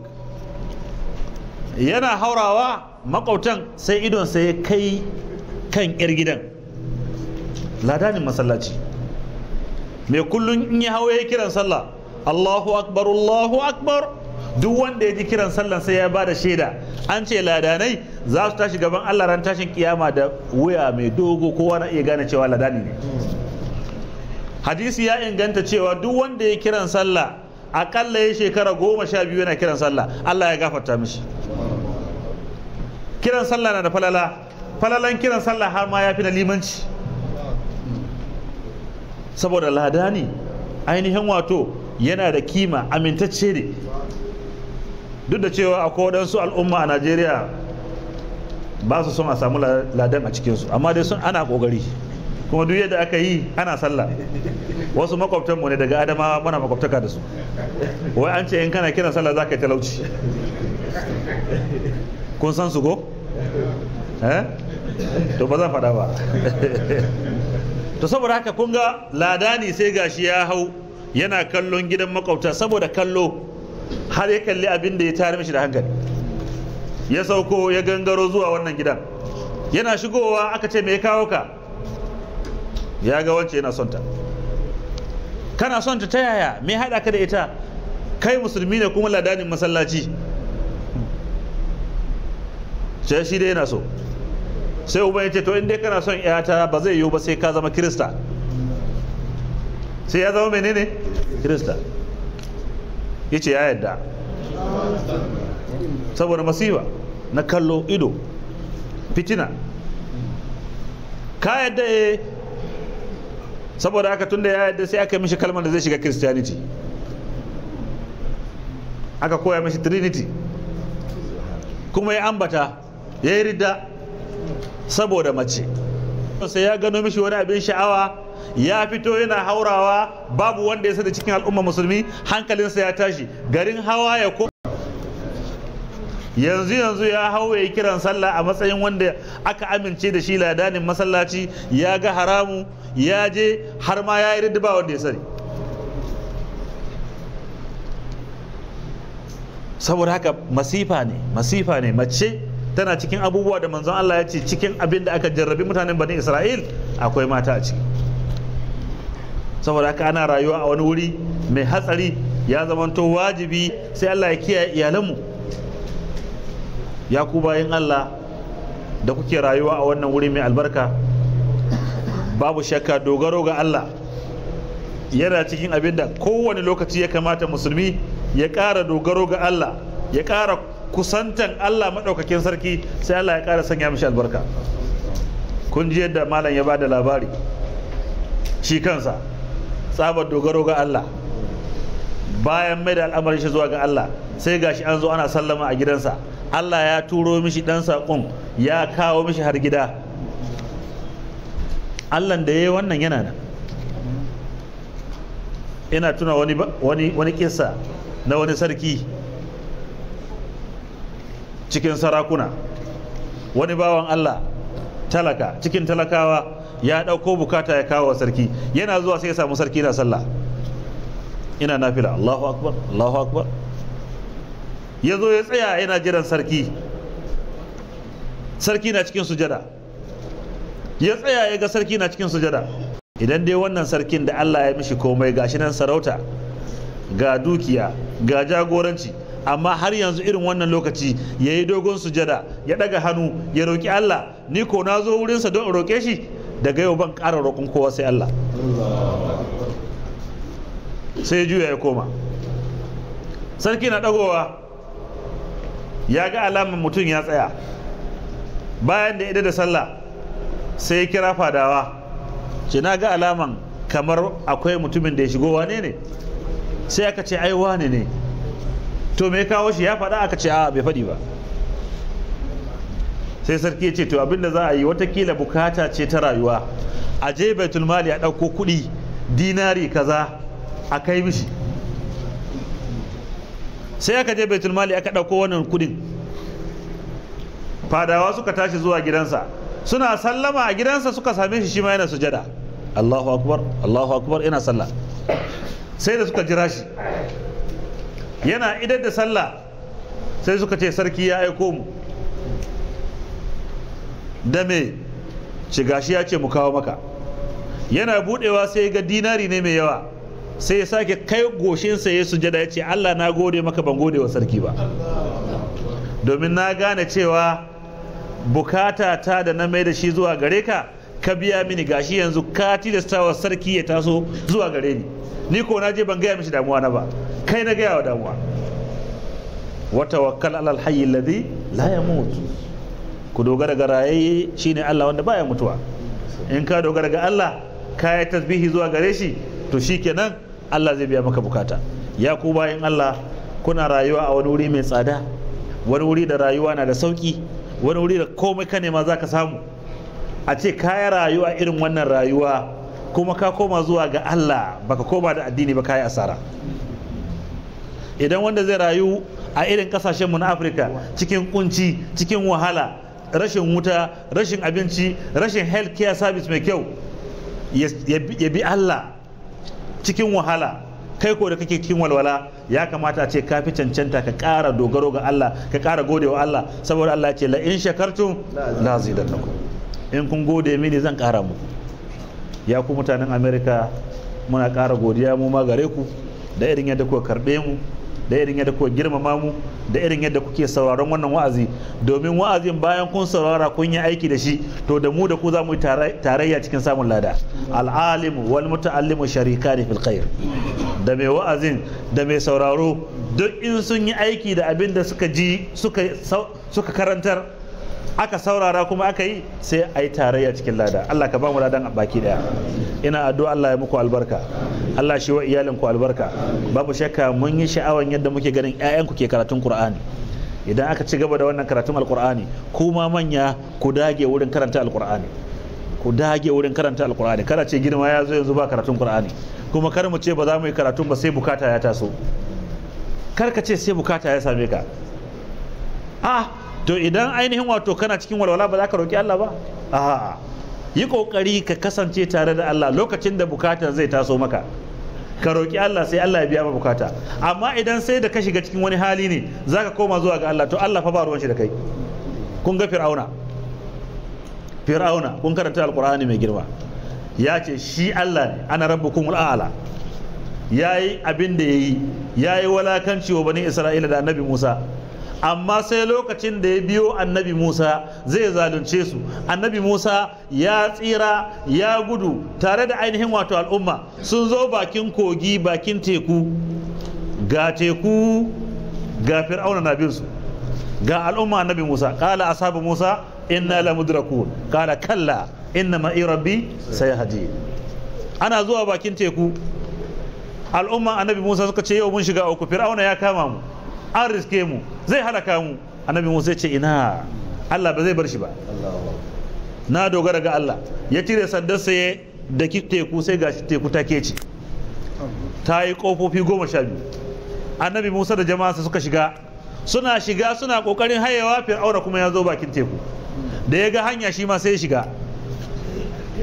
yana haurawa makautan sai idon sai ya kai kan yar gidan ladanin masallaci mai kullum in ya hawa ya kiran sallah Allahu akbar Allahu akbar duk wanda ya ji kiran sallah sai ya ba da shaida an ce ladanai za su tashi gaban Allah ran tashin kiyama da wuya mai dogo kowa na iya gane cewa ladani ne hadisi ya inganta cewa duk wanda ya kiran sallah akalla ya shekara goma sha biyu yana kiran sallah Allah ya gafarta mishi kiran sallah na da falala falalan kiran sallah har ma ya fi da limanci saboda lada ne ainihin wato yana da kima amintacce ne duk da cewa akwai waɗansu al'umma a najeriya ba su son a samu ladan a cikinsu amma dai sun ana ƙoƙari kuma duk yadda aka yi ana sallah wasu makwabtanmu ne daga adamawa muna makwabtaka da su wai an ce in kana kiran sallah za ka yi talauci kun san su go? Eh? to ba zan faɗa ba to saboda haka kun ga ladani sai gashi ya hau yana kallon gidan makwabta saboda kallo har ya kalli abin da ya tare mishi da hankali ya sauko ya gangaro zuwa wannan gidan yana shigowa aka ce me ya kawo ka ya ga wance yana son ta kana son ta yaya mai haɗa ka da ita kai musulmi ne kuma ladanin masallaci sai shi dai yana so sai uban ya ce to inda kana son yata ba zai yiwu ba sai ka zama kirista sai ya zama menene kirista ya ce ya yadda saboda masifa na kallo ido fitina ka yadda ya eh. saboda tun tunda ya yadda sai aka yi mishi kalmar da zai shiga christianity aka koya mishi trinity kuma ya ambata ya yi ridda saboda mace sai ya gano mishi wani abin sha'awa ya fito yana haurawa babu wanda ya sada cikin al'umma musulmi hankalinsa ya tashi garin hawa ya ko yanzu yanzu ya hau ya kiran sallah a matsayin wanda aka amince da shi ladanin masallaci ya ga haramu ya je har ma ya yi riddiba wanda ya sani saboda haka masifa ne masifa ne mace tana cikin abubuwa da manzon Allah ya ce cikin abin da aka jarrabi mutanen bani Isra'il akwai mata a ciki saboda haka ana rayuwa a wani wuri mai hatsari ya zamanto wajibi sai Allah ya kiyaye iyalanmu ya ku bayan Allah da kuke rayuwa a wannan wuri mai albarka babu shakka dogaro ga Allah yana cikin abin da kowane lokaci ya kamata musulmi ya ƙara dogaro ga Allah ya ƙara kusantan Allah maɗaukakin sarki sai Allah ya ƙara sanya mishi albarka kun ji yadda malam ya bada labari shi kansa tsabar dogaro ga Allah bayan mai da al'amarin shi zuwa ga Allah sai gashi an zo ana sallama a gidansa Allah ya turo mishi ɗan saƙon ya kawo mishi har gida Allah da ya yi wannan yana nan ina tuna wani kisa na wani sarki cikin sarakuna wani bawan Allah talaka cikin talakawa ya ɗauko bukata ya kawo sarki yana zuwa sai ya samu sarki na sallah ina nafila Allahu akbar Allahu akbar ya zo ya tsaya yana jiran sarki sarki na cikin sujada ya tsaya ya ga sarki na cikin sujada idan dai wannan sarkin da Allah ya mishi komai gashi nan sarauta ga dukiya ga jagoranci amma har yanzu irin wannan lokaci ya yi dogon sujada ya ɗaga hannu ya roƙi Allah ni ko na zo wurinsa don roƙe shi daga yau ban ƙara roƙon kowa sai Allah sai juya ya koma sarki na ɗagowa ya ga alamun mutum ya tsaya bayan da ida da sallah sai ya kira fadawa ce na ga alaman kamar akwai mutumin da ya shigo wane ne sai aka ce ai wane ne to me kawo shi ya faɗa aka ce a bai faɗi ba sai sarki ya ce to abinda za a yi watakila bukata ce ta rayuwa a je baitul mali a ɗauko kuɗi dinari kaza a kai mishi sai aka je baitul mali aka ɗauko wannan kuɗin fadawa suka tashi zuwa gidansa suna sallama a gidansa suka same shi shi ma yana sujada Allahu akbar Allahu akbar yana sallah sai da suka jira shi yana idar da sallah sai suka ce sarki ya aiko mu da me ci gashi ya ce mu kawo maka yana budewa sai ga dinari ne mai yawa sai ya sake kai goshinsa ya sujada ya ce allah na gode maka ban gode wa sarki ba domin na gane cewa bukata ta da na mai da shi zuwa gare ka ka biya mini gashi yanzu ka tilasta wa sarki ya taso zuwa gare ni ni ko na je ban gaya mishi damuwa na ba kai na gaya wa damuwa wa tawakkal alal hayy alladhi la yamut ku dogara ga rayi shine Allah wanda baya mutuwa in ka dogara ga Allah ka yi tasbihi zuwa gare shi to shikenan Allah zai biya maka bukata ya ku bayan Allah kuna rayuwa a wani wuri mai tsada wani wuri da rayuwa na da sauki wani wuri da komai ka nema zaka samu a ce rayu rayuwa irin wannan rayuwa kuma ka koma zuwa ga Allah baka koma da addini ba kayi asara idan wanda zai rayu a irin kasashenmu na afirka cikin kunci cikin wahala rashin wuta rashin abinci rashin health care service mai kyau ya bi Allah cikin wahala kai ko da kake cikin walwala ya kamata a ce ka fi cancanta ka ƙara dogaro ga Allah ka ƙara godewa Allah saboda Allah ya ce la in shakartum la zidatakum in kun gode mini zan kara muku ya ku mutanen amerika muna ƙara godiya mu ma gare ku da irin yadda kuka karɓe mu da irin yadda kuka girmama mu da irin yadda kuke sauraron wannan wa'azi domin wa'azin bayan kun saurara kun yi aiki da shi to da mu da ku za mu yi tarayya cikin samun lada al'alim wal muta'allimu sharika ne fil khair da mai wa'azin da mai sauraro duk in sun yi aiki da abin da suka ji suka karantar aka saurara kuma aka yi sai a yi tarayya cikin lada Allah ka ba mu ladan a baki daya ina addu'a Allah ya muku albarka Allah shi wa iyalin ku albarka babu shakka mun yi sha'awan yadda muke ganin ƴaƴan ku ke karatun Qur'ani idan aka ci gaba da wannan karatun ku ma manya ku dage wurin karanta al Al-Qur'ani ku dage wurin karanta al Al-Qur'ani kada ce girma ya zo yanzu ba karatun Qur'ani kuma kar mu ce ba za mu yi karatun ba sai bukata ya taso kar ka ce sai bukata ya same ka a ah, to idan ainihin wato kana cikin walwala ba za ka roƙi Allah ba a'a yi ƙoƙari ka kasance tare da Allah lokacin da bukata zai taso maka ka roƙi Allah sai Allah ya biya ma bukata amma idan sai da ka shiga cikin wani hali ne za ka koma zuwa ga Allah to Allah fa ba ruwan shi da kai kun ga fir'auna fir'auna kun karanta alqur'ani mai girma ya ce shi Allah ne ana rabbukum al'ala yayi abin da yayi yayi walakanci wa bani isra'ila da annabi Musa amma sai lokacin da ya biyo annabi musa zai zalunce su annabi musa ya tsira ya gudu tare da ainihin wato al'umma sun zo bakin kogi bakin teku ga teku ga fir'auna na binsu ga al'umma annabi musa kala ashabu musa inna la mudrakun kala kalla inna ma'i rabbi sai haji ana zuwa bakin teku al'umma annabi musa suka ce yau mun shiga uku fir'auna ya kama mu an riske mu zai halaka mu annabi musa ce ina allah ba zai bar shi ba na dogara ga allah ya cire sandan sai da teku sai gashi teku ta keci ta yi kofofi goma sha biyu annabi musa da jama'a suka shiga suna shiga suna kokarin hayewa fir'aura kuma ya zo bakin teku da ya ga hanya shi ma sai ya shiga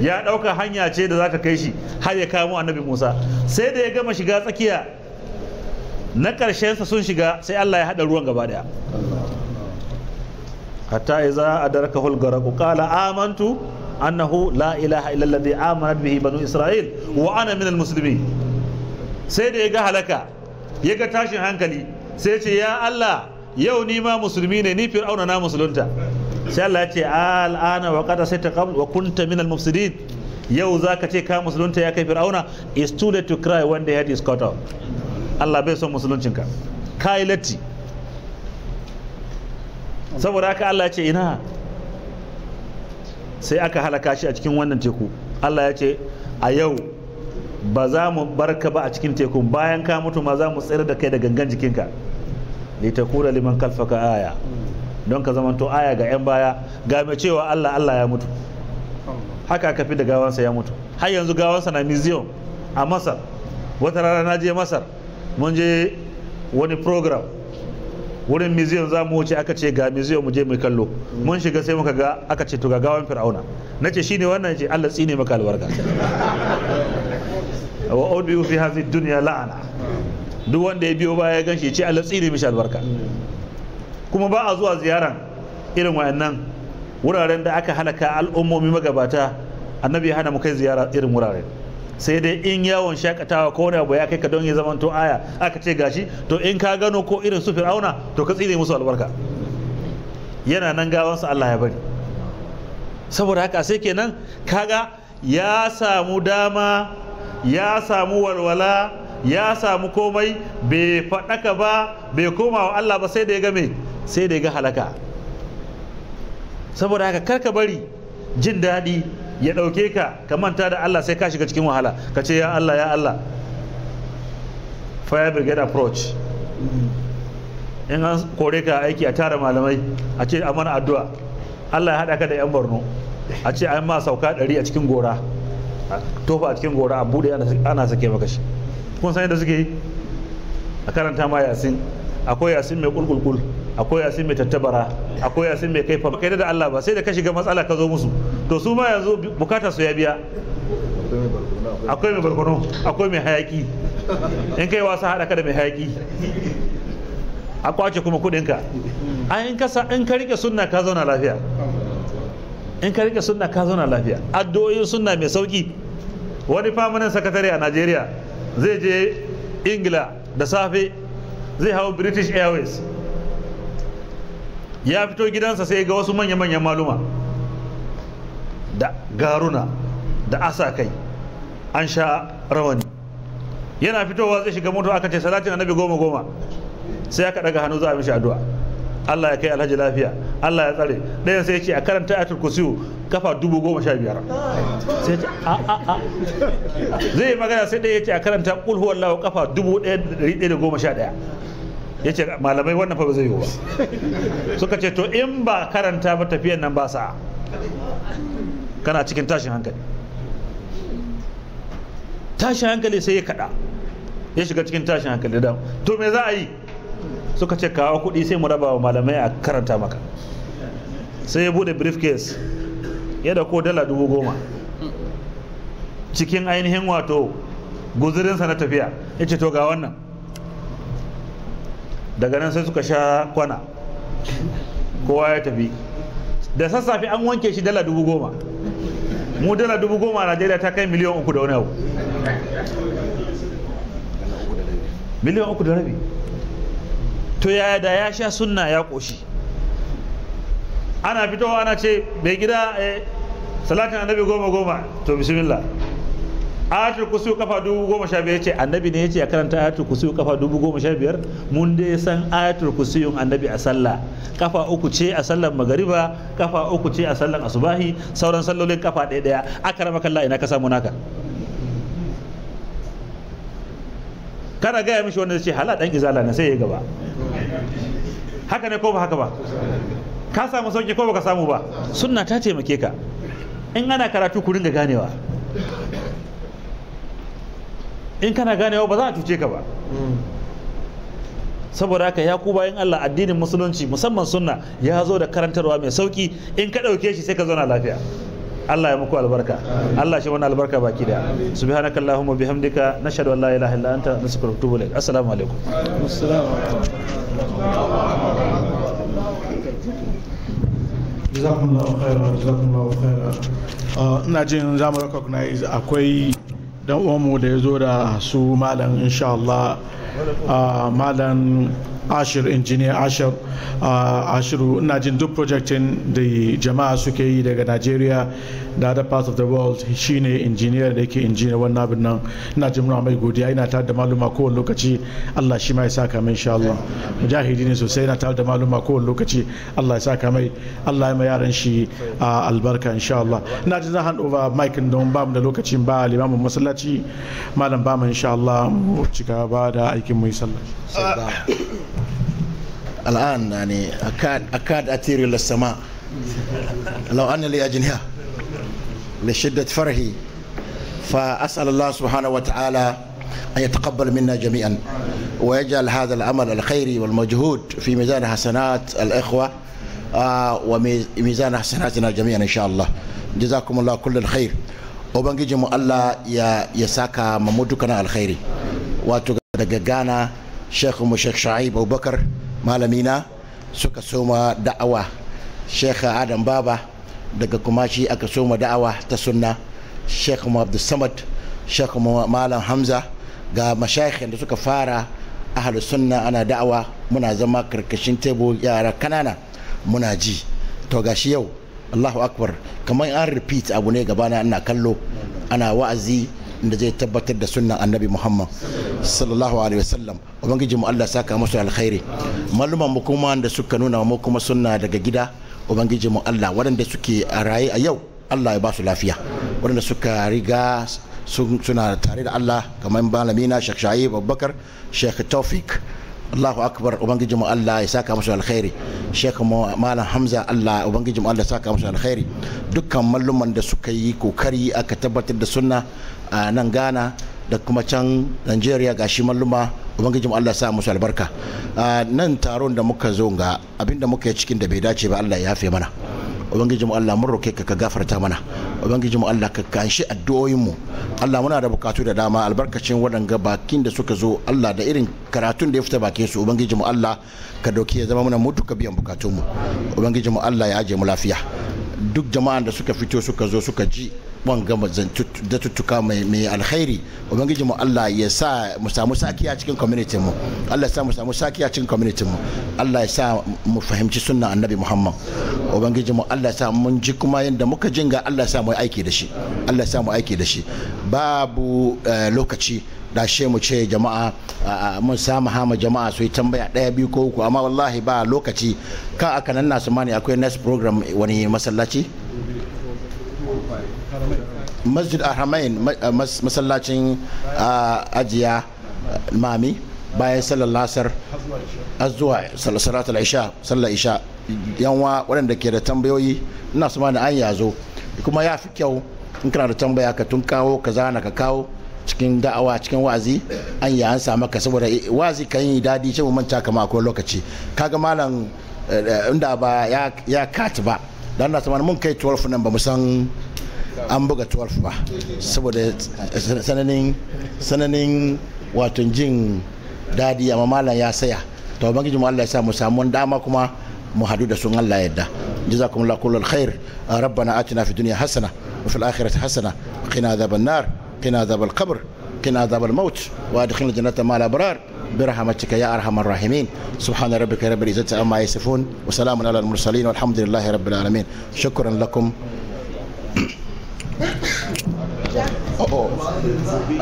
ya ɗauka hanya ce da za ka kai shi har ya kamo annabi musa sai da ya gama shiga tsakiya na ƙarshensa sun shiga sai Allah ya haɗa ruwan gaba daya hatta iza adarka hulgaraku qala amantu annahu la ilaha illa alladhi amanat bihi banu isra'il wa ana min almuslimin sai da ya ga halaka ya ga tashin hankali sai ce ya Allah yau ni ma musulmi ne ni fir'auna na musulunta sai Allah ya ce al'ana wa qad sataqam wa kunta min almufsidin yau zaka ce ka musulunta ya kai fir'auna is too late to cry when the head is cut off Allah bai son musuluncinka ka yi latti saboda haka Allah ce ina sai aka halaka shi a cikin wannan teku Allah ya ce a yau ba za mu barka ba a cikin teku bayan ka mutu ma za mu tsayar da kai da gangan jikinka litakura liman kalfaka aya don ka zamanto aya ga 'yan baya ga mai cewa Allah Allah ya mutu haka ka fi da gawansa ya mutu har yanzu gawansa na museum a masar wata rana na je masar mun je wani program wurin museum za mu wuce aka ce ga museum mu je mu kallo mun shiga sai muka ga aka ce to ga gawan fir'auna na nace shine wannan ce Allah tsine maka albarka wa udu fi hazi dunya la'ana duk wanda ya biyo baya ya ganshi ce Allah tsine mishi albarka kuma ba a zuwa ziyaran irin wayannan wuraren da aka halaka al'ummomi magabata annabi ya hana mu kai ziyara irin wuraren sai dai in yawon shakatawa ko wani abu ya kai ka don ya zaman to aya aka ce gashi to in ka gano ko irin su fir'auna to ka tsire musu albarka yana nan gawansa Allah ya bari saboda haka sai kenan kaga ya samu dama ya samu walwala ya samu komai bai faɗaka ba bai koma wa Allah ba sai da ya ga sai da ya ga halaka saboda haka karka bari jin daɗi ya ɗauke ka ka manta da Allah sai ka shiga cikin wahala ka ce ya Allah ya Allah fire brigade approach in an kore ka aiki a tara malamai a ce a mana addu'a Allah ya haɗa ka da 'yan borno a ce an ma sauka ɗari a cikin gora tofa a cikin gora a buɗe ana sake maka shi kun san yadda suke yi a karanta ma yasin akwai yasin mai kulkulkul akwai yasin mai tattabara akwai yasin mai kaifa kai da Allah ba sai da ka shiga matsala ka zo musu to su ma yanzu bukata su ya biya akwai mai barkono akwai mai hayaki in kai wasa haɗa da mai hayaki a kwace kuma kuɗinka a in ka in ka rike sunna ka zauna lafiya in ka rike sunna ka zauna lafiya addu'o'in sunna mai sauki wani famanin sakatare a Najeriya zai je Ingila da safe zai hau British Airways ya fito gidansa sai ga wasu manya-manyan maluma da garuna da asakai an sha rawani yana fitowa zai shiga mutu aka ce salatin annabi goma goma sai aka daga hannu za a mishi addu'a Allah ya kai alhaji lafiya Allah ya tsare ɗayan sai ya ce a karanta ayatul kursiyu kafa dubu goma sha biyar sai ce a a a zai yi magana sai ɗaya ya ce a karanta kul huwallahu kafa dubu ɗaya da ɗaya da goma sha ɗaya ya ce malamai wannan fa ba zai yi ba suka ce to in ba karanta ba tafiyan nan ba sa. kana cikin tashin hankali tashin hankali sai ya kada ya shiga cikin tashin hankali da to me za a yi suka ce kawo kuɗi sai mu raba wa malamai a karanta maka sai ya bude briefcase ya da ko dala dubu goma cikin ainihin wato guzurinsa na tafiya ya ce to ga wannan daga nan sai suka sha kwana kowa ya tafi da sassafe an wanke shi dala dubu goma mu dala dubu goma a najeriya ta kai miliyan uku da wani abu miliyan uku da rabi to yaya da ya sha sunna ya ƙoshi ana fitowa ana ce bai gida eh, salatin annabi goma goma to bismillah ayatul kusu kafa dubu goma sha biyar ce annabi ne ya ce a karanta ayatul kusu kafa dubu goma sha biyar mun dai san ayatul kusu annabi a sallah kafa uku ce a sallan magariba kafa uku ce a sallan asubahi sauran sallolin kafa ɗaya ɗaya aka rama kalla ina ka samu naka kana gaya mishi wanda ce hala dan izala ne sai ya gaba haka ne ko ba haka ba ka samu sauki ko baka samu ba sunna ta taimake ka in ana karatu ku ringa ganewa in kana ganewa ba za a cuce ka ba hmm. saboda haka ya ku bayan Allah addinin musulunci musamman sunna ya zo da karantarwa mai sauki in ka ɗauke shi sai ka zauna lafiya Allah ya muku albarka Allah shi wani albarka baki da subhanaka allahumma bihamdika nashhadu an la ilaha illa anta nastaghfiruka wa atubu ilaik assalamu alaikum assalamu alaikum jazakumullahu khairan jazakumullahu khairan uh, ina jin zamu recognize akwai dan uwanmu da ya zo da su malam insha Allah Ah, malam ashir engineer ashir ah, ashiru ina jin duk projectin da jama'a suke yi daga nigeria da other parts of the world shine engineer da yake engineer wannan abin nan ina jin muna mai godiya ina tare da maluma kowane lokaci allah shi ma ya saka mai insha allah mujahidi ne sosai ina tare da maluma kowane lokaci allah ya saka mai allah ya yaran shi ah, albarka insha allah ina jin zan hand over mic don ba mu da lokacin ba limamin masallaci malam ba mu insha allah mu cika ba da aiki يمكن ما يصلش الان يعني اكاد اكاد اثير الى السماء لو ان لي اجنها لشده فرحي فاسال الله سبحانه وتعالى ان يتقبل منا جميعا ويجعل هذا العمل الخيري والمجهود في ميزان حسنات الاخوه آه، وميزان حسناتنا جميعا ان شاء الله جزاكم الله كل الخير وبنجي Allah يا saka mu الخيري alkhairi daga ghana mu shekh sha'ib abubakar malamina suka soma da'awa shekha adam baba daga kumashi aka soma da'awa ta sunna mu Abdulsamad samad mu malam hamza ga mashayikhin da suka fara ahalus sunna ana da'awa muna zama karkashin tebur yara kanana muna ji to gashi yau allahu akbar kamar an repeat abu ne gabana ina kallo ana wa'azi da zai tabbatar da sunnan annabi muhammad sallallahu alaihi wasallam ubangiji mu allah saka masu alkhairi malluman mu kuma da suka nuna mu kuma sunna daga gida ubangiji mu allah waɗanda suke a raye a yau allah ya ba su lafiya waɗanda suka riga suna tare da allah kamar malamina shek shayi abubakar shek taufik Allahu akbar ubangijin mu Allah ya saka musu alkhairi Sheikh Malam Hamza Allah ubangijin mu Allah ya saka musu alkhairi dukkan malluman da suka yi kokari aka tabbatar da sunna a nan Ghana da kuma can Najeriya gashi malluma ubangijin Allah ya sa musu albarka nan taron da muka zo ga abinda muka yi cikin da bai dace ba Allah ya yafe mana ubangiji Allah mun roke ka ka gafarta mana ubangijin Allah ka kanshi addu'o'in mu Allah muna da bukatu da dama albarkacin waɗanga bakin da suka zo Allah da irin karatun da ya fita bakin su ubangijin mu Allah ka dauki ya zama muna mutu ka biyan bukatun mu ubangijin Allah ya aje mu lafiya duk jama'an da suka fito suka zo suka ji wanga da tuttuka mai alkhairi ubangiji mu Allah ya sa mu samu sakiya cikin community mu Allah ya sa mu samu sakiya cikin community mu Allah ya sa mu fahimci sunnan annabi Muhammad ubangiji mu Allah ya sa mun ji kuma yanda muka jinga Allah ya sa mu aiki da shi Allah ya sa mu aiki da shi babu eh, lokaci da she mu ce jama'a mun samu hama jama'a su yi tambaya ɗaya biyu ko uku amma wallahi ba lokaci ka aka nan nasu mani akwai next program wani masallaci masjid haramain uh, masallacin uh, ajiya uh, mami bayan sallar lasar azuwa sallar isha sallar isha yanwa waɗanda ke da tambayoyi ina su mana an yazo kuma ya fi kyau in kana da tambaya ka tun kawo ka zana ka kawo cikin da'awa cikin wa'azi an yi an samu ka saboda eh, wa'azi kan yi dadi ce mun manta kama akwai lokaci kaga malam eh, eh, inda ba ya kati ba don na mun kai 12 nan ba mu san an buga 12 ba saboda sananin wato jin dadi amma malam ya saya to ubangiji mu Allah ya sa mu samu dama kuma mu hadu da sun Allah yadda jazakum Allah kullu alkhair rabbana atina fi dunya hasana wa fil akhirati hasana wa qina adhaban nar qina adhabal qabr qina adhabal maut wa adkhilna jannata ma al abrar برحمتك يا ارحم الراحمين سبحان ربك رب العزه عما يصفون وسلام على المرسلين والحمد لله رب العالمين شكرا لكم Oh, oh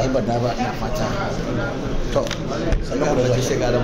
ai ba na ba ina fata to sannan